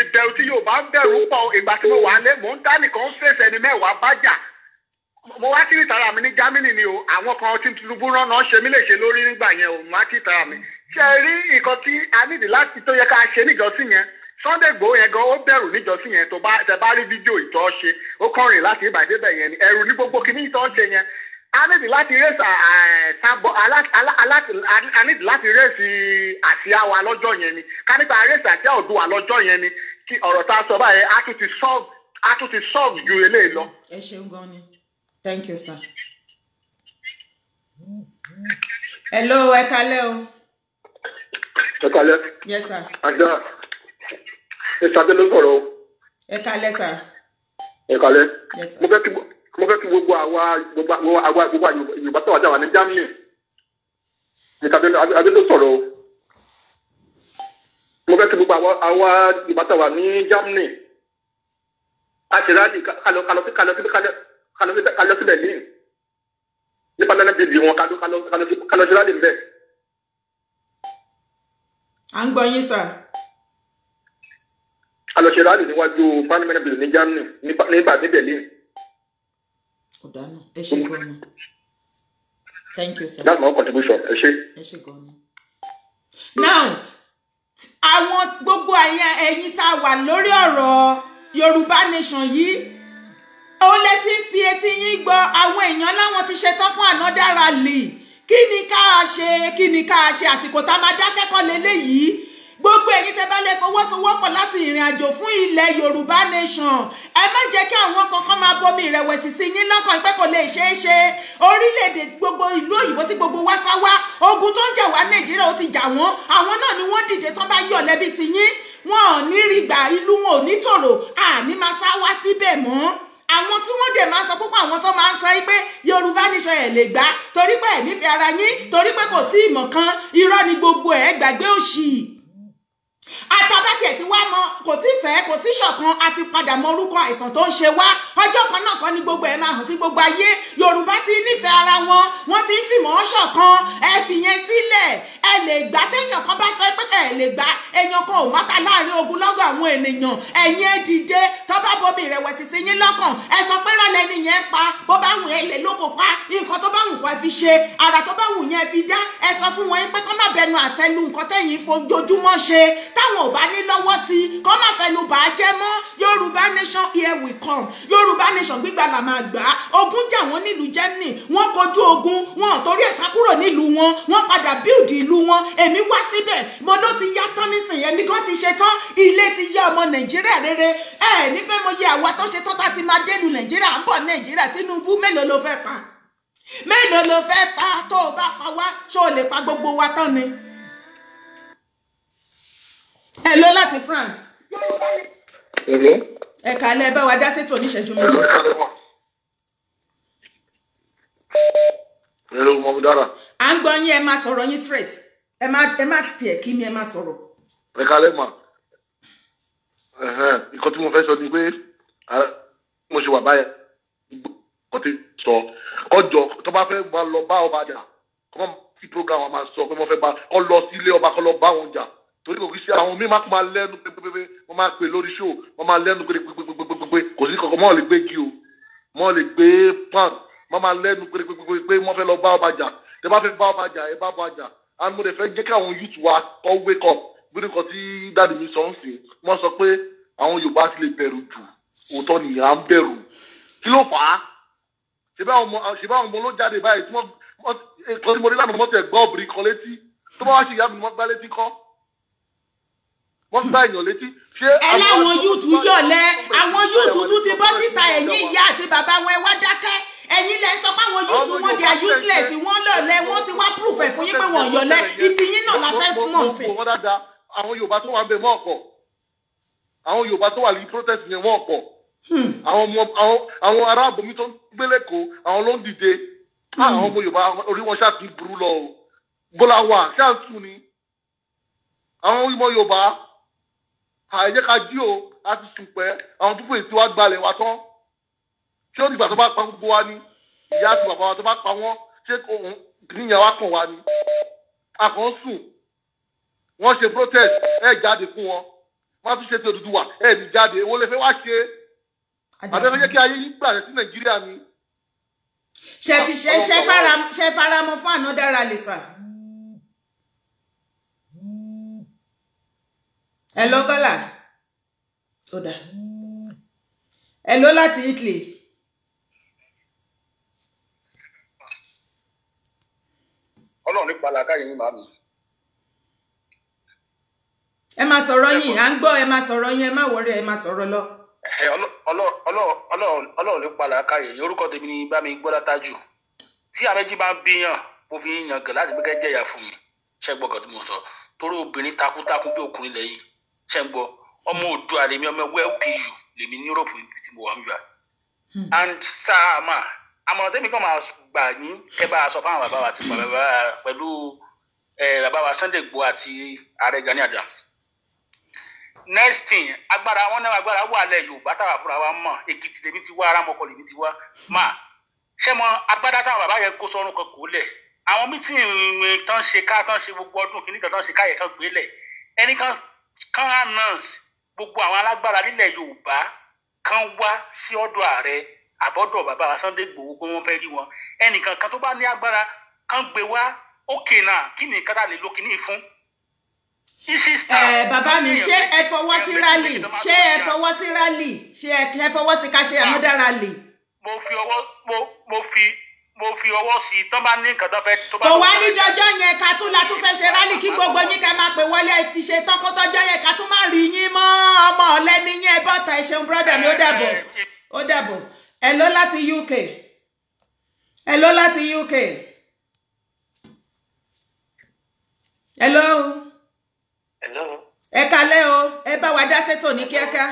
ìbẹ̀rù tí Yorùbá ń bẹ̀rù pọ̀ ìgbà tí mo wà lé mò ń dá nìkan fèsì ẹni mẹ́wàá bájà mo wá sí ìtara mi ní Germany ni o àwọn kan tí Tinubu rán ṣe mí lè ṣe lórí nígbà yẹn o mo wá sí ìtara mi ṣe rí nǹkan tí a nídìí láti tó yẹ ká ṣe níjọ́sìn yẹn Sunday Igboho yẹn gan ó bẹ̀rù níjọ́sìn yẹn tó bá rí fídíò ìtọ́ ṣe ó kọrin láti ìbàdí bẹ̀ yẹn ni ẹ̀rù ní gbogbo kìíní ìtọ́ ṣe yẹn a need láti rẹ́sì àtàbọ̀ uh, a need láti rẹ́sì àsíá wa lọ́jọ́ yẹn ni ká nípa rẹ́sì àsíá Oòduà lọ́jọ́ yẹn ni kí ọ̀rọ̀ tá a sọ báyẹn a tún ti solve a tún ti solve ju eléyìí lọ. ẹ ṣeun gan ni thank you sir. hello ẹ kalẹ́ o. ẹ kalẹ́. yes sir. àgbà ẹ sàdé ló sọ̀rọ̀ o. ẹ kalẹ́ sir. ẹ kalẹ́. yes sir. mo fẹ́ kí mo fẹ́ kí gbogbo àwa gbogbo àwa gbogbo Yorùbá tó wà dáwà ní Germany ní kábílẹ̀ abẹ́lé sọ̀rọ̀ o mo fẹ́ kí gbogbo àwa Yorùbá tó wà ní Germany a ṣe rálì kalọ sí Berlin nípa lẹ́nu bèbí wọn kalọ sí rálì ń bẹ̀. à ń gbọ́ yín sà alọ̀ṣẹ̀rẹ̀ àlè níwájú parliament building ní Germany ní Berlin ọ̀dà ẹ ṣe gan thank you sir. that's my contribution ẹ ṣe. ẹ ṣe gan ni. now àwọn gbogbo ẹ̀yin tá a wà lórí ọ̀rọ̀ yorùbá nation yìí òun lè ti fi etí yín gbọ́ àwọn èèyàn láwọn ti ṣetán fún another rally kí ni ká ṣe kí ni ká ṣe àsìkò tá a máa dákẹ́kọ̀ọ́ lélẹ́yìí gbogbo ẹ̀yin tẹ́ bá lè fọwọ́sowọ́pọ̀ láti ìrìn àjò fún ilẹ̀ yorùbá nation ẹ má jẹ́ kí àwọn kankan máa bomi ìrẹ̀wẹ̀sì sí yín lọ́kàn pé kò lè ṣeé ṣe orílẹ̀-èdè gbogbo ìlú òyìnbó tí gbogbo wá sá wá ogun tó ń jà wá nàìjíríà ó ti jà wọ́n àwọn náà ni wọ́n dìde tán bá yọ̀ lẹ́bi ti yín wọn ò ní rí gbà ìlú wọn ò ní tòrò àní máa sá wá síbẹ̀ mọ́ àwọn tí wọ́n dẹ̀ máa sọ púpọ̀ àwọn tó máa ń sọ pé yorùbá nation ẹ̀ lè gbà torí pé ẹ̀ nífẹ̀ẹ́ ara yín torí pé kò sí ìmọ̀ kan irọ́ ni gbogbo ẹ̀ gbàgbé òṣì àtàbátẹ̀ tí wá mọ kò sí fẹ́ kò sí ṣọ̀kan a ti padà mọ orúkọ àìsàn tó ń ṣe wá ọjọ́ kan náà kan ní gbogbo ẹ̀ máa hàn sí gbogbo ayé Yorùbá ti nífẹ̀ẹ́ ara wọn wọ́n ti ń fìmọ̀ ṣọ̀kan ẹ fìyẹn sílẹ̀ ẹ lè gbà téèyàn kan bá sọ pé ẹ lè gbà èèyàn kan ò mọ́ta láàrin ogunlọ́gọ̀ àwọn ènìyàn ẹ̀yin ẹ dìde tó bá bomi ìrẹ̀wẹ̀sì sí yín lọ́kàn ẹ sọ pé rọ́lẹ́ nìyẹn pa bó bá wù ẹ lè lóko pa nǹkan tó bá wù kó ẹ fi ṣe àrà tó bá wù yẹn fi dá ẹ sọ fún wọn pé kọ́nà bẹnu àtẹnu nǹkan tẹ̀yìn fojoojúmọ́ ṣe táwọn ò bá ní lọ́wọ́ sí i kọ́ má fẹ́ lu bàá mọ́ yorùbá nation here we come yorùbá nation gbígbà là máa gbà á ogun jà wọ́n nílùú germany wọ́n kojú ogun wọn ò torí ẹ̀ sá kúrò nílùú wọn wọ́n padà build ìlú wọn èmi wá síbẹ̀ mo ló ti yá tán nísìnyí èmi gan ti ṣe tán ilé ti yá ọmọ nàìjíríà rere ẹ nífẹ̀ẹ́ mo yẹ àwa tó ṣe tán tá ti máa délu nàìjíríà ń bọ̀ nàìjíríà tinubu mélòó ló fẹ́ pa mélòó ló fẹ́ pa tó o bá pa wá ṣó o lè pa gbogbo wa tán ni Hello, lọ láti France. ẹ kàlẹ́ bá wa dá sétò oníṣẹ́jú méjì. à ń gbọ́ yín ẹ máa sọ̀rọ̀ yín straight ẹ má ẹ má tiẹ̀ kí mi ẹ má sọ̀rọ̀. ẹ kàlẹ́ mà nǹkan tí mo fẹ́ sọ ni pé mo ṣe wà báyẹn kò tí sọ ọjọ́ tó bá fẹ́ lọ bá ọba jà kọ́ sí program wa máa sọ pé mo fẹ́ bá ọ lọ sílé ọba kọ́ lọ bá wọn jà torí kò kí sí àwọn míì máa máa lẹ́nu pépépépé wọ́n máa pè lórí ṣó wọ́n máa lẹ́nu pépépépépé kò sí kankan mọ́ lè gbé gi o mọ́ lè gbé pan wọ́n máa lẹ́nu pépépépé wọ́n fẹ́ lọ bá ọba jà tẹ bá fẹ́ bá ọba jà ẹ bá ọba jà and mo lè fẹ́ jẹ́ káwọn youth wa kọ́ wake up bí nìkan tí dáàdi mi sọ ń sìn wọ́n sọ pé àwọn Yorùbá ti lè bẹ̀rù jù òótọ́ nìyà ń bẹ̀rù kí ló fà á ṣe bá àwọn ọmọ ló jáde báyìí tí wọ́n mo rí lánàá mọ́tò ẹ̀gbọ́n obìnrin kan létí tó bá wá ṣe ìyá mi ni wọ́n gbá létí kọ́ wọ́n gbá èèyàn létí. ẹlẹ́wọ̀n yúùtù yọ̀lẹ́ àwọn yúùtù tún ti bọ́ síta ẹ̀yìn ìyá àti bàbá wọn ẹ wá dákẹ́ ẹ̀yin lẹ sọ pé àwọn yúùtù wọn di useless wọ́n lọ̀lẹ́ wọ́n ti wá proof ẹ̀ fún yín pé wọ́n yọ̀lẹ́ ìtìyín náà la fẹ́ fún mọ̀ọ́sì. àwọn Yorùbá tó wà ń bẹ mọ́ ọ̀pọ̀ àwọn Yorùbá tó wà ní protest yẹn wọ́n ọ̀pọ̀ hmm. àwọn ọmọ àwọn ará àbòmí tó ń gbélé kó àwọn ló ń dìde hmm. àwọn ọmọ Yorùbá orí wọn ṣáà tún burú lọ o bọ́lá wà ṣáà tún ni àwọn ọmọ Yorùbá àìjẹ́ ká jí o a ti sùn pẹ́ àwọn tó fèsì wá gbalẹ̀ wa tán ṣé ó ti gbà tó bá pa gbogbo wa ni ìyá àti bàbá wa tó bá pa wọ́n ṣé òun níyàn wa kàn wá ni a kàn ń sùn wọ́n ṣe protest ẹ̀ jáde fún wọn wọ́n tún ṣe ti Odùduwà ẹ̀ ní jáde èwo lè fẹ́ wá ṣe àtẹ̀fẹ́ jẹ́ kí ayé yín gbà sí Nàìjíríà ni. ṣe ti ṣe ṣe faramọ fún another rally sir. hello kọ́là ó dà hello láti Italy. ọlọ́run nípa làákàyè ní màmí. ẹ máa sọ̀rọ̀ yín à ń gbọ́ ẹ máa sọ̀rọ̀ yín ẹ má wọrí ẹ máa sọ̀rọ̀ lọ. ọlọ́run nípa làákàyè orúkọ tèmi ni bá mi gbọ́dá tájù tí abẹ́jí bá ń bíyàn mo fi ń yàn gẹ̀ láti gbẹ́gẹ́ jẹ̀yà fún mi ṣẹ́gbọ́gàn tí mo sọ torí obìnrin takuntakun bí òkùnrin lẹ́yìn ṣẹ́ngbọ́ ọmọ Oòduà lèmi ọmọ well you, lèmi ní Europe tí mo wà ń yọ hmm. and sáà máa àmọ̀ràn tẹ́mi kàn máa gbà yín kẹ́ bá a sọ fáwọn bàbá wa ti pọ̀ bàbá pẹ̀lú bàbá wa Sunday Igboho àti ààrẹ Gani Adams. next thing agbára wọn náà agbára wà lẹ Yorùbá táwa fúnra wa mọ̀ Èkìtì lèmi ti wá aramọkọ lèmi ti wá mà ṣé mo agbára táwọn bàbá yẹn kó sọrun kan kò lẹ àwọn mítìnì eh, tán ṣe ká tán ṣe gbogbo ọdún kìnnìkan tán ṣe ká yẹ kán gbé lẹ ẹnìkan kan announce gbogbo àwọn alágbára nílẹ̀ yorùbá kan wá sí ọ̀dọ̀ ààrẹ àbọ̀dọ̀ bàbá wa Sunday Igboho pé wọ́n fẹ́ rí wọn ẹnìkan kan tó bá ní agbára kan gbé wá òkè náà kí ni kátà lè lo kíní fún. ẹ eh, bàbá mi ṣé ẹ fọwọ́ sí rálì ṣé ẹ fọwọ́ sí rálì ṣé ẹ fọwọ́ sí ká ṣe àmúdára lè. mo fi ọwọ́ mo mo fi mo fi ọwọ́ sí i tó bá ní nǹkan tó fẹ́ kò wá ní dọjọ́ yẹn ká tún la tún fẹ́ ṣe rálì kí gbogbo yín ká máa pè wọlé ẹ ti ṣe tán yẹn ká tún máa rí yín mọ́ ọmọ ọ̀lẹ́ni yín bọ́ta ẹ ṣeun brọ́dà mi ó dàbọ̀ eh, eh, ó dàbọ̀ ẹ ló láti UK ẹ ló láti UK ẹ ló ẹ kálẹ́ o ẹ bá wa dá sétò ní kíákíá.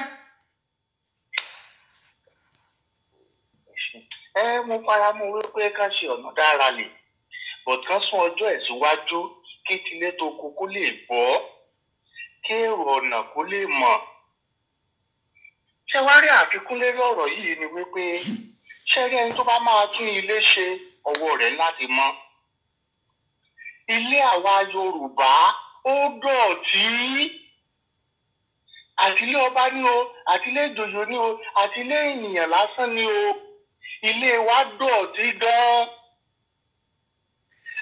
ẹ mo fara mọ́ wípé ká ṣe ọ̀nà dára lè but ká sún ọjọ́ ẹ̀ síwájú kí tilé tó kó lè bọ́ kí èrò ọ̀nà kó lè mọ̀ ṣé wá rí àfikún lérí ọ̀rọ̀ yìí ni wípé ṣé rí ẹni tó bá máa tún ilé ṣe ọwọ́ rẹ̀ láti mọ́ ilé àwa Yorùbá ó dọ̀tí àtìlé ọba ni o àtìlé ìjòyè ni o àtìlé ènìyàn lásán ni o ilé wa dọ̀tí gan-an.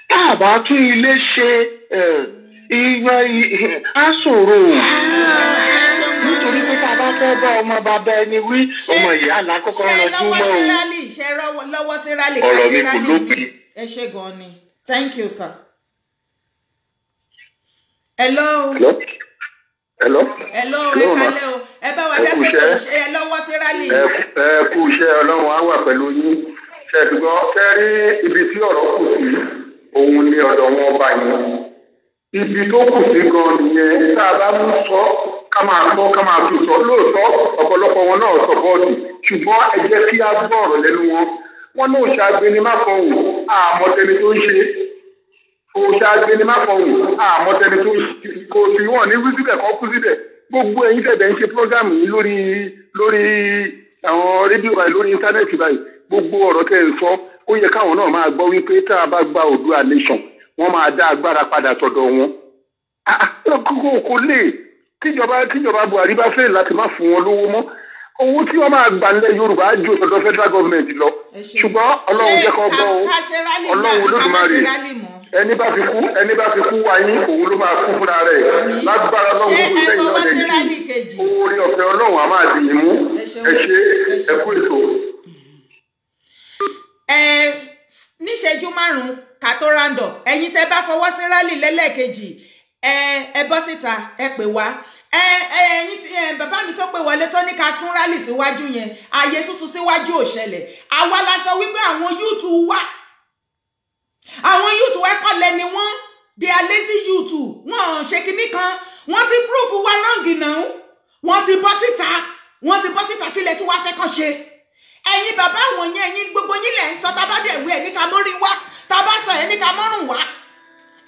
tá a bá tún ilé ṣe ìyan á nítorí pé tá a bá fẹ́ bá ọmọ bàbá ẹni wí ọmọ ìyá àlákọ́kọ́ lọ́jú mọ́ o. ṣe lọ́wọ́ sí rálì ọ̀rọ̀ mi kò lópin. ẹ ṣe gan-an ni thank you sir. hello. hello? hello. hello ẹ kalẹ o ẹ bá wa dá sẹtọ ìṣe ẹ lọ́wọ́ sírálì. ẹ kú iṣẹ́ Ọlọ́run á wà pẹ̀lú yín ṣẹdùgbọn fẹ rí ibi tí ọ̀rọ̀ kù sí òun ni ọ̀dọ̀ wọn bá yín ibi tó kù sí gan nìyẹn tá a bá mú sọ ká máa sọ ká máa tún sọ lóòótọ́ ọ̀pọ̀lọpọ̀ wọn náà sọ bọọdù ṣùgbọ́n ẹ kí a gbọ́ ọ̀rọ̀ lẹ́nu wọn wọn náà ṣàgbéni má kọ àmọtẹni tó ń ṣe kò ṣáájú ni má fọwọ́ àmọ́tẹni tó kò fi wọ́n ní wí síbẹ̀ kọ́ kú síbẹ̀ gbogbo ẹ̀yin tẹ̀bẹ̀ ń ṣe prógámù yìí lórí lórí àwọn rédíò báyìí lórí íńtánẹ́ẹ̀tì báyìí gbogbo ọ̀rọ̀ tẹ̀ ń sọ ó yẹ káwọn náà máa gbọ́ wípé tá a bá gba Oòduà nation wọ́n máa dá agbára padà tọ̀dọ̀ wọn. kókó kò lè kíjọba kíjọba Buhari bá fẹ́ láti má fún wọn lówó mọ́ owó tí wọ́n máa gbà nílẹ̀ Yorùbá ju ọ̀dọ̀ federal government lọ ṣùgbọ́n Ọlọ́run jẹ́ kó gbọ́ o Ọlọ́run Olódùmarè ẹni bá fi kú ẹni bá fi kú wáyé òun ló máa kú fúnra rẹ̀ lágbára náà wọn kò sẹ́yìn ọdẹ yìí oore ọ̀fẹ́ Ọlọ́run a máa dì í mú ẹ ṣe ẹ kú ètò. ẹ níṣẹ́jú márùn-ún ká tó rándọ̀ ẹ̀yin tẹ́ bá fọwọ́ sí rálì lẹ́lẹ́ẹ̀kejì ẹ ẹ bọ́ síta ẹ pè wá ẹ ẹ ẹ̀yin tí ẹ bàbá mi tó pè wọlé tó ní ká sún rálì síwájú yẹn ààyè sísun síwájú ò ṣẹlẹ̀ àwa la sọ wípé àwọn yúùtù wá àwọn youth wẹ́kọ̀ lẹ́ni wọ́n they are lazy youth wọ́n ṣe kinní kan wọ́n ti proof wa wrong náà wọ́n ti bọ́ síta wọ́n ti bọ́ síta kílẹ̀ tí wọ́n fẹ́ kàn ṣe ẹ̀yin bàbá àwọn yẹn ẹ̀yin gbogbo yín lẹ̀ ń sọ tá a bá dẹ̀ wí ẹ̀ ní ká mọ́rin wá tá a bá sọ ẹ̀ ní ká mọ́rùn wá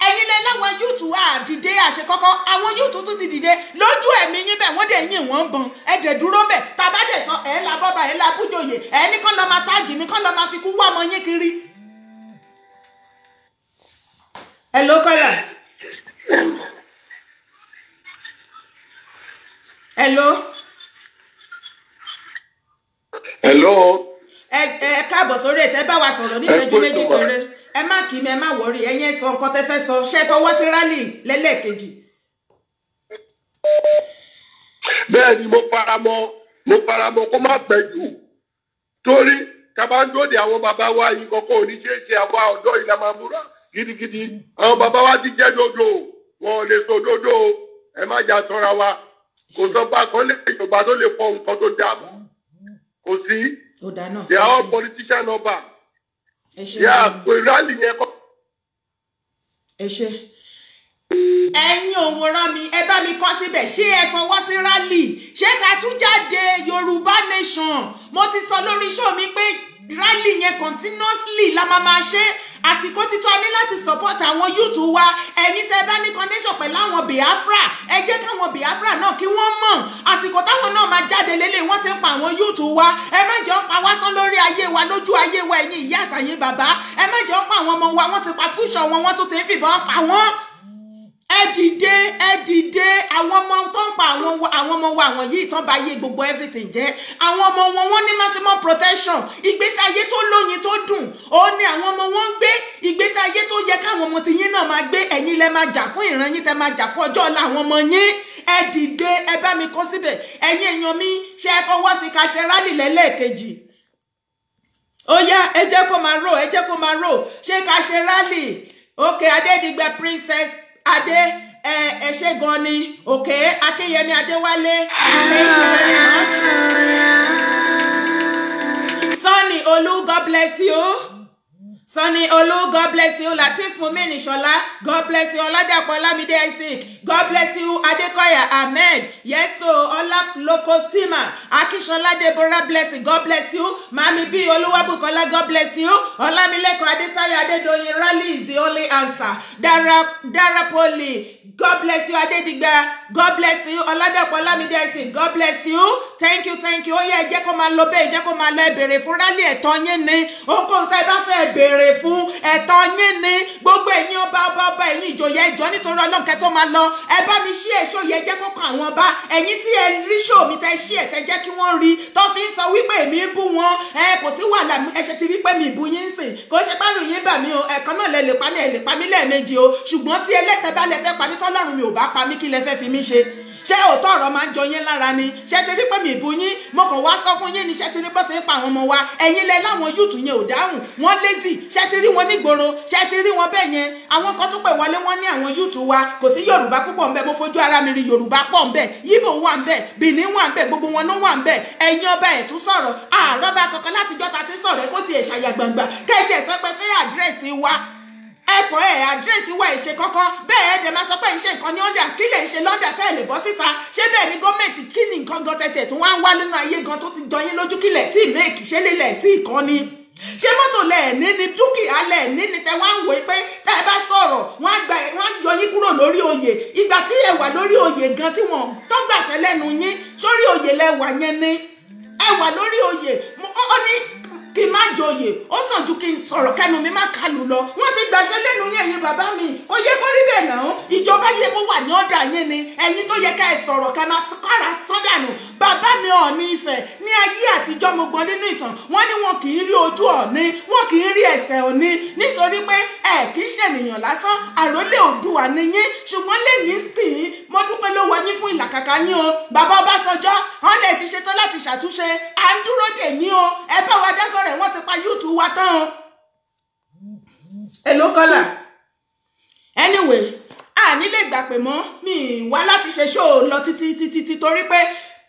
ẹ̀yin lẹ láwọn yúùtù àdìde àṣekọ́kọ́ àwọn yúùtù tún ti dìde lójú ẹ̀mí yín bẹ́ẹ̀ wọ́n dẹ̀ yìn wọ́n ń bọ̀n ẹ̀dẹ̀ dúró bẹ̀ tá a bá dẹ̀ sọ ẹ̀ la bọ́ba ẹ̀ la bújòyè ẹ̀ ní kán lọ́ọ́ máa táàgì mi kán lọ́ọ́ máa fi kú wá ọmọ yín kiri hello kọ́là hello. hello. ẹ ẹ káàbọ̀ sórí ètò ẹ bá wa sọ̀rọ̀ níṣẹ́jú méjì péré ẹ má kì í mi ẹ má wọrí ẹ̀yin sọ nǹkan tẹ́ fẹ́ sọ ṣe fọwọ́ sí rálì lẹ́lẹ́ẹ̀kejì. bẹ́ẹ̀ ni mo fara mọ́ mo fara mọ́ kó má pẹ́ jù torí ká bá ń dóde àwọn bàbá wa yìí kọ́kọ́ òní ṣeé ṣe àwa ọ̀dọ́ ìlànà àbúrò gidigidi àwọn bàbá wa ti jẹ́ dodo wọn ò lè so dodo ẹ má jà tọ́ra wa kò sọ́gbà kan lè ìjọba tó lè fọ nǹkan tó dáa mọ́ kò sí they are all politician number yà pé rally yẹn kọ́. ẹ̀yin òwòrán mi ẹ bá mi kọ síbẹ̀ ṣé ẹ fọwọ́ sí rally ṣé ká tún jáde yorùbá nation mo ti sọ lórí show mi pé rally yẹn continuously la máa máa ṣe àsìkò títọ́ a ní láti support àwọn youth wa ẹ̀yin tẹ́ bá ní connection pẹ̀lú àwọn Biafra ẹ jẹ́ káwọn Biafra náà kí wọ́n mọ̀ àsìkò táwọn náà máa jáde lélẹ̀ wọ́n ti ń pa àwọn youth wa ẹ má jẹ́ ń pa wá tán lórí ayé wa lójú ayé wa ẹ̀yin ìyá àtàyè bàbá ẹ má jẹ́ ń pa àwọn ọmọ wa wọ́n ti pa fúṣọ wọn wọ́n tún ti ń fìbọn pa wọ́n ẹ dìde ẹ dìde àwọn ọmọ tó ń pa àwọn àwọn ọmọ wa àwọn yìí tán bá yé gbogbo everything jẹ àwọn ọmọ wọn wọn ní maximum protection ìgbésí ayé tó lóyin tó dùn òun ni àwọn ọmọ wọn ń gbé ìgbésí ayé tó yẹ káwọn ọmọ tiyín náà máa gbé ẹ̀yin lẹ máa jà fún ìran yín tẹ máa jà fún ọjọ́ ọ̀la àwọn ọmọ yín ẹ dìde ẹ bá mi kọ síbẹ̀ ẹ̀yin èèyàn mi ṣe é fọwọ́ sí ká ṣe rálì lẹ́lẹ́ẹ̀kejì ó yá ẹ jẹ́ kó máa rò ẹ jẹ́ kó máa rò ṣé ká ṣe rálì okay Adédìgbẹ princess adé ẹ gan ni òkè akínyẹmí adéwálé thank you very much. Sonny Olu God bless you. Sonny Olu, God bless you. Latif Mumin Ishola, God bless you. Oladapo Olamide Isaac, God bless you. Adekoya Ahmed, yes so. Ola Stima, Akishola Deborah Blessing, God bless you. Mami B Oluwabukola, God bless you. Olamileko Adetayo Adedoyin Rally is the only answer. Dara Darapoli, God bless you. Adedigba, God bless you. Oladapo Olamide Isaac, God bless you thank you thank you ó yẹ ẹ jẹ́ kó máa lọ bẹ́ẹ̀ jẹ́ kó máa lọ ẹ fún rálẹ̀ ẹ̀tọ́ yín ni ohunkóhun tá ẹ bá fẹ́ béèrè fún ẹ̀tọ́ yín ni gbogbo ẹ̀yin ọba ọba ọba ẹ̀yin ìjòyè ẹjọ́ nítorí ọlọ́run kẹ́ tó máa lọ ẹ bá mi ṣí èso yẹ jẹ́ kó kan àwọn ọba ẹ̀yin tí ẹ rí ṣó mi tẹ́ ṣí ẹ̀ tẹ́ jẹ́ kí wọ́n rí tó fi ń sọ wípé èmi ń bú wọn ẹ kò sí wàhálà ẹ ti rí pé mi ìbú yín sìn kò ṣe párùn yín bà mí o ẹ̀kan náà lẹ lè pa mí ẹ lè pa mí lẹ́ẹ̀mejì o ṣùgbọ́n tí ẹlẹ́tẹ̀ bá lẹ fẹ́ pa mí tọ́lọ́run mi ò bá pa mí kí lẹ fẹ́ fi mí ṣe ṣé òótọ́ ọ̀rọ̀ máa ń jọ yín lára ni ṣé ti rí pé mi ìbú yín mo kàn wá sọ fún yín ni ṣé ti rí pé ti ń pa àwọn ọmọ wa ẹ̀yin lẹ láwọn yúùtù yẹn ò dáhùn wọ́n lazy ṣé ti rí wọn nígboro ṣé ti rí wọn bẹ́ẹ̀ yẹn àwọn kan tó pè wọlé wọn ní àwọn yúùtù wa kò sí yorùbá púpọ̀ ńbẹ mo fojú ara mi rí yorùbá pọ̀ ńbẹ yíbò wà ńbẹ bìnní wà ńbẹ gbogbo wọn ló wà ńbẹ ẹ̀yin ọba ẹ̀ tún sọ̀rọ̀ àrọ́bà kankan látijọ́ ta ti sọ̀rọ̀ kó tiẹ̀ ṣàyà gbangba kẹ́ẹ̀tì ẹ̀ pé fẹ́ àdírẹ́sì wa ẹ̀kọ́ ẹ̀ àdírẹ́sì wa ìṣe kankan bẹ́ẹ̀ ẹ̀ dẹ̀ máa sọ pé ìṣe nǹkan ní ọ̀dà kí lè ṣe lọ́dà tẹ́ ẹ̀ lè bọ́ síta ṣé bẹ́ẹ̀ ni gọ́ọ̀mẹ̀ntì kí ni nǹkan gan tẹ̀tẹ̀ tí wọ́n á wá nínú ayé gan tó ti jọyín lójú kílẹ̀ tí ìmẹ́ẹ̀kì ṣe lélẹ̀ tí ìkọ́ni ṣé mọ́tò lẹ̀ ní ni dúkìá lẹ̀ ní ni tẹ wá ń wòye pé tẹ́ ẹ bá sọ̀rọ̀ wọ́n á gba wọ́n á yọ yín kúrò lórí oyè ìgbà tí ẹ wà lórí oyè gan tí wọ́n tó lẹ́nu yín sórí oyè lẹ wà yẹn ni ẹ wà lórí oyè ó ní kí n má joyè ó sàn ju kí n sọ̀rọ̀ kẹnu mi má kálù lọ wọ́n ti gbàṣẹ́ lẹ́nu yẹn yẹn bàbá mi kò yẹ kó rí bẹ́ẹ̀ náà ìjọba yẹ kó wà ní ọ̀dà yín ni ẹ̀yin tó yẹ ká ẹ sọ̀rọ̀ ká máa kára sọ́dànù bàbá mi ọ̀ọ́ni Ifẹ̀ ní ayé àtijọ́ mo gbọ́ nínú ìtàn wọ́n ní wọn kì í rí ojú ọ̀ọ́ni wọn kì í rí ẹsẹ̀ ọ̀ọ́ni nítorí pé ẹ kì í ṣènìyàn lásán àròlé Oòduà ni yín ṣùgbọ́n lẹ́yìn sìn mo dúpẹ́ lọ́wọ́ yín fún ìlàkàkà yín o bàbá Ọbásanjọ́ ọ̀nà ẹ̀ ti ṣetán láti ṣàtúnṣe à ń dúró dè yín o ẹ bá wa dá sọ rẹ̀ wọ́n ti pa YouTube wa tán o èló kọ́là anyway a nílé ìgbà pè mọ́ mi wá láti ṣe ṣó lọ títí títí torí pé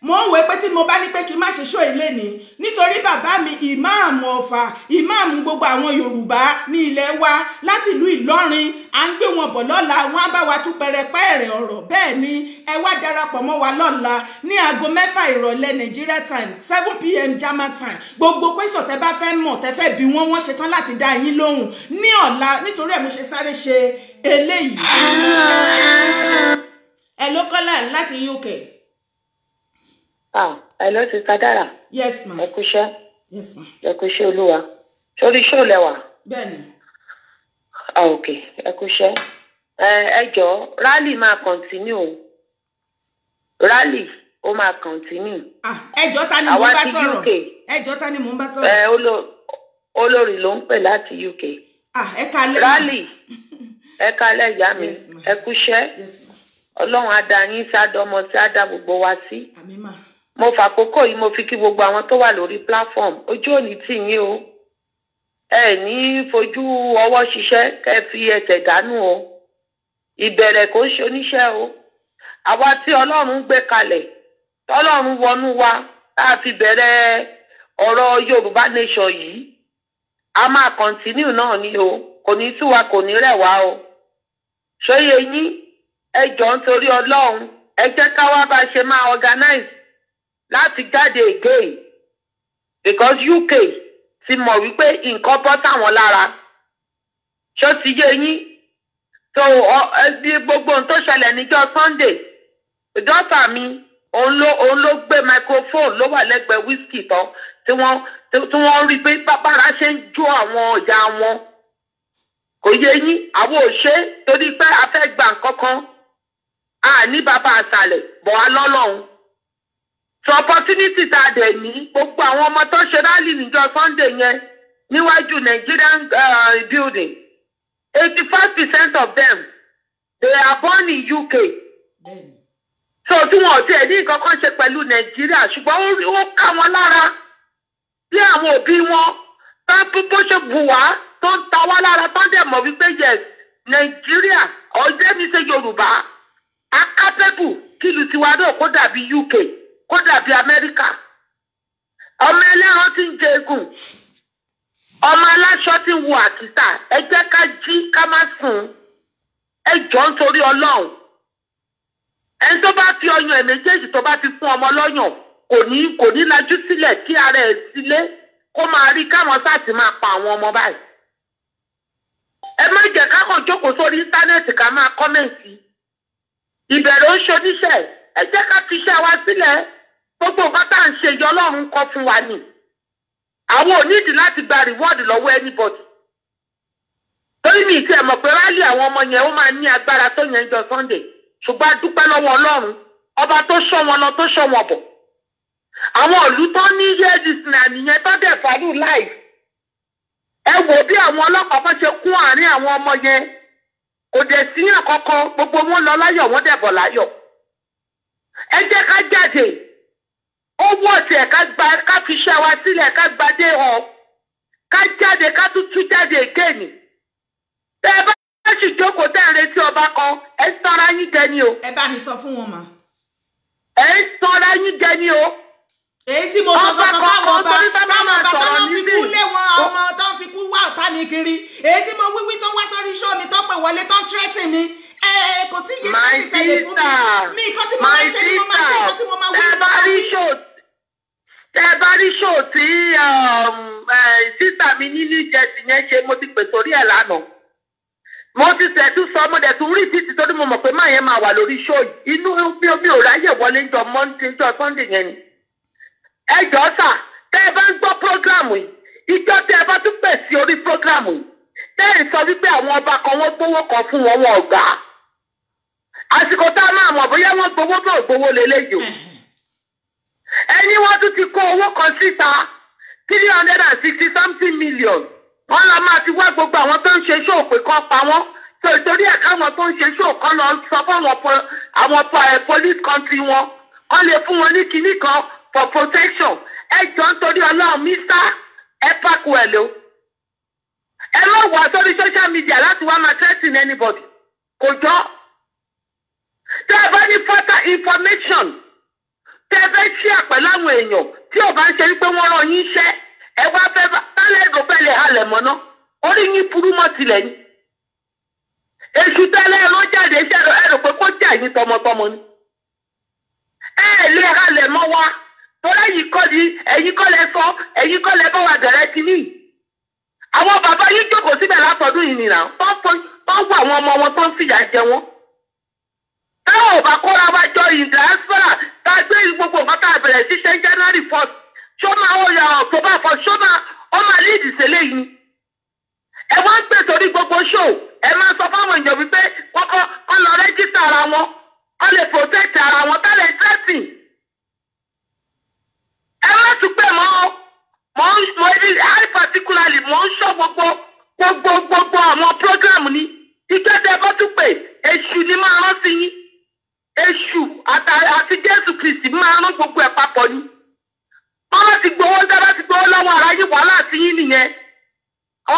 mo ń wé pé tí mo bá ní pé kí n má ṣe ṣó ilé ni nítorí bàbá mi ìmáàmù ọ̀fà ìmáàmù gbogbo àwọn yorùbá ní ilẹ̀ wa láti ìlú ìlọrin à ń gbé wọn bọ̀ lọ́la wọn á bá wa tún pẹrẹpẹrẹ ọ̀rọ̀ bẹ́ẹ̀ ni ẹ wá darapọ̀ mọ́ wa lọ́la ní aago mẹ́fà ìrọ̀lẹ́ nigeria time seven pm german time gbogbo kwesọ̀ tẹ bá fẹ́ mọ̀ tẹ fẹ́ bí wọ́n wọ́n ṣetán láti dá yín lóhùn ní ọ̀la nítorí ẹ̀ mo ṣe sáré ṣe eléyìí ẹ̀ ló kọ́lá láti uk ah hello sister Dara. yes ma. ẹ kúṣẹ́. yes ma. ẹ kúṣẹ́ olúwa sórí ṣó lẹwà. bẹ́ẹ̀ni. ah ok ẹ kúṣẹ́. ẹ ẹ jọ rally máa continue rally o máa continue. ah ẹjọ́ ta ni mò ń bá sọ̀rọ̀ ẹjọ́ ta ni mò ń bá sọ̀rọ̀. ẹ olórí ló ń pè láti UK. ah ẹ kalẹ́ mi rally ẹ kalẹ́ ìyá mi ẹ kúṣẹ́ ọlọ́run á dá yín sádọ́mọ sí á dá gbogbo wa sí. àmín mà mo fàkókò yìí mo fi kí gbogbo àwọn tó wà lórí platform ojú òní tì yín o ẹ ní fojú ọwọ́ ṣiṣẹ́ kẹ́ fi ẹsẹ̀ dànù o ìbẹ̀rẹ̀ kò ń ṣe o àwa tí ọlọ́run gbé kalẹ̀ tọ́lọ́run wọnú wa tá a fi bẹ̀rẹ̀ ọ̀rọ̀ yorùbá nation yìí a máa kọ́ntínú náà ni o kò ní tú wa kò ní rẹ̀ wá o ṣóyè yín ẹ jọ ń torí ọlọ́run ẹ jẹ́ ká wá bá ṣe máa organize láti jáde again because UK ti mọ̀ wípé nǹkan bọ́ táwọn lára ṣó ti yé yín tó ẹbí gbogbo ohun tó ṣẹlẹ̀ níjọ́ Sunday dọ́tà mi òun ló òun ló gbé microphone ló wà lẹ́gbẹ̀ẹ́ whisky tán tí wọ́n tí wọ́n rí i pé bábára ṣe ń jó àwọn ọjà wọn kò yé yín àwọn ò ṣe torí pé a fẹ́ gbà nǹkan a ní bàbá àṣàlẹ̀ bọ̀ wá lọ́lọ́run so opportunity tá a dẹ̀ ní gbogbo àwọn ọmọ tó ṣe rálì níjọ́ sunday yẹn níwájú nigerian uh, building eighty five percent of them they are born in uk so tí wọn ò tiẹ̀ ní nǹkan kan ṣe pẹ̀lú nàìjíríà ṣùgbọ́n ó ká wọn lára bí àwọn òbí wọn bá bó ṣe bù wá tó ń ta wá lára tó ń dẹ̀ mọ̀ wípé yes nàìjíríà ọ̀jẹ́ mi ṣe yorùbá akábẹ́bù kìlù tiwa náà kó dàbí uk. kó dàbí amẹ́ríkà ọmọ ẹlẹ́ran ti ń jẹ egun ọmọ aláṣọ ti ń wo àkìtà ẹ jẹ́ ká jí ká má sùn ẹ jọ ń torí ọlọ́run ẹni tó bá fi ọyàn ẹ̀ tó bá fi fún ọmọ lọ́yàn kò ní kò ní ara ẹ̀ sílé kó máa rí káwọn sáàtì máa pa àwọn ọmọ báyìí ẹ má káwọn jókòó sórí íńtánẹ́ẹ̀tì ká máa kọ́mẹ̀ǹtì ìbẹ̀rẹ̀ ó ṣoníṣẹ́ ẹ jẹ́ fi iṣẹ́ wa sílẹ̀ gbogbo nǹkan tá à ń ṣe yọ ọlọ́run kọ́ fún wa ni àwọn gba reward lọ́wọ́ anybody torí mi ìtì ẹ̀ pé rálì àwọn ọmọ yẹn ó máa ní agbára tó yẹn jọ Sunday ṣùgbọ́n dúpẹ́ ọba tó ṣọ́ wọn lọ tó ṣọ́ wọn bọ̀ àwọn tó ní yéèdìsìn àníyẹn tó dẹ̀ fàlù láì ẹ wò bí àwọn ọlọ́pàá kan ṣe kún àárín àwọn ọmọ gbogbo wọn lọ láyọ̀ dẹ̀ bọ̀ láyọ̀ ẹ ó wú ọ̀tí ẹ̀ ká gba ká fi iṣẹ́ wa sílẹ̀ ká gba dé hàn ká jáde ká tún tún jáde kéènì. tẹ ẹ bá sì jókòó tẹ́ ẹ retí ọba kan ẹ sanra yín jẹ ni o. ẹ bá mi sọ fún wọn mà. ẹ sanra yín jẹ ni o. èyí tí mo sọ sọ sọ fáwọn ọba táwọn ọba tó náà fi kú lé wọn ọmọ tó ń fi kú wá ọ̀tá mi kiri èyí tí mo wíwí tó ń wá sórí iṣẹ́ mi tó pè wọlé tó ń tírẹ́tì mi sí iye tí ti tẹ̀lé fún mi mi nǹkan tí mo máa ṣe ni mo máa ṣe nǹkan tí mo máa wí ni mo máa wí. tẹ bá rí ṣòó tí um, sísà mi ní ní jẹsì yẹn ṣe mo ti pè sórí ẹ̀ lánàá mo ti tẹ̀tú sọ mo dẹ̀ tún rí títí torí mo mọ̀ pé máa yẹn máa wà lórí ṣó inú mi ò mi ò ráyè wọlé jọ Monday jọ Sunday yẹn ni. ẹ jọ̀ọ́ sà tẹ́ ẹ bá ń gbọ́ prógráàmù yìí ìjọ tẹ́ ẹ bá tún pè sí orí prógráàmù yìí tẹ́ ẹ sọ wípé àwọn ọba kan wọ́n gbówó kan fún wọn wọn ò àsìkò tá a máa mọ̀ bóyá wọ́n gbowó bó gbowó lélẹ́yìí o eh, eh. ẹni wọ́n tún ti kó owó kan síta three hundred and sixty something million wọ́n lọ máa ti wá gbogbo àwọn tó ń ṣe ṣòpè kan pa wọ́n torí ẹ̀ káwọn tó ń ṣe ṣòpè lọ sọ fún àwọn eh, police country wọn wọ́n lè fún wọn ní kinní kan for protection ẹ jọ ń torí ọlọ́run mísà ẹ pàkó ẹ lò ẹ má wà sórí social media láti wá máa threaten anybody kò jọ. tẹ́ ẹ bá ní further information tẹ́ ẹ fẹ́ ṣí àpẹ láwọn èèyàn tí ò bá ń ṣe wípé wọ́n rán yín iṣẹ́ ẹ wá fẹ́ bá tálẹ̀ ìdòbẹ̀lẹ̀ halẹ̀ mọ́ná orí yín burú mọ́ tilẹ̀ yín èṣù tẹ́lẹ̀ tọmọtọmọ ni ẹ halẹ̀ mọ́ wa kọ́ kọ́ lẹ sọ kọ́ lẹ wa dẹ̀rẹ́ ti ní àwọn bàbá yín jókòó síbẹ̀ yìí nìyà ọmọ wọn tó ń fìyà jẹ tá ò bá kóra wa jọ ìdásílà tá a gbé gbogbo nǹkan tá a bẹ̀rẹ̀ ṣiṣẹ́ january first ṣó máa ó ya october first ṣó ó gbogbo show ẹ máa sọ fáwọn èèyàn wípé wọ́n kọ́ ara wọn ọ lè protect ara wọn tá lè dressing. ẹ má tún pè mọ́ mọ́ mọ́ ẹni high particularly mọ́ ń ṣọ́ gbogbo gbogbo gbogbo àwọn program ni ìkéde bọ́tún pé èṣù ni máa èṣù àti jésù kristi máa rán gbogbo ẹ̀ papọ̀ ni báwa ti gbowó dára ti gbowó lọ́wọ́ ara yìí wàhálà ti yín nìyẹn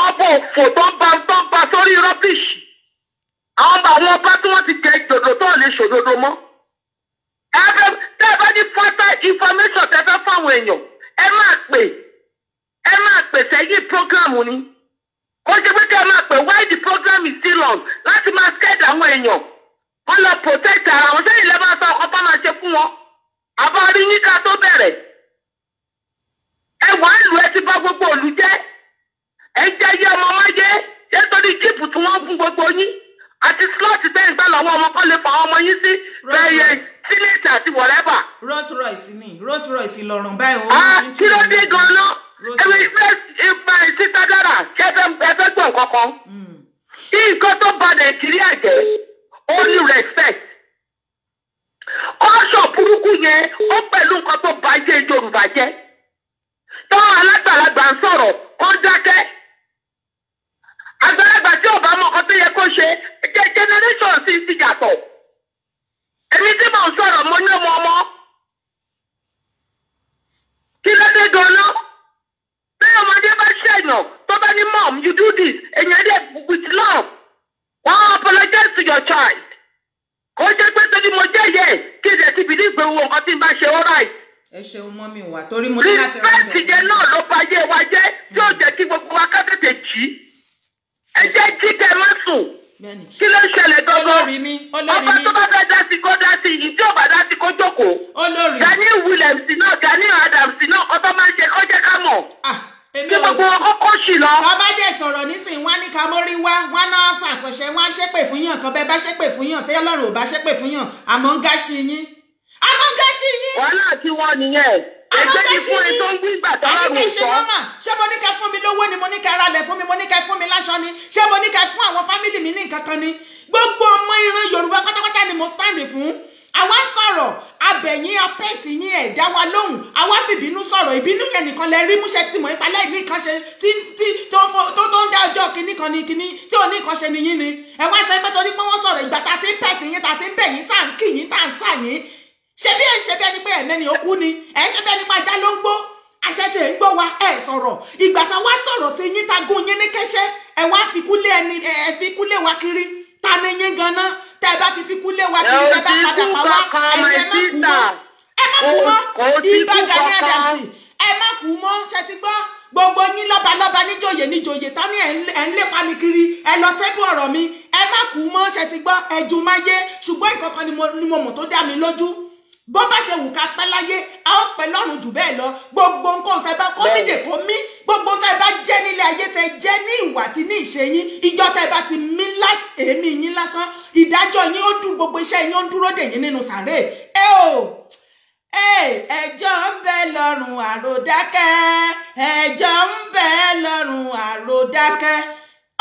ọbọ̀ òfò tó ń ba tó ń ba sórí ọba àwọn ọba ti ìdòdò tó lè ṣòdodo mọ́ ẹ tẹ́ ẹ bá ní fọ́tà tẹ́ fẹ́ ni kó pé kí ẹ máa is still on láti máa àwọn èèyàn. wọ́n lọ protect ara wọn sẹ́yìn lẹ́bàá sọ ọkọ tó máa ṣe fún wọn àbá rí níta tó bẹ̀rẹ̀ ẹ wà á lù ẹ ti bá gbogbo òlu jẹ́ ẹ jẹ́ yé ọmọ máyé ṣé torí jíìpù tí wọ́n fún gbogbo yín àti slọ́ọ̀tì tẹ́ ń gbà lọ́wọ́ ọmọ kan lè fa ọmọ yín sí bẹ́ẹ̀ sílẹ̀tì àti wọ̀rẹ́bà. Rolls Royce ni Rolls Royce lọ́rùn báyìí ó ní ah, kí ló dé gan-an ẹ̀rọ ìfẹ́ ìfẹ́ ìsítádára ṣẹ́fẹ́ ẹ̀fẹ́ gbọ̀ǹkankan hmm. kí nǹkan tó ba Nàìjíríà jẹ́. Only respect kọ́ṣọ̀ burúkú yẹn ó pẹ̀lú nǹkan tó bá jẹ́ Yorùbá jẹ́ tọ́ alágbàlagbà ń sọ̀rọ̀ kọ́ dákẹ́ àgbàlagbà tí ò bá mọ nǹkan tó yẹ kó ṣe jẹ́ generation sí ti yàtọ̀ èmi tí mò ń sọ̀rọ̀ mo ní ọmọ ọmọ kí ló dé dọ́lọ́ bẹ́ẹ̀ ọmọdé bá ṣẹ̀yàn tó bá ní mom you do this èèyàn dẹ̀ with love wọ́n apologize to your child kò jẹ́ pé torí mo jẹ́ yẹ kí ẹ̀jẹ̀ ti bìlí ìgbé owó nǹkan tí n bá ṣe all right. ẹ ṣeun mọ́ mi wá torí mo ní láti rán ọ̀dọ̀ respect yẹn náà ló ba ayé wa jẹ́ mm. tí ó jẹ́ kí gbogbo wa ká tètè jí ẹ jẹ́ jí kẹ́ má sùn kí ló ń ṣẹlẹ̀ gbọ́gbọ́ ọba tó bá fẹ́ dá sí kó dá sí yìí tí dá sí kó jókòó Gani Williams náà Gani Adams náà kó máa ń ṣe kó jẹ́ ká mọ̀. Ah gbogbo kókó sì lọ. bàbá dẹ̀ sọ̀rọ̀ nísìnyí wọ́n á ní ká mórí wá wọ́n á náà fà fọ̀ṣẹ́ wọ́n á ṣépè fún yàn kan bẹ́ẹ̀ bá ṣépè fún yàn tẹ́yọ́ lọ́rùn ò bá ṣépè fún yàn àmọ́ ń gáṣí yín àmọ́ ń gáṣí yín. wàhálà tí wọ́n nìyẹn ẹjẹ ni fún tó ń wí ìgbà tó rọrùn sọ. àníkè ṣe ṣé mo ní ká fún mi lówó ni mo ní ká ralẹ̀ fún mi mo ní ká fún mi láṣọ ni ṣé mo ní ká fún àwọn fámìlì mi ní nǹkan kan ni gbogbo ọmọ ìran Yorùbá pátápátá ni mo stand fún àwa sọ̀rọ̀ abẹ̀yìn apẹ́ẹ̀tì yín ẹ̀ dá wa lóhùn àwa fìbínú sọ̀rọ̀ ìbínú yẹn nìkan lẹ rí múṣẹ́ tí mò ń palẹ̀ ní nǹkan ṣe tí tó tó ń dá ọjọ́ kínní kan ní kínní tí ò ní nǹkan ṣe nìyí ni ẹ wá sọ pé torí pé wọ́n sọ̀rọ̀ ìgbà tá a ti ń pẹ̀tì yín tá a ti ń bẹ̀ yín tá a ń kì yín tá a ń sà yín ṣe bí ẹ ṣe bí ẹni pé ẹ̀mẹ́ni ó kú ni ẹ ṣe bí ẹni pé ajá ló ń gbó àṣẹ tí ẹ ń gbọ́ wa ẹ sọ̀rọ̀ ìgbà tá wá sọ̀rọ̀ sí yín tá gún yín ní kẹ́ṣẹ́ ẹ wá fi kúlé ẹni ẹ fi kúlé wa kiri ta ni yín ganan tẹ́ ẹ bá ti fi kú lé wa kiri tẹ́ ẹ bá padà pa wá ẹ̀yin ẹ má kú mọ́ ẹ má kú mọ́ ibà Gani Adams ẹ má kú mọ́ ṣe ti gbọ́ gbogbo yín lọ́balọ́ba níjòyè níjòyè tání ẹ̀ ń lépa mi kiri ẹ lọ tẹ́bù ọ̀rọ̀ mi ẹ má kú mọ́ ṣe ti gbọ́ ẹ̀jú má yé ṣùgbọ́n ìkọ̀kan ni mo mọ̀ tó dá mi lójú bó bá ṣe wù ká pẹ́ láyé a ó pẹ́ lọ́rùn jù bẹ́ẹ̀ lọ gbogbo nǹkan tẹ́ bá kó mídè kó mí gbogbo tẹ́ bá jẹ́ nílé ayé tẹ́ jẹ́ ní ìwà àti ní ìṣe yín ìjọ tẹ́ bá ti mí èémí yín lásán ìdájọ́ yín ó dùn gbogbo iṣẹ́ yín ó ń dúró dè yín nínú sàárè ẹ o ẹjọ́ ń bẹ lọ́rùn àròdákẹ́ ẹjọ́ ń bẹ lọ́rùn àròdákẹ́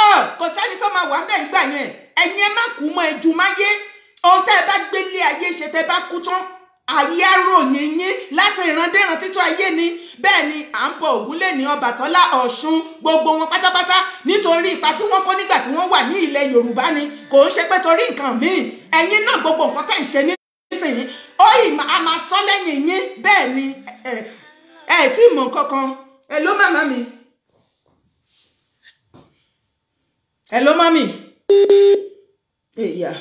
ọ kò sẹ́ni tó máa wà ń bẹ̀ gbà yẹn ẹ̀yin ẹ má kú mọ́ ẹjú máyé ohun tẹ́ bá gbélé ayé ṣe tẹ́ bá kú tán ayé àròyìn yín láti ìrandéran títún ayé ni bẹ́ẹ̀ ni à ń bọ ògúnlẹ̀ ní ọbàtọ́lá ọ̀ṣun gbogbo wọn pátápátá nítorí ipa tí wọ́n kó nígbà tí wọ́n wà ní ilẹ̀ yorùbá ni kò ń ṣe pé torí nǹkan míì ẹ̀yin náà gbogbo nǹkan tá ìṣe nísìnyí ó ì máa máa sọ lẹ́yìn yín bẹ́ẹ̀ ni ẹ̀ ẹ̀ tí mọ̀ kankan ẹ̀ ló màmá mi. Hello, mommy. Hey, yeah.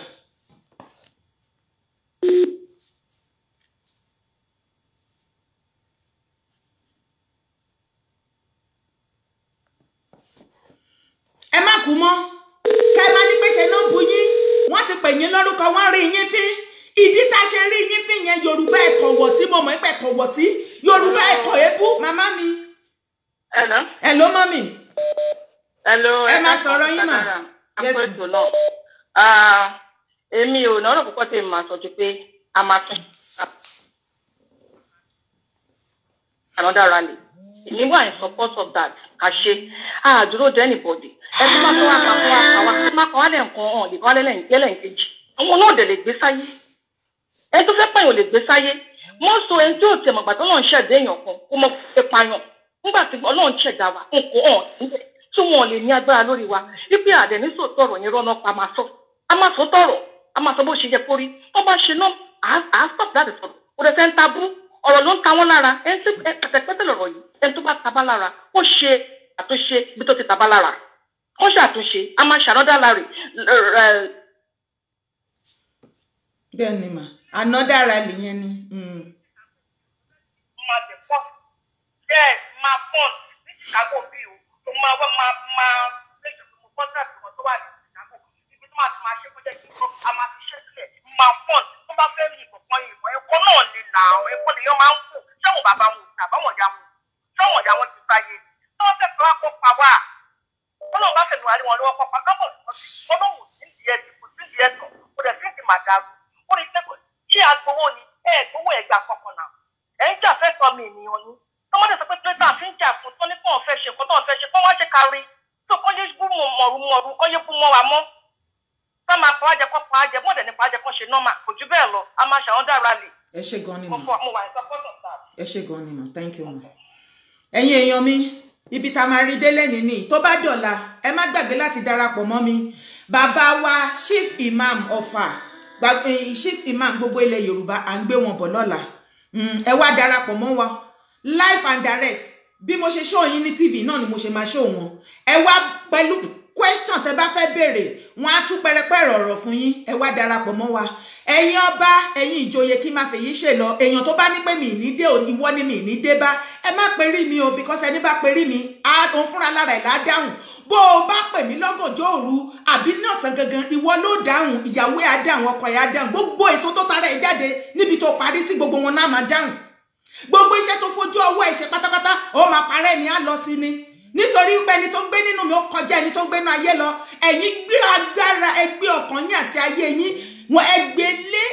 ẹ má kú mọ́ kẹ́ má ní pé ṣe ló bu yín wọ́n ti pè yín lórúkọ wọ́n rí yín fín ìdí tá a ṣe rí yín fín yẹn yorùbá ẹ̀ kọ̀wọ̀ sí mo mọ̀ ẹ́ pẹ̀ kọ̀wọ̀ sí yorùbá ẹ̀ kọ̀ ebú màmá mi. hello. hello mọ́mì. hello ẹ má sọ̀rọ̀ yín mà. yes ah, èmi ò náà púpọ̀ tí mo máa sọ ju pé a máa tún. another rally èmi wà in support of that àṣe àdúró dé anybody ẹ tó bá tó wà kàkọ́ wà kàwá tó má kọ́ wálẹ̀ nǹkan ọ̀hún lè kọ́ wálẹ̀ lẹ́yìn kejì àwọn náà dẹ̀ lè gbé sáyé ẹ tó fẹ́ pààyàn lè gbé sáyé wọ́n sọ ẹni tí ò tẹ̀ mọ̀gbà tó náà ń ṣẹ̀dá èèyàn kan kó mọ̀ fẹ́ pààyàn nígbà tí ọlọ́run ṣẹ̀dá wa nǹkan ọ̀hún níbẹ̀ tí wọn lè ní agbára lórí wa wípé àdẹ̀ ní sòtọ́ ọ̀rọ̀ yẹn rọ́nà pa máa sọ ọ̀rọ̀ ló ń ta wọ́n lára ẹni tó pẹ̀tẹ̀pẹ̀tẹ̀ lọ̀rọ̀ yìí ẹni tó bá tabá lára ó ṣe àtúnṣe bí tó ti tabá lára ó ṣe àtúnṣe a máa ṣàrọ́dá lára rẹ̀. bẹ́ẹ̀ ni mà àná dára lèyẹn ni. máa tẹ̀ pọ̀ bẹ́ẹ̀ máa pọ̀ ní Chicago bí o tó máa wá máa máa lè ṣètò mọ́ kọ́ńtà tó wà ní máa ti máa ṣe kó jẹ́ kí n kọ́ a máa fi ṣe sílẹ̀ máa pọ̀ tó bá fẹ́ rí ìkọ̀kan ìwọ̀n ẹ̀kọ́ náà ni nà àwọn ẹ̀kọ́ ni yọ́n máa ń kù sẹ́wọ̀n bàbá wọn tàbáwọn ìyá wọn sẹ́wọ̀n ìyá wọn ti sáyé tí wọ́n fẹ́ fẹ́ wá kọ́ pa wá ọlọ́run bá fẹ́ nùwárí wọn lọ́wọ́ kọ́ pa kábọ̀ ọlọ́run sí ìdí ẹ̀ kò sí ìdí ẹ̀ tọ̀ kò dẹ̀ sí ìdí màdàrú ó rí pẹ́kọ̀ ṣé agbowó ni ẹ̀ gbowó ẹ̀ gbà kọ̀kan náà ẹ̀ ń jà fẹ́ sọ mi ènìyàn ni tọ́mọdé sọ pé tẹ́tà fi ń jà fún tọ́nípọ̀ ọ̀fẹ́ ṣe kọ́ tọ́ ọ̀fẹ́ ṣe kọ́ wá ṣe kárí tó kọ́ yé gbúmọ̀ mọ̀rùmọ̀rù kọ́ yé gbúmọ̀ wa mọ́ tọ́ máa fọ àjẹkọ́ fọ àjẹ mọ́ọ̀dẹ̀ nípa àjẹkọ́ ṣe nọ́mà kò jù bẹ́ẹ̀ lọ a máa ṣàwọn dára lè. ẹ ṣe gan ni mà ẹ ṣe gan ni mà thank you ma ẹ̀yin èèyàn mi ibi tá a máa rí délé nìní tó bá dọ̀la ẹ má gbàgbé láti darapọ̀ mọ́ mi bàbá wa chief imam ọ̀fà chief imam gbogbo ilẹ̀ yorùbá à ń gbé wọn bọ̀ lọ́la hmm, ẹ wá darapọ̀ mọ́ wa Life and direct bí mo ṣe ṣó ní tv náà ni mo ṣe máa ṣó wọn ẹ wá pẹ̀lú question tẹ́ bá fẹ́ béèrè wọn á tú pẹrẹpẹrẹ ọ̀rọ̀ fún yín ẹ wá darapọ̀ mọ́ wa ẹ̀yin ọba ẹ̀yin ìjòyè kí n máa fèyí ṣe lọ èèyàn tó bá ní pé mi ní dé ìwọ ni mi ní dé bá ẹ má perí mi o because ẹni bá perí mi á òun fúnra lára ẹ̀ lá dáhùn bó o bá pè mí lọ́gànjọ́ òru àbí nọ̀sán gangan ìwọ ló dáhùn ìyàwó ẹ̀ á ọkọ ẹ̀ á gbogbo èso tó tara ẹ̀ jáde níbi tó parí sí gbogbo wọn náà máa dáhùn gbogbo iṣẹ́ tó fojú ọwọ́ ẹ̀ ṣe pátápátá ó máa parẹ́ ni á lọ sí ni nítorí wípé ẹni tó ń gbé nínú mi ó kọjá ẹni tó ń gbé nínú ayé lọ ẹ̀yin gbé agbára ẹgbẹ́ ọkàn yín àti ayé yín wọn ẹgbẹ́ lé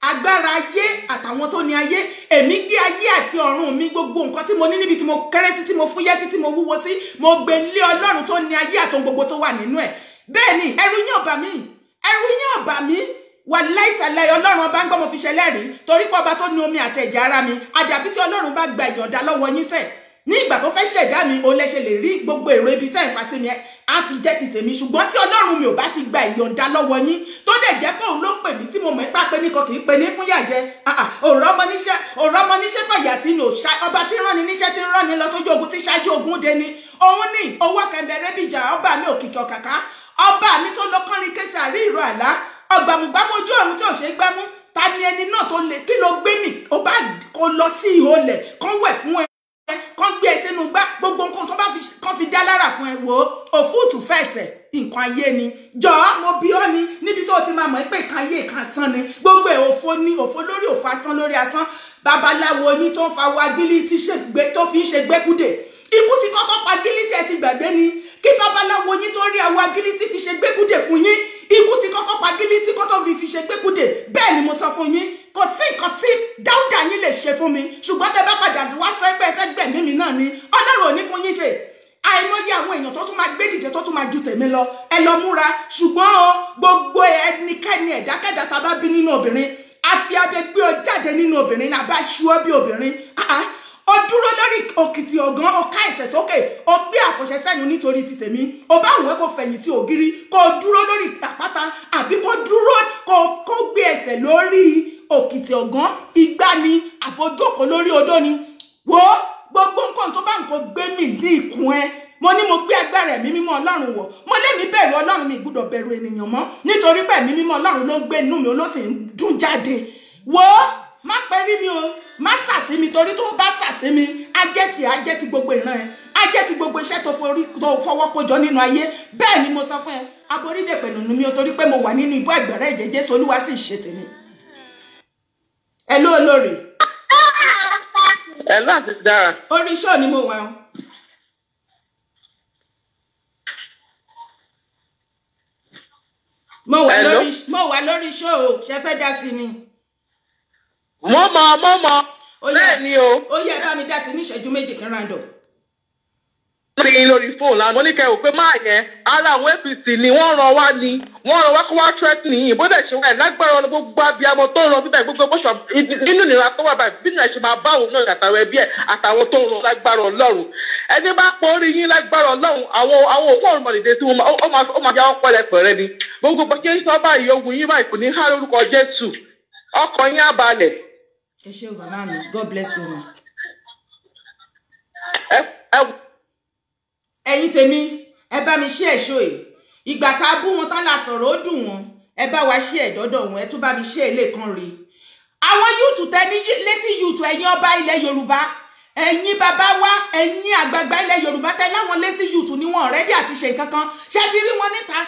agbára ayé àtàwọn tó ní ayé èmi gbé ayé àti ọ̀run mi gbogbo nǹkan tí mo ní níbi tí mo kéré sí tí mo fúyẹ́ sí tí mo wúwo sí mo gbé lé ọlọ́run tó ní ayé àtòun gbogbo tó wà nínú ẹ̀ bẹ́ẹ̀ ni ẹrú yín ọ̀bà mi ẹrú yín ọ̀bà mi wà láìtàlẹ́ ọlọ́run ọba ń gbọ́ mo fi ṣẹlẹ́rìí torí pé ọba tó ní omi àtẹ̀jẹ̀ ara mi àdàbí tí ọlọ́run bá gba ìyọ̀ǹda lọ́wọ́ yín sẹ́ẹ̀ ní ìgbà tó fẹ́ ṣẹ̀dá mi o lẹ́ṣẹ̀ lè rí gbogbo èrò ibi tẹ́ ẹ̀ pa sí mi ẹ́ á fi jẹ́ ti tèmi ṣùgbọ́n tí ọlọ́run mi ò bá ti gba ìyọ̀ǹda lọ́wọ́ yín tó dẹ̀ jẹ́ pé òun ló pè mí tí mo mọ̀ ipá pé nìkan kì í pe ní fún yàjẹ́ ọ̀rọ̀ ọmọ níṣẹ́ ọ̀rọ̀ ọmọ níṣẹ́ fàyà tí mi ò ṣá ọba tí rán ni níṣẹ́ tí rán ni lọ sójú ogun tí ṣáájú ogun dé ni òun ní owó kẹ̀mbẹ̀rẹ̀ bìjà ọba mi òkìkí ọ̀kàkà ọba mi tó lọ kọ́rin kẹsà rí ìró àlá ọgbàmùgbàmù ojú ọ̀run tí ò ṣe é gbámú ta ni ẹni náà tó lè kí ló gbé mi ó bá kó lọ sí ihò kán wẹ̀ fún ẹ kán gbé ẹ e sínú gbá gbogbo nǹkan tó bá kán fi dá lára fún ẹ wò ó òfúùtù fẹ̀tẹ̀ nǹkan ayé ni jọ̀ọ́ mo bí ọ́ ni níbi tó ti máa mọ̀ pé nǹkan ayé kan san ni gbogbo ẹ̀ òfo ni òfo lórí òfo asán lórí asán babaláwo yín tó ń fa wa gílítì tó fi ń ṣe gbẹ́kúdè ikú ti kọ́kọ́ pa gílítì ẹ ti gbàgbé ni kí babaláwo yín tó rí àwa gílítì fi ṣe gbẹ́kúdè fún yín ikú ti kọ́kọ́ pa gílítì kó tó rí fi ṣe gbẹ́kúdè bẹ́ẹ̀ ni mo sọ fún yín kò sí nǹkan tí dáúdà yín lè ṣe fún mi ṣùgbọ́n tẹ bá padà wá sẹ́gbẹ́ sẹ́gbẹ́ mímí náà ni ọlọ́run ò ní fún yín ṣe àìmọye àwọn èèyàn tó tún máa gbé dìde tó tún máa ju tèmi lọ ẹ lọ múra ṣùgbọ́n o gbogbo ẹnikẹ́ni ẹ̀dákẹ́dá tá a bá bí nínú obìnrin àfi abẹ gbé ọ jáde nínú obìnrin náà bá ṣú ọ bí obìnrin ó dúró lórí òkìtì ọ̀gán ọ̀ká ẹ̀sẹ̀ sókè ó gbé àfọ̀ṣẹ sẹ́nu nítorí ti tèmi ó bá àwọn ẹ̀kọ́ fẹ̀yìntì ògiri kó dúró lórí àpáta àbí kó dúró kó gbé ẹsẹ̀ lórí òkìtì ọ̀gán igbá ni àbójókòó lórí odó ni wo gbogbo nǹkan tó bá nǹkan gbé mi ní ìkùn ẹ mo ní mo gbé agbára ẹ̀mí mímọ́ ọlọ́run wọ̀ mo mi bẹ̀rù ọlọ́run mi gbúdọ̀ bẹ̀rù ènìyàn mọ́ nítorí pé ẹ̀mí mímọ́ ọlọ́run ló ń gbé inú mi ó ló sì ń dùn jáde wo má pẹ́ rí mi o má sàsí mi torí tó bá sàsí mi ajẹ́tì ajẹ́tì gbogbo ìran ẹ ajẹ́tì gbogbo iṣẹ́ tó fọwọ́ kójọ nínú ayé bẹ́ẹ̀ ni mo sọ fún ẹ aborídèpẹ̀nù mi o torí pé mo wà nínú ibú àgbẹ̀rẹ̀ ẹ̀jẹ̀ Jésù Olúwa sì ṣe ẹ ló olórí. ẹ láti dára. orí ṣọ́ọ̀ ni mo wà o. mo wà lórí mo wà lórí ṣóò ṣe fẹ́ dá sí ni. mo mọ mo mọ bẹ́ẹ̀ ni o. ó yẹ bá mi dá sí ní ìṣẹ́jú méjì kan round lórí lórí fóònù lánàá ní kẹwò pé máa ara àwọn APC ni wọ́n ràn wá ni wọ́n ràn wá kó wá nìyí bó dẹ̀ ṣe gbogbo abiyamọ tó ń ràn síbẹ̀ gbogbo bóṣọ nínú ìnira tó wà báyìí bí ìnira ṣe máa bá òun náà àtàwọn ẹbí ẹ̀ àtàwọn tó ń ràn lágbára Ọlọ́run ẹni bá pọ̀ orí yín lágbára Ọlọ́run àwọn àwọn òkú ọ̀rùn tí máa yá ma. ẹ̀yin tèmi ẹ bá mi ṣí ẹ̀ṣọ́ yìí ìgbà tá a bú wọn tán la sọ̀rọ̀ ó dùn wọn ẹ bá wa ṣí ẹ̀dọ́dọ̀ wọn ẹ tún bá mi ṣí èlé kan rèé àwọn yúùtù tẹni lẹ́sí yúùtù ẹ̀yin ọba ilẹ̀ yorùbá ẹ̀yin bàbá wa ẹ̀yin àgbààgbà ilẹ̀ yorùbá tẹ láwọn lẹ́sí yúùtù ni wọn ọ̀rẹ́dì àti ṣe nǹkan kan ṣé ti rí wọn níta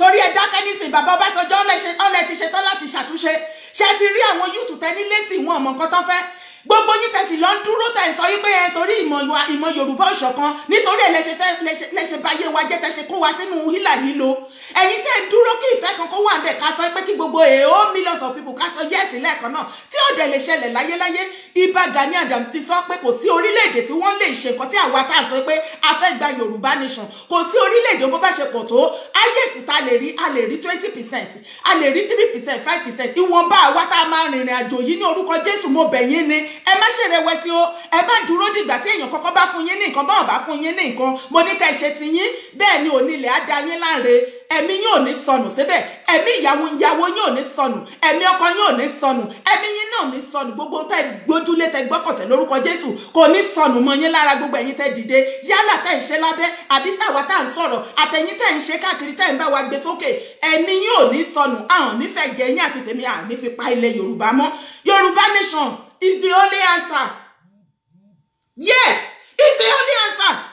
torí ẹ dákẹ́ nísìn bàbá ọbásanjọ́ ọ̀nà ti ṣetán láti ṣàtúnṣe ṣé ti rí àwọn yúùtù tẹni lẹ́sí wọn ọmọ nǹkan tán fẹ́ gbogbo yín tẹ̀sí lọ ń dúró tẹ̀ sọ yín pé torí ìmọ̀ yorùbá ọ̀ṣọ̀kan nítorí ẹ̀ lẹ́sẹ̀ fẹ́ lẹ́sẹ̀ báyé wa jẹ́ tẹ̀sẹ̀ kó wa sínú hílà yìí lo ẹ̀yin tẹ̀ ń dúró kí ìfẹ́ kan kó wà bẹ́ẹ̀ ká sọ pé kí gbogbo èèó millions of people ká sọ yẹ́ẹ̀sì lẹ́ẹ̀kan náà tí ọ̀dẹ̀ lè ṣẹlẹ̀ láyéláyé ibà Gani Adams ti sọ pé kò sí orílẹ̀-èdè tí wọ́n lè ṣe nǹkan tí àwa tá a sọ pé a fẹ́ gba yorùbá nation kò sí orílẹ̀-èdè bó bá ṣe pọ̀ tó ayéèsì ta lè rí a lè rí twenty percent a lè rí three percent five percent ìwọ̀nba àwa tá a máa rìnrìn àjò yìí ní orúkọ jésù mo bẹ̀ ni ẹ má ṣe rẹ̀wẹ̀sì o ẹ má dúró dìgbà tí èèyàn kọ́kọ́ bá fún yín ní nǹkan báwọn bá fún yín ní nǹkan mo ní ká ẹ ṣe ti yín bẹ́ẹ̀ ni òní ilẹ̀ á da yín láre ẹ̀mí yóò ní sọnù síbẹ̀ ẹ̀mí ìyàwó ìyàwó yóò ní sọnù ẹ̀mí ọkọ yóò ní sọnù ẹ̀mí yín náà ní sọnù gbogbo tẹ gbójúlé tẹ gbọ́kàntẹ̀ lórúkọ Jésù kò ní sọnù mọ́ yín lára gbogbo ẹ̀yin tẹ dìde yálà tẹ ń ṣe lábẹ́ àbí tàwa tá à ń sọ̀rọ̀ àtẹ̀yìn tẹ ń ṣe káàkiri tẹ ń bá wa gbé sókè ẹ̀mí yóò ní sọnù àwọn nífẹ̀ẹ́ jẹ yín àti tèmi àwọn nífi pa ilẹ̀ Yorùbá mọ́ Yorùbá nation is the only answer. Yes, it's the only answer.